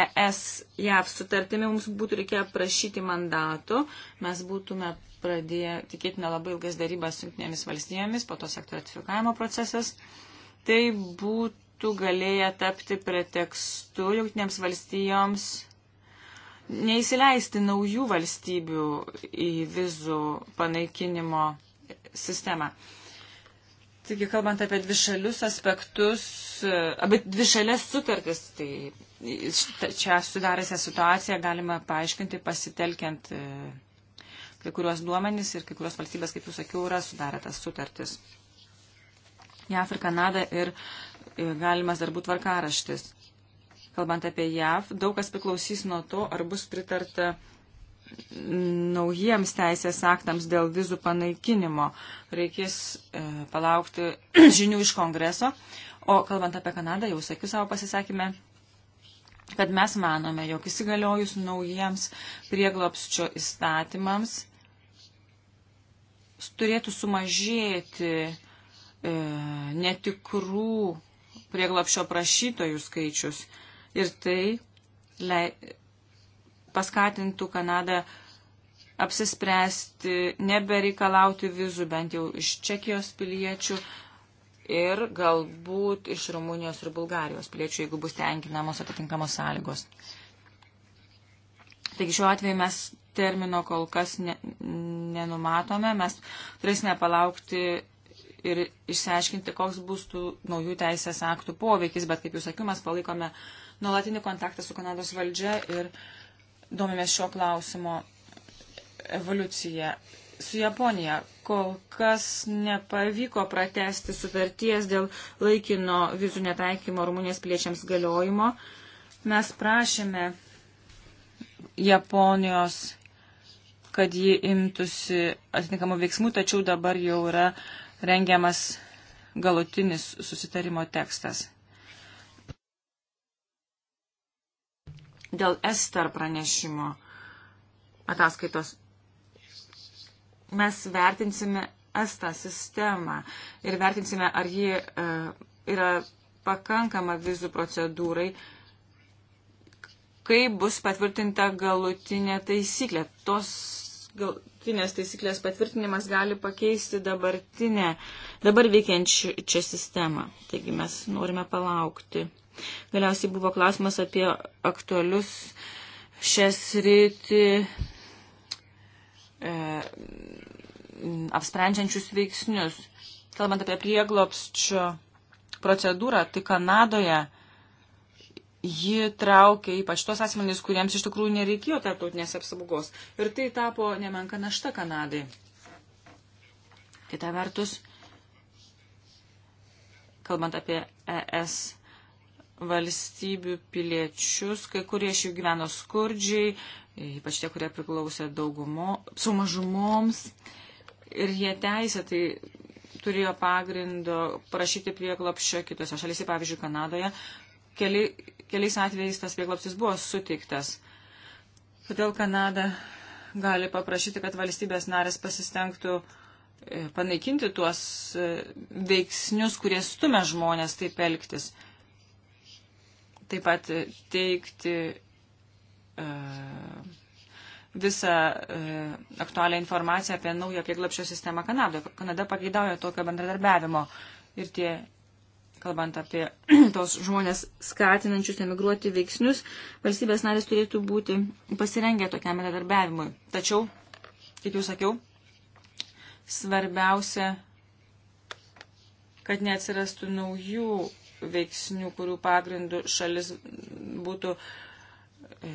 A: ES-JAV sutartimi, mums būtų reikėję prašyti mandato, mes būtume pradėję tikėtina labai ilgas darybas su jungtinėmis valstybėmis, po to sektų ratifikavimo procesas. Tai būtų galėję tapti pretekstu jungtinėms valstijoms neįsileisti naujų valstybių į vizų panaikinimo sistemą. Taigi, kalbant apie dvišalius aspektus, apie dvišalės sutartis, tai čia sudarėsią situaciją galima paaiškinti pasitelkiant e, kai kuriuos duomenys ir kai kurios valstybės, kaip jau sakiau, yra sudarę tas sutartis. JAF ir Kanada ir e, galimas darbų tvarkaraštis. Kalbant apie JAF, daug kas priklausys nuo to, ar bus pritarta uh, naujiems teisės aktams dėl vizų panaikinimo. Reikės e, palaukti žinių iš kongreso. O kalbant apie Kanadą, jau sakiau savo pasisakymę, kad mes manome, jog įsigaliojus naujiems prieglopsčio įstatymams turėtų sumažėti e, netikrų prieglopščio prašytojų skaičius. Ir tai lei, paskatintų Kanadą apsispręsti, nebereikalauti vizų bent jau iš Čekijos piliečių ir galbūt iš Rumunijos ir Bulgarijos piliečių, jeigu bus tenkinamos atitinkamos sąlygos. Taigi šiuo atveju mes termino kol kas ne, nenumatome, mes turėsime palaukti ir išsiaiškinti, koks bus tų naujų teisės aktų poveikis, bet kaip jūs sakiau, mes palaikome nuolatinį kontaktą su Kanados valdžia ir uh, domimės šio klausimo evoliuciją. Su Japonija kol kas nepavyko pratesti sutarties dėl laikino vizų netaikymo Rumunijos piliečiams galiojimo. Mes prašėme Japonijos, kad ji imtųsi atitinkamų veiksmų, tačiau dabar jau yra rengiamas galutinis susitarimo tekstas. dėl Ester pranešimo ataskaitos. Mes vertinsime Estą sistemą ir vertinsime, ar ji e, yra pakankama vizų procedūrai, kai bus patvirtinta galutinė taisyklė. Tos galutinės taisyklės patvirtinimas gali pakeisti dabartinę, dabar veikiančią sistemą. Taigi mes norime palaukti. Galiausiai buvo klausimas apie aktualius šias rytį e, apsprendžiančius veiksnius. Kalbant apie prieglopščio procedūrą, tai Kanadoje ji traukia ypač tos asmenys, kuriems iš tikrųjų nereikėjo tarptautinės apsaugos. Ir tai tapo nemenka našta Kanadai. Kita vertus, kalbant apie ES valstybių piliečius, kai kurie iš jų gyveno skurdžiai, ypač tie, kurie priklausė daugumo, su mažumoms, ir jie teisė, tai turėjo pagrindo prašyti prieglapščio kitose šalyse, pavyzdžiui, Kanadoje. Keli, keliais atvejais tas prieglapsis buvo suteiktas. Todėl Kanada gali paprašyti, kad valstybės narės pasistengtų e, panaikinti tuos e, veiksnius, kurie stumia žmonės taip elgtis taip pat teikti e, visą e, aktualią informaciją apie naują prieglapščio sistemą Kanadoje. Kanada pageidauja tokio bendradarbiavimo ir tie kalbant apie tos žmonės skatinančius emigruoti veiksnius, valstybės narės turėtų būti pasirengę tokiam bendradarbiavimui. Tačiau, kaip jau sakiau, svarbiausia, kad neatsirastų naujų veiksnių, kurių pagrindų šalis būtų, e,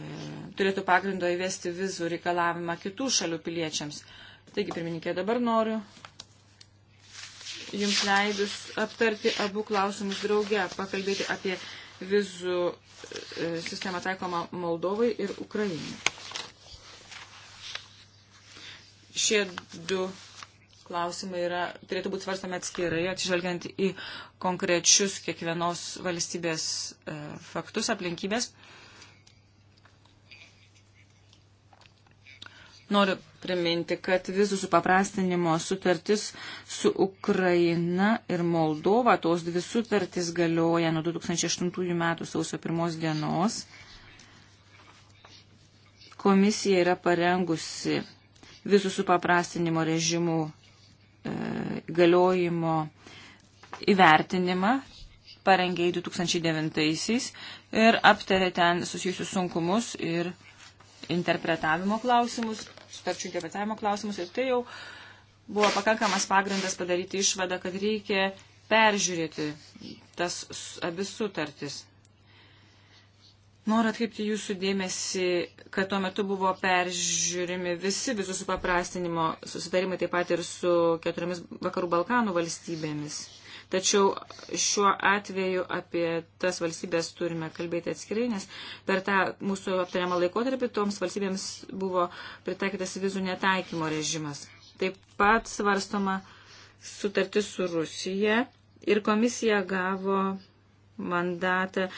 A: turėtų pagrindo įvesti vizų reikalavimą kitų šalių piliečiams. Taigi, pirmininkė, dabar noriu Jums leidus aptarti abu klausimus drauge, pakalbėti apie vizų e, sistemą taikomą Moldovai ir Ukrainai. Šie du klausimai yra, turėtų būti svarstami atskirai, atsižvelgiant į konkrečius kiekvienos valstybės e, faktus, aplinkybės. Noriu priminti, kad vizų supaprastinimo sutartis su Ukraina ir Moldova, tos dvi sutartis galioja nuo 2008 metų sausio pirmos dienos. Komisija yra parengusi visų supaprastinimo režimų E, galiojimo įvertinimą, parengė 2009-aisiais ir aptarė ten susijusius sunkumus ir interpretavimo klausimus, sutarčių interpretavimo klausimus ir tai jau buvo pakankamas pagrindas padaryti išvadą, kad reikia peržiūrėti tas abis sutartis. Noriu atkreipti jūsų dėmesį, kad tuo metu buvo peržiūrimi visi visų supaprastinimo susitarimai taip pat ir su keturiomis vakarų Balkanų valstybėmis. Tačiau šiuo atveju apie tas valstybės turime kalbėti atskirai, nes per tą mūsų aptariamą laikotarpį toms valstybėms buvo pritaikytas vizų netaikymo režimas. Taip pat svarstoma sutartis su Rusija ir komisija gavo mandatą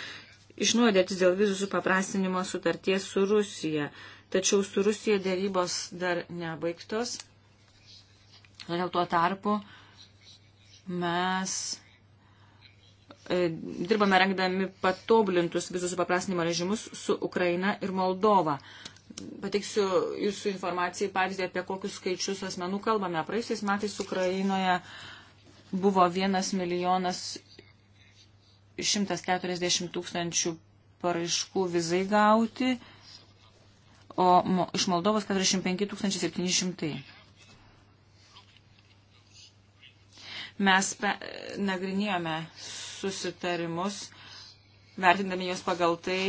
A: iš naujo dėtis dėl vizų supaprastinimo sutarties su Rusija. Tačiau su Rusija dėrybos dar nebaigtos. Todėl tuo tarpu mes e, dirbame rengdami patoblintus vizų supaprastinimo režimus su Ukraina ir Moldova. Pateiksiu jūsų informacijai pavyzdį, apie kokius skaičius asmenų kalbame. Praėjusiais metais Ukrainoje buvo vienas milijonas 140 tūkstančių paraiškų vizai gauti, o iš Moldovos 45 700. Mes nagrinėjome susitarimus, vertindami juos pagal tai,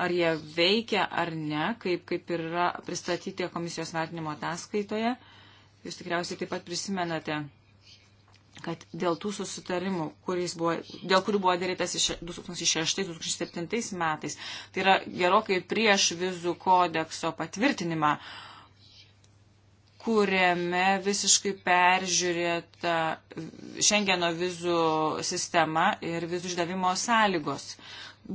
A: ar jie veikia ar ne, kaip, kaip ir yra pristatyti komisijos vertinimo ataskaitoje. Jūs tikriausiai taip pat prisimenate kad dėl tų susitarimų, buvo, dėl kurių buvo dėrėtas 2006-2007 metais, tai yra gerokai prieš vizų kodekso patvirtinimą, kuriame visiškai peržiūrėta Šengeno vizų sistema ir vizų išdavimo sąlygos.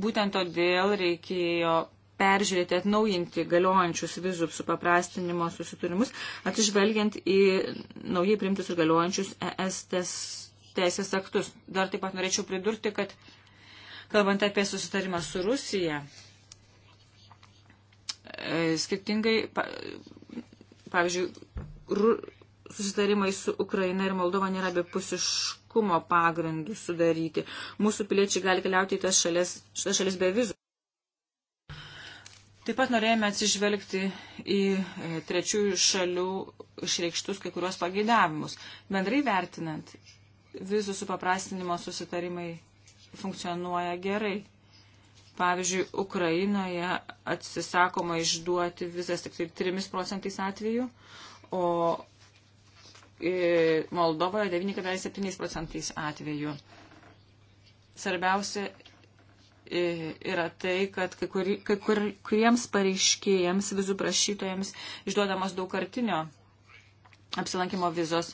A: Būtent todėl reikėjo peržiūrėti, atnaujinti galiojančius vizų supaprastinimo susiturimus, atsižvelgiant į naujai primtus ir galiojančius e ES teisės aktus. Dar taip pat norėčiau pridurti, kad kalbant apie susitarimą su Rusija, e, skirtingai, pavyzdžiui, susitarimai su Ukraina ir Moldova nėra bepusiškumo pagrindų sudaryti. Mūsų piliečiai gali keliauti į tas šalis, šalis be vizų. Taip pat norėjome atsižvelgti į e, trečiųjų šalių išreikštus kai kurios pageidavimus. Bendrai vertinant, vizų supaprastinimo susitarimai funkcionuoja gerai. Pavyzdžiui, Ukrainoje atsisakoma išduoti vizas tik tai 3 procentais atvejų, o e, Moldovoje 9,7 procentais atvejų. Svarbiausia yra tai, kad kai, kur, kai kur, kuriems pareiškėjams, vizų prašytojams išduodamas daugkartinio apsilankimo vizos.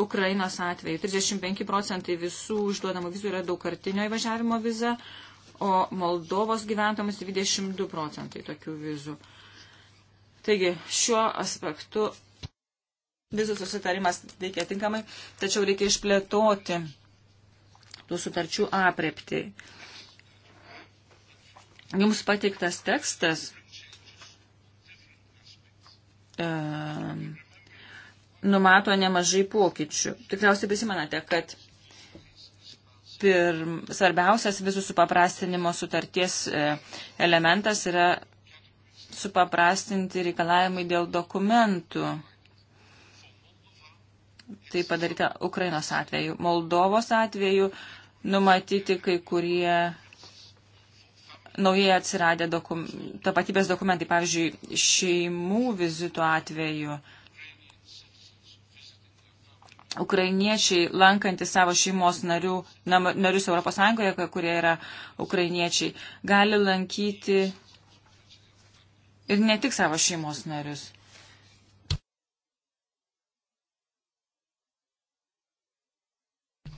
A: Ukrainos atveju 35 procentai visų išduodamų vizų yra daugkartinio įvažiavimo viza, o Moldovos gyventojams 22 procentai tokių vizų. Taigi šiuo aspektu vizų susitarimas veikia tinkamai, tačiau reikia išplėtoti tų sutarčių aprepti. Jums pateiktas tekstas e, numato nemažai pokyčių. Tikriausiai prisimenate, kad pirm, svarbiausias visų supaprastinimo sutarties e, elementas yra supaprastinti reikalavimai dėl dokumentų. Tai padaryta Ukrainos atveju. Moldovos atveju numatyti kai kurie naujai atsiradę dokum, tapatybės dokumentai, pavyzdžiui, šeimų vizitų atveju. Ukrainiečiai, lankantis savo šeimos narių, nam, narius Europos Sąjungoje, kurie yra ukrainiečiai, gali lankyti ir ne tik savo šeimos narius.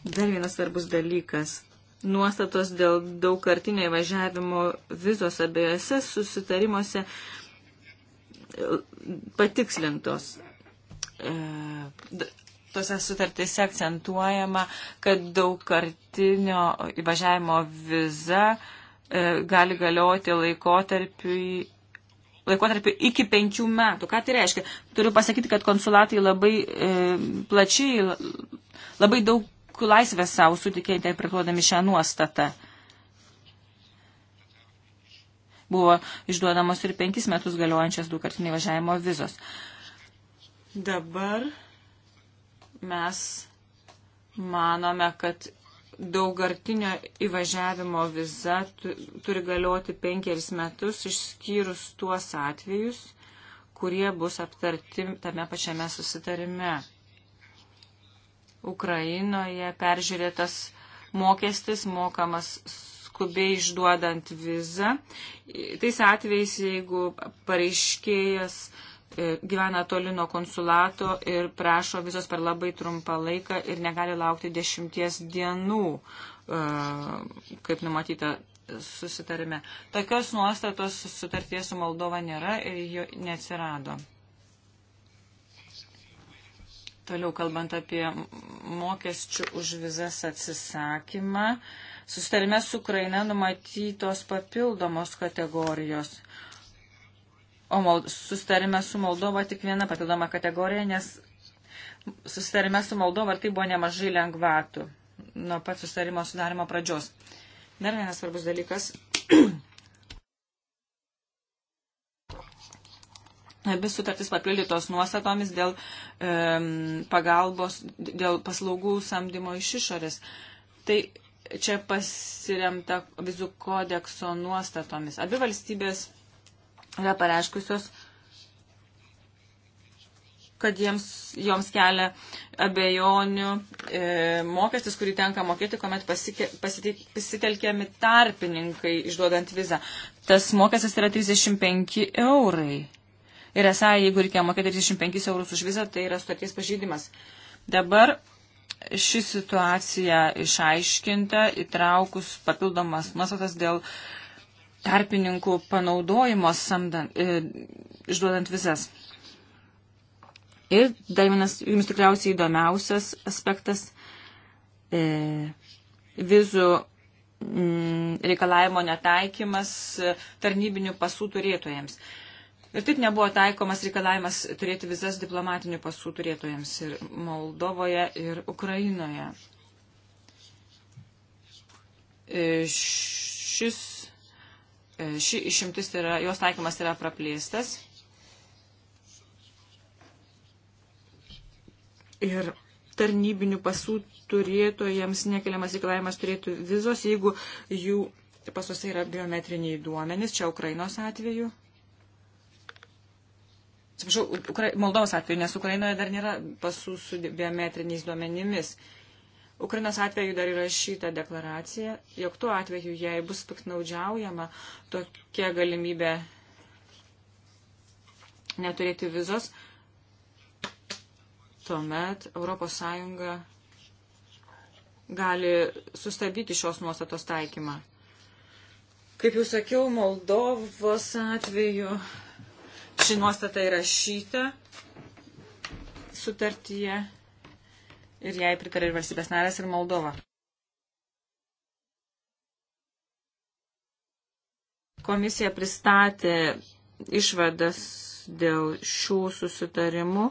A: Dar vienas svarbus dalykas nuostatos dėl daugkartinio įvažiavimo vizos abiejose susitarimuose e, patikslintos. E, tose sutartyse akcentuojama, kad daugkartinio įvažiavimo viza e, gali galioti laikotarpiui laikotarpiu iki penkių metų. Ką tai reiškia? Turiu pasakyti, kad konsulatai labai e, plačiai, labai daug laisvę savo sutikė interpretuodami šią nuostatą. Buvo išduodamos ir penkis metus galiojančias dukartinį važiavimo vizos. Dabar mes manome, kad daugartinio įvažiavimo viza turi galioti penkeris metus, išskyrus tuos atvejus, kurie bus aptarti tame pačiame susitarime. Ukrainoje peržiūrėtas mokestis mokamas skubiai išduodant vizą. Tais atvejais, jeigu pareiškėjas e, gyvena toli nuo konsulato ir prašo vizos per labai trumpą laiką ir negali laukti dešimties dienų, e, kaip numatyta susitarime. Tokios nuostatos sutarties su Moldova nėra ir jo neatsirado. Toliau kalbant apie mokesčių už vizas atsisakymą. Sustarime su Ukraina numatytos papildomos kategorijos. O Mold sustarime su Moldova tik viena papildoma kategorija, nes sustarime su Moldova ir tai buvo nemažai lengvatų nuo pat sustarimo sudarimo pradžios. Dar vienas svarbus dalykas Abi sutartys papildytos nuostatomis dėl e, pagalbos, dėl paslaugų samdymo iš išorės. Tai čia pasiremta vizų kodekso nuostatomis. Abi valstybės yra pareiškusios, kad jiems, joms kelia abejonių e, mokestis, kurį tenka mokėti, kuomet pasike, pasite, pasitelkiami tarpininkai išduodant vizą. Tas mokestis yra 35 eurai. Ir esą, jeigu reikia mokėti 35 eurus už vizą, tai yra sutarties pažydimas. Dabar ši situacija išaiškinta, įtraukus papildomas nuostatas dėl tarpininkų panaudojimo samdant, e, išduodant vizas. Ir dar vienas jums tikriausiai įdomiausias aspektas e, - vizų m, mm, reikalavimo netaikymas e, tarnybinių pasų turėtojams. E, Ir taip nebuvo taikomas reikalavimas turėti vizas diplomatinių pasų turėtojams ir Moldovoje, ir Ukrainoje. E, šis, e, ši išimtis yra, jos taikymas yra praplėstas. Ir tarnybinių pasų turėtojams nekeliamas reikalavimas turėtų vizos, jeigu jų pasuose yra biometriniai duomenys, čia Ukrainos atveju. Atsiprašau, Ukra... Moldovos atveju, nes Ukrainoje dar nėra pasų su biometriniais duomenimis. Ukrainos atveju dar įrašyta deklaracija, jog tuo atveju, jei bus piknaudžiaujama tokia galimybė neturėti vizos, tuomet ES gali sustabdyti šios nuostatos taikymą. Kaip jau sakiau, Moldovos atveju ši nuostata įrašyta sutartyje ir jai pritarė ir valstybės narės, ir Moldova. Komisija pristatė išvadas dėl šių susitarimų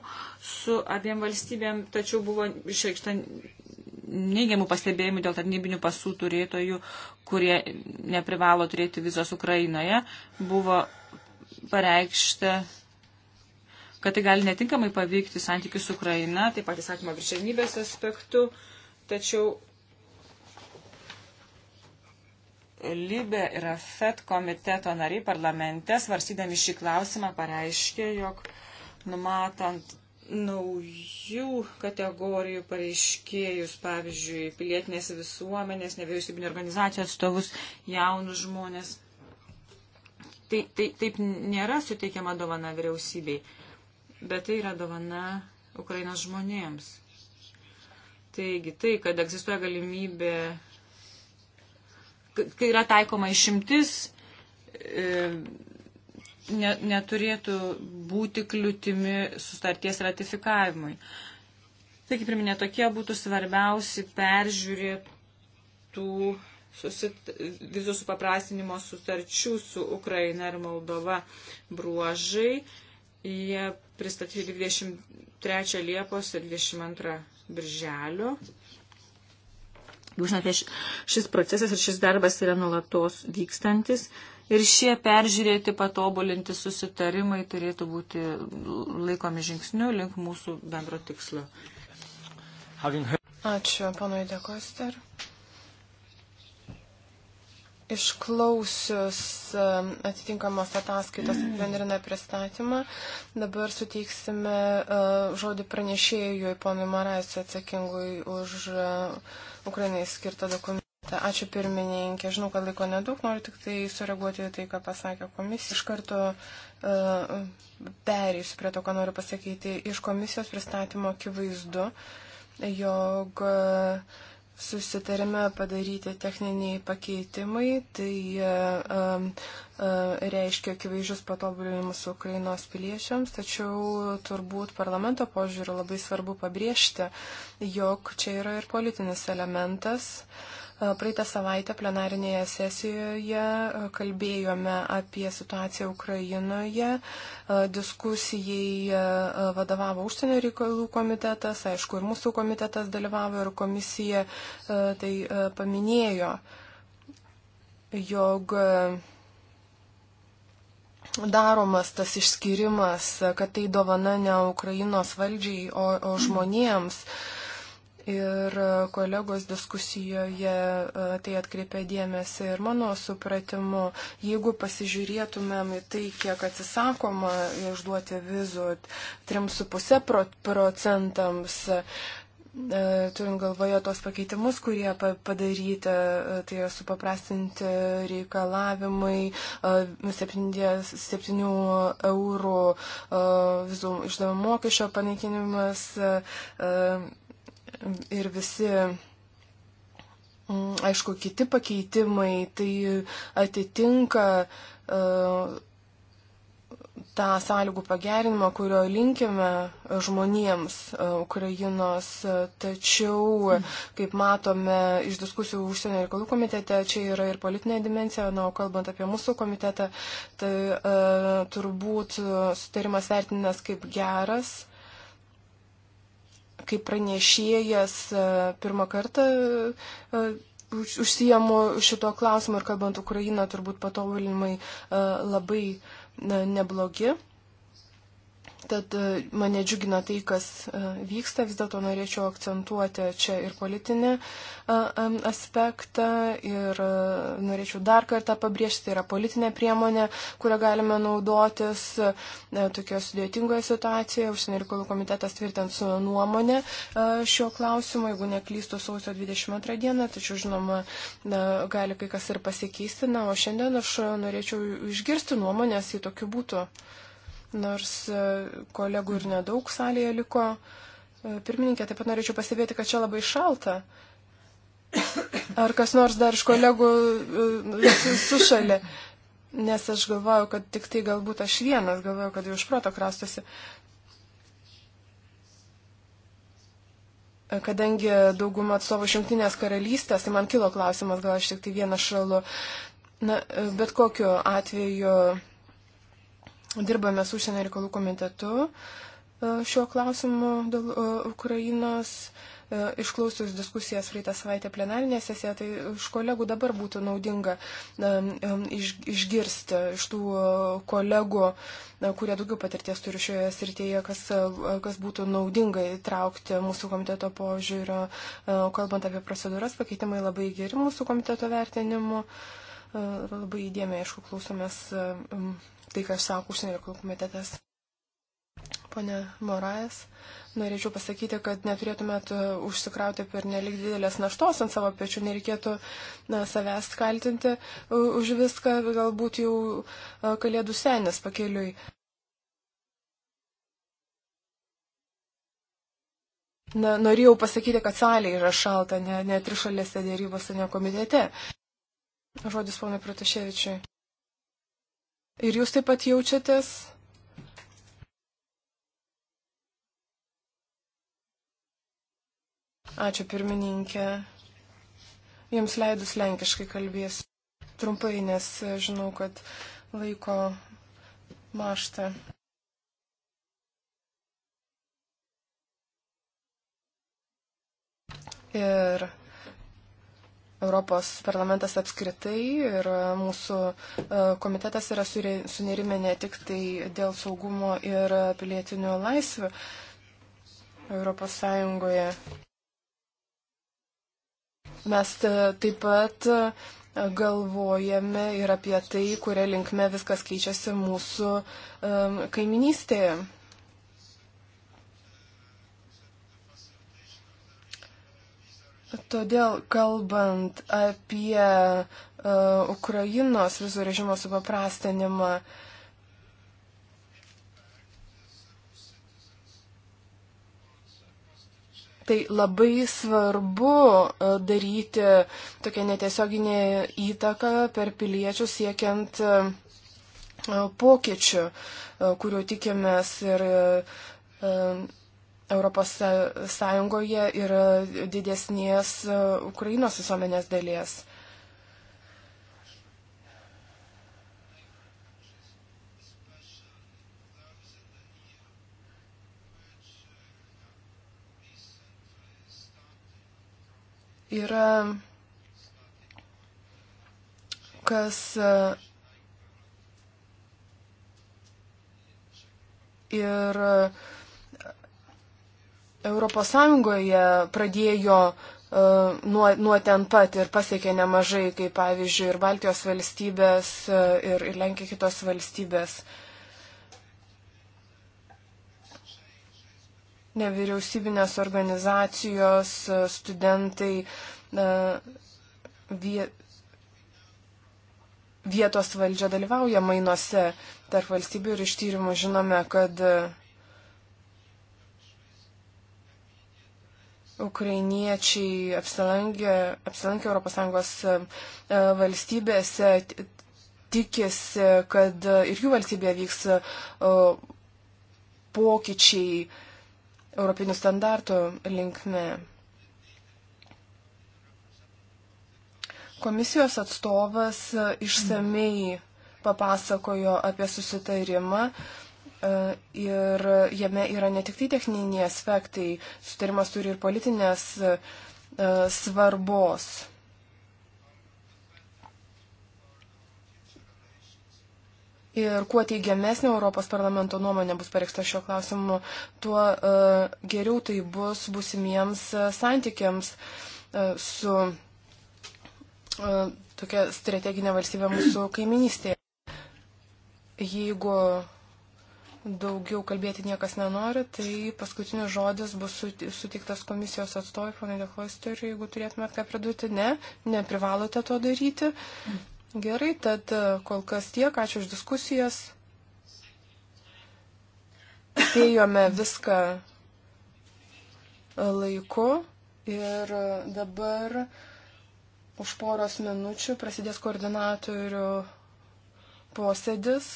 A: su abiem valstybėm, tačiau buvo išreikšta neigiamų pastebėjimų dėl tarnybinių pasų turėtojų, kurie neprivalo turėti vizos Ukrainoje. Buvo pareikšta, kad tai gali netinkamai paveikti santykius su Ukraina, taip pat įsakymo viršenybės aspektu, tačiau Libė ir FED komiteto nariai parlamente svarstydami šį klausimą pareiškė, jog numatant naujų kategorijų pareiškėjus, pavyzdžiui, pilietinės visuomenės, nevyriausybinio organizacijos atstovus, jaunus žmonės, tai, tai, taip nėra suteikiama dovana vyriausybei, bet tai yra dovana Ukrainos žmonėms. Taigi tai, kad egzistuoja galimybė, kai yra taikoma išimtis, e, ne, neturėtų būti kliūtimi sustarties ratifikavimui. Taigi, priminė, tokie būtų svarbiausi peržiūrėtų susit, vizų supaprastinimo sutarčių su Ukraina ir Moldova bruožai. Jie pristatyti 23 Liepos ir 22 Birželio. Jūs žinote, šis procesas ir šis darbas yra nulatos vykstantis ir šie peržiūrėti, patobulinti susitarimai turėtų būti laikomi žingsniu link mūsų bendro tikslo.
B: Ačiū, panui Dekoster. Išklausius um, atitinkamos ataskaitos apibendrinę mm. pristatymą, dabar suteiksime uh, žodį pranešėjui ponui Maraisui atsakingui už uh, Ukrainai skirtą dokumentą. Ačiū pirmininkė, žinau, kad laiko nedaug, noriu tik tai sureaguoti į tai, ką pasakė komisija. Iš karto uh, perėsiu prie to, ką noriu pasakyti. Iš komisijos pristatymo akivaizdu, jog. Uh, susitarime padaryti techniniai pakeitimai, tai a, a, e, reiškia akivaizdžius patobulinimus Ukrainos piliečiams, tačiau turbūt parlamento požiūriu labai svarbu pabrėžti, jog čia yra ir politinis elementas. A, Praeitą savaitę plenarinėje sesijoje kalbėjome apie situaciją Ukrainoje. Diskusijai vadovavo užsienio reikalų komitetas, aišku, ir mūsų komitetas dalyvavo ir komisija tai paminėjo, jog daromas tas išskirimas, kad tai dovana ne Ukrainos valdžiai, o, o žmonėms. Mm Ir kolegos diskusijoje e, tai atkreipė dėmesį ir mano supratimu, jeigu pasižiūrėtumėm į tai, kiek atsisakoma išduoti vizų 3,5 procentams, e, turint galvoje tos pakeitimus, kurie padaryti, e, tai yra supaprastinti reikalavimai 7 eurų vizų išdavimo mokesčio panaikinimas, ir visi, mm, aišku, kiti pakeitimai, tai atitinka uh, tą sąlygų pagerinimą, kurio linkime žmonėms e, Ukrainos. Tačiau, kaip matome iš diskusijų užsienio reikalų komitete, čia yra ir politinė dimencija, na, o kalbant apie mūsų komitetą, tai uh, turbūt sutarimas vertinęs kaip geras kaip pranešėjas e, pirmą kartą e, užsijamu šito klausimu ir kalbant Ukrainą, turbūt patobulinimai e, labai neblogi. Tad e, mane džiugina tai, kas e, vyksta, vis dėlto norėčiau akcentuoti čia ir politinį e, aspektą ir norėčiau dar kartą pabrėžti, tai yra politinė priemonė, kurią galime naudotis tokioje sudėtingoje situacijoje. Užsienio reikalų komitetas tvirtint su nuomonė šiuo klausimu, jeigu neklystu sausio 22 dieną, tačiau žinoma, gali kai kas ir pasikeisti. Na, o šiandien aš norėčiau išgirsti nuomonės į tokiu būtų nors e, kolegų ir nedaug salėje liko. E, pirmininkė, taip pat norėčiau pastebėti, kad čia labai šalta. Ar kas nors dar iš kolegų e, sušalė? Nes aš galvojau, kad tik tai galbūt aš vienas, galvojau, kad jau iš proto krastosi. Kadangi dauguma atstovų iš Junktinės karalystės, tai man kilo klausimas, gal aš tik tai vieną šalu. Na, bet kokiu atveju Dirbame su užsienio reikalų komitetu e, šiuo klausimu dėl e, Ukrainos e, išklausius diskusijas praeitą savaitę plenarinėje sesijoje, tai iš kolegų dabar būtų naudinga iš, išgirsti iš tų kolegų, kurie daugiau patirties turi šioje srityje, kas, kas būtų naudinga įtraukti mūsų komiteto požiūrio, kalbant apie procedūras, pakeitimai labai geri mūsų komiteto vertinimu. Labai įdėmė, aišku, klausomės tai, ką sako užsienio reikalų komitetas. Pone Morais, norėčiau pasakyti, kad neturėtumėt e, užsikrauti per nelik didelės naštos ant savo pečių, nereikėtų na, savęs kaltinti e, už viską, galbūt jau e, kalėdų senis pakeliui. Na, norėjau pasakyti, kad salė yra šalta, ne, ne trišalėse dėrybose, ne komitete. Žodis ponui Protaševičiui. Ir jūs taip pat jaučiatės? Ačiū pirmininkė. Jums leidus lenkiškai kalbės. Trumpai, nes žinau, kad laiko mašta. Ir Europos parlamentas apskritai ir e, mūsų e, komitetas yra sunerime ne tik tai dėl saugumo ir pilietinių laisvių Europos Sąjungoje. Mes e, taip pat galvojame ir apie tai, kuria linkme viskas keičiasi mūsų um, kaiminystėje. Todėl, kalbant apie uh, Ukrainos vizų režimo supaprastinimą, tai labai svarbu uh, daryti tokią netiesioginę įtaką per piliečius siekiant uh, pokyčių, uh, kurių tikimės ir uh, uh Europos Sąjungoje ir didesnės Ukrainos visuomenės dalies. yra kas ir ES pradėjo e, nuo, nuo ten pat ir pasiekė nemažai, kaip pavyzdžiui, ir Baltijos valstybės, e, ir, ir Lenkija kitos valstybės. Nevyriausybinės organizacijos, e, studentai, vietos valdžia dalyvauja mainose tarp valstybių ir iš tyrimų žinome, kad ukrainiečiai apsilankė, apsilankė ES e, valstybėse, tikisi, kad ir jų valstybėje vyks e, pokyčiai europinių standartų linkme. Komisijos atstovas e, išsamei papasakojo apie susitarimą, E, ir jame yra ne tik tai techniniai aspektai, sutarimas turi ir politinės e, svarbos. Ir kuo teigiamesnė Europos parlamento nuomonė bus pareikšta šio klausimu, tuo uh, geriau tai bus busimiems uh, santykiams uh, su uh, tokia strateginė valstybė mūsų kaiminystėje. Jeigu uh, daugiau kalbėti niekas nenori, tai paskutinis žodis bus sutiktas komisijos atstovui, ponai Dekosteriui, jeigu turėtumėt ką pridurti. Ne, neprivalote to daryti. Gerai, tad e, kol kas tiek, ačiū už diskusijas. Spėjome viską laiku ir e, dabar už poros minučių prasidės koordinatorių posėdis.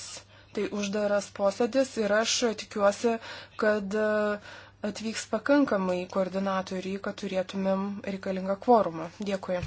B: Tai uždaras posėdis ir aš tikiuosi, kad e, atvyks pakankamai koordinatoriai, kad turėtumėm reikalingą kvorumą. Dėkui.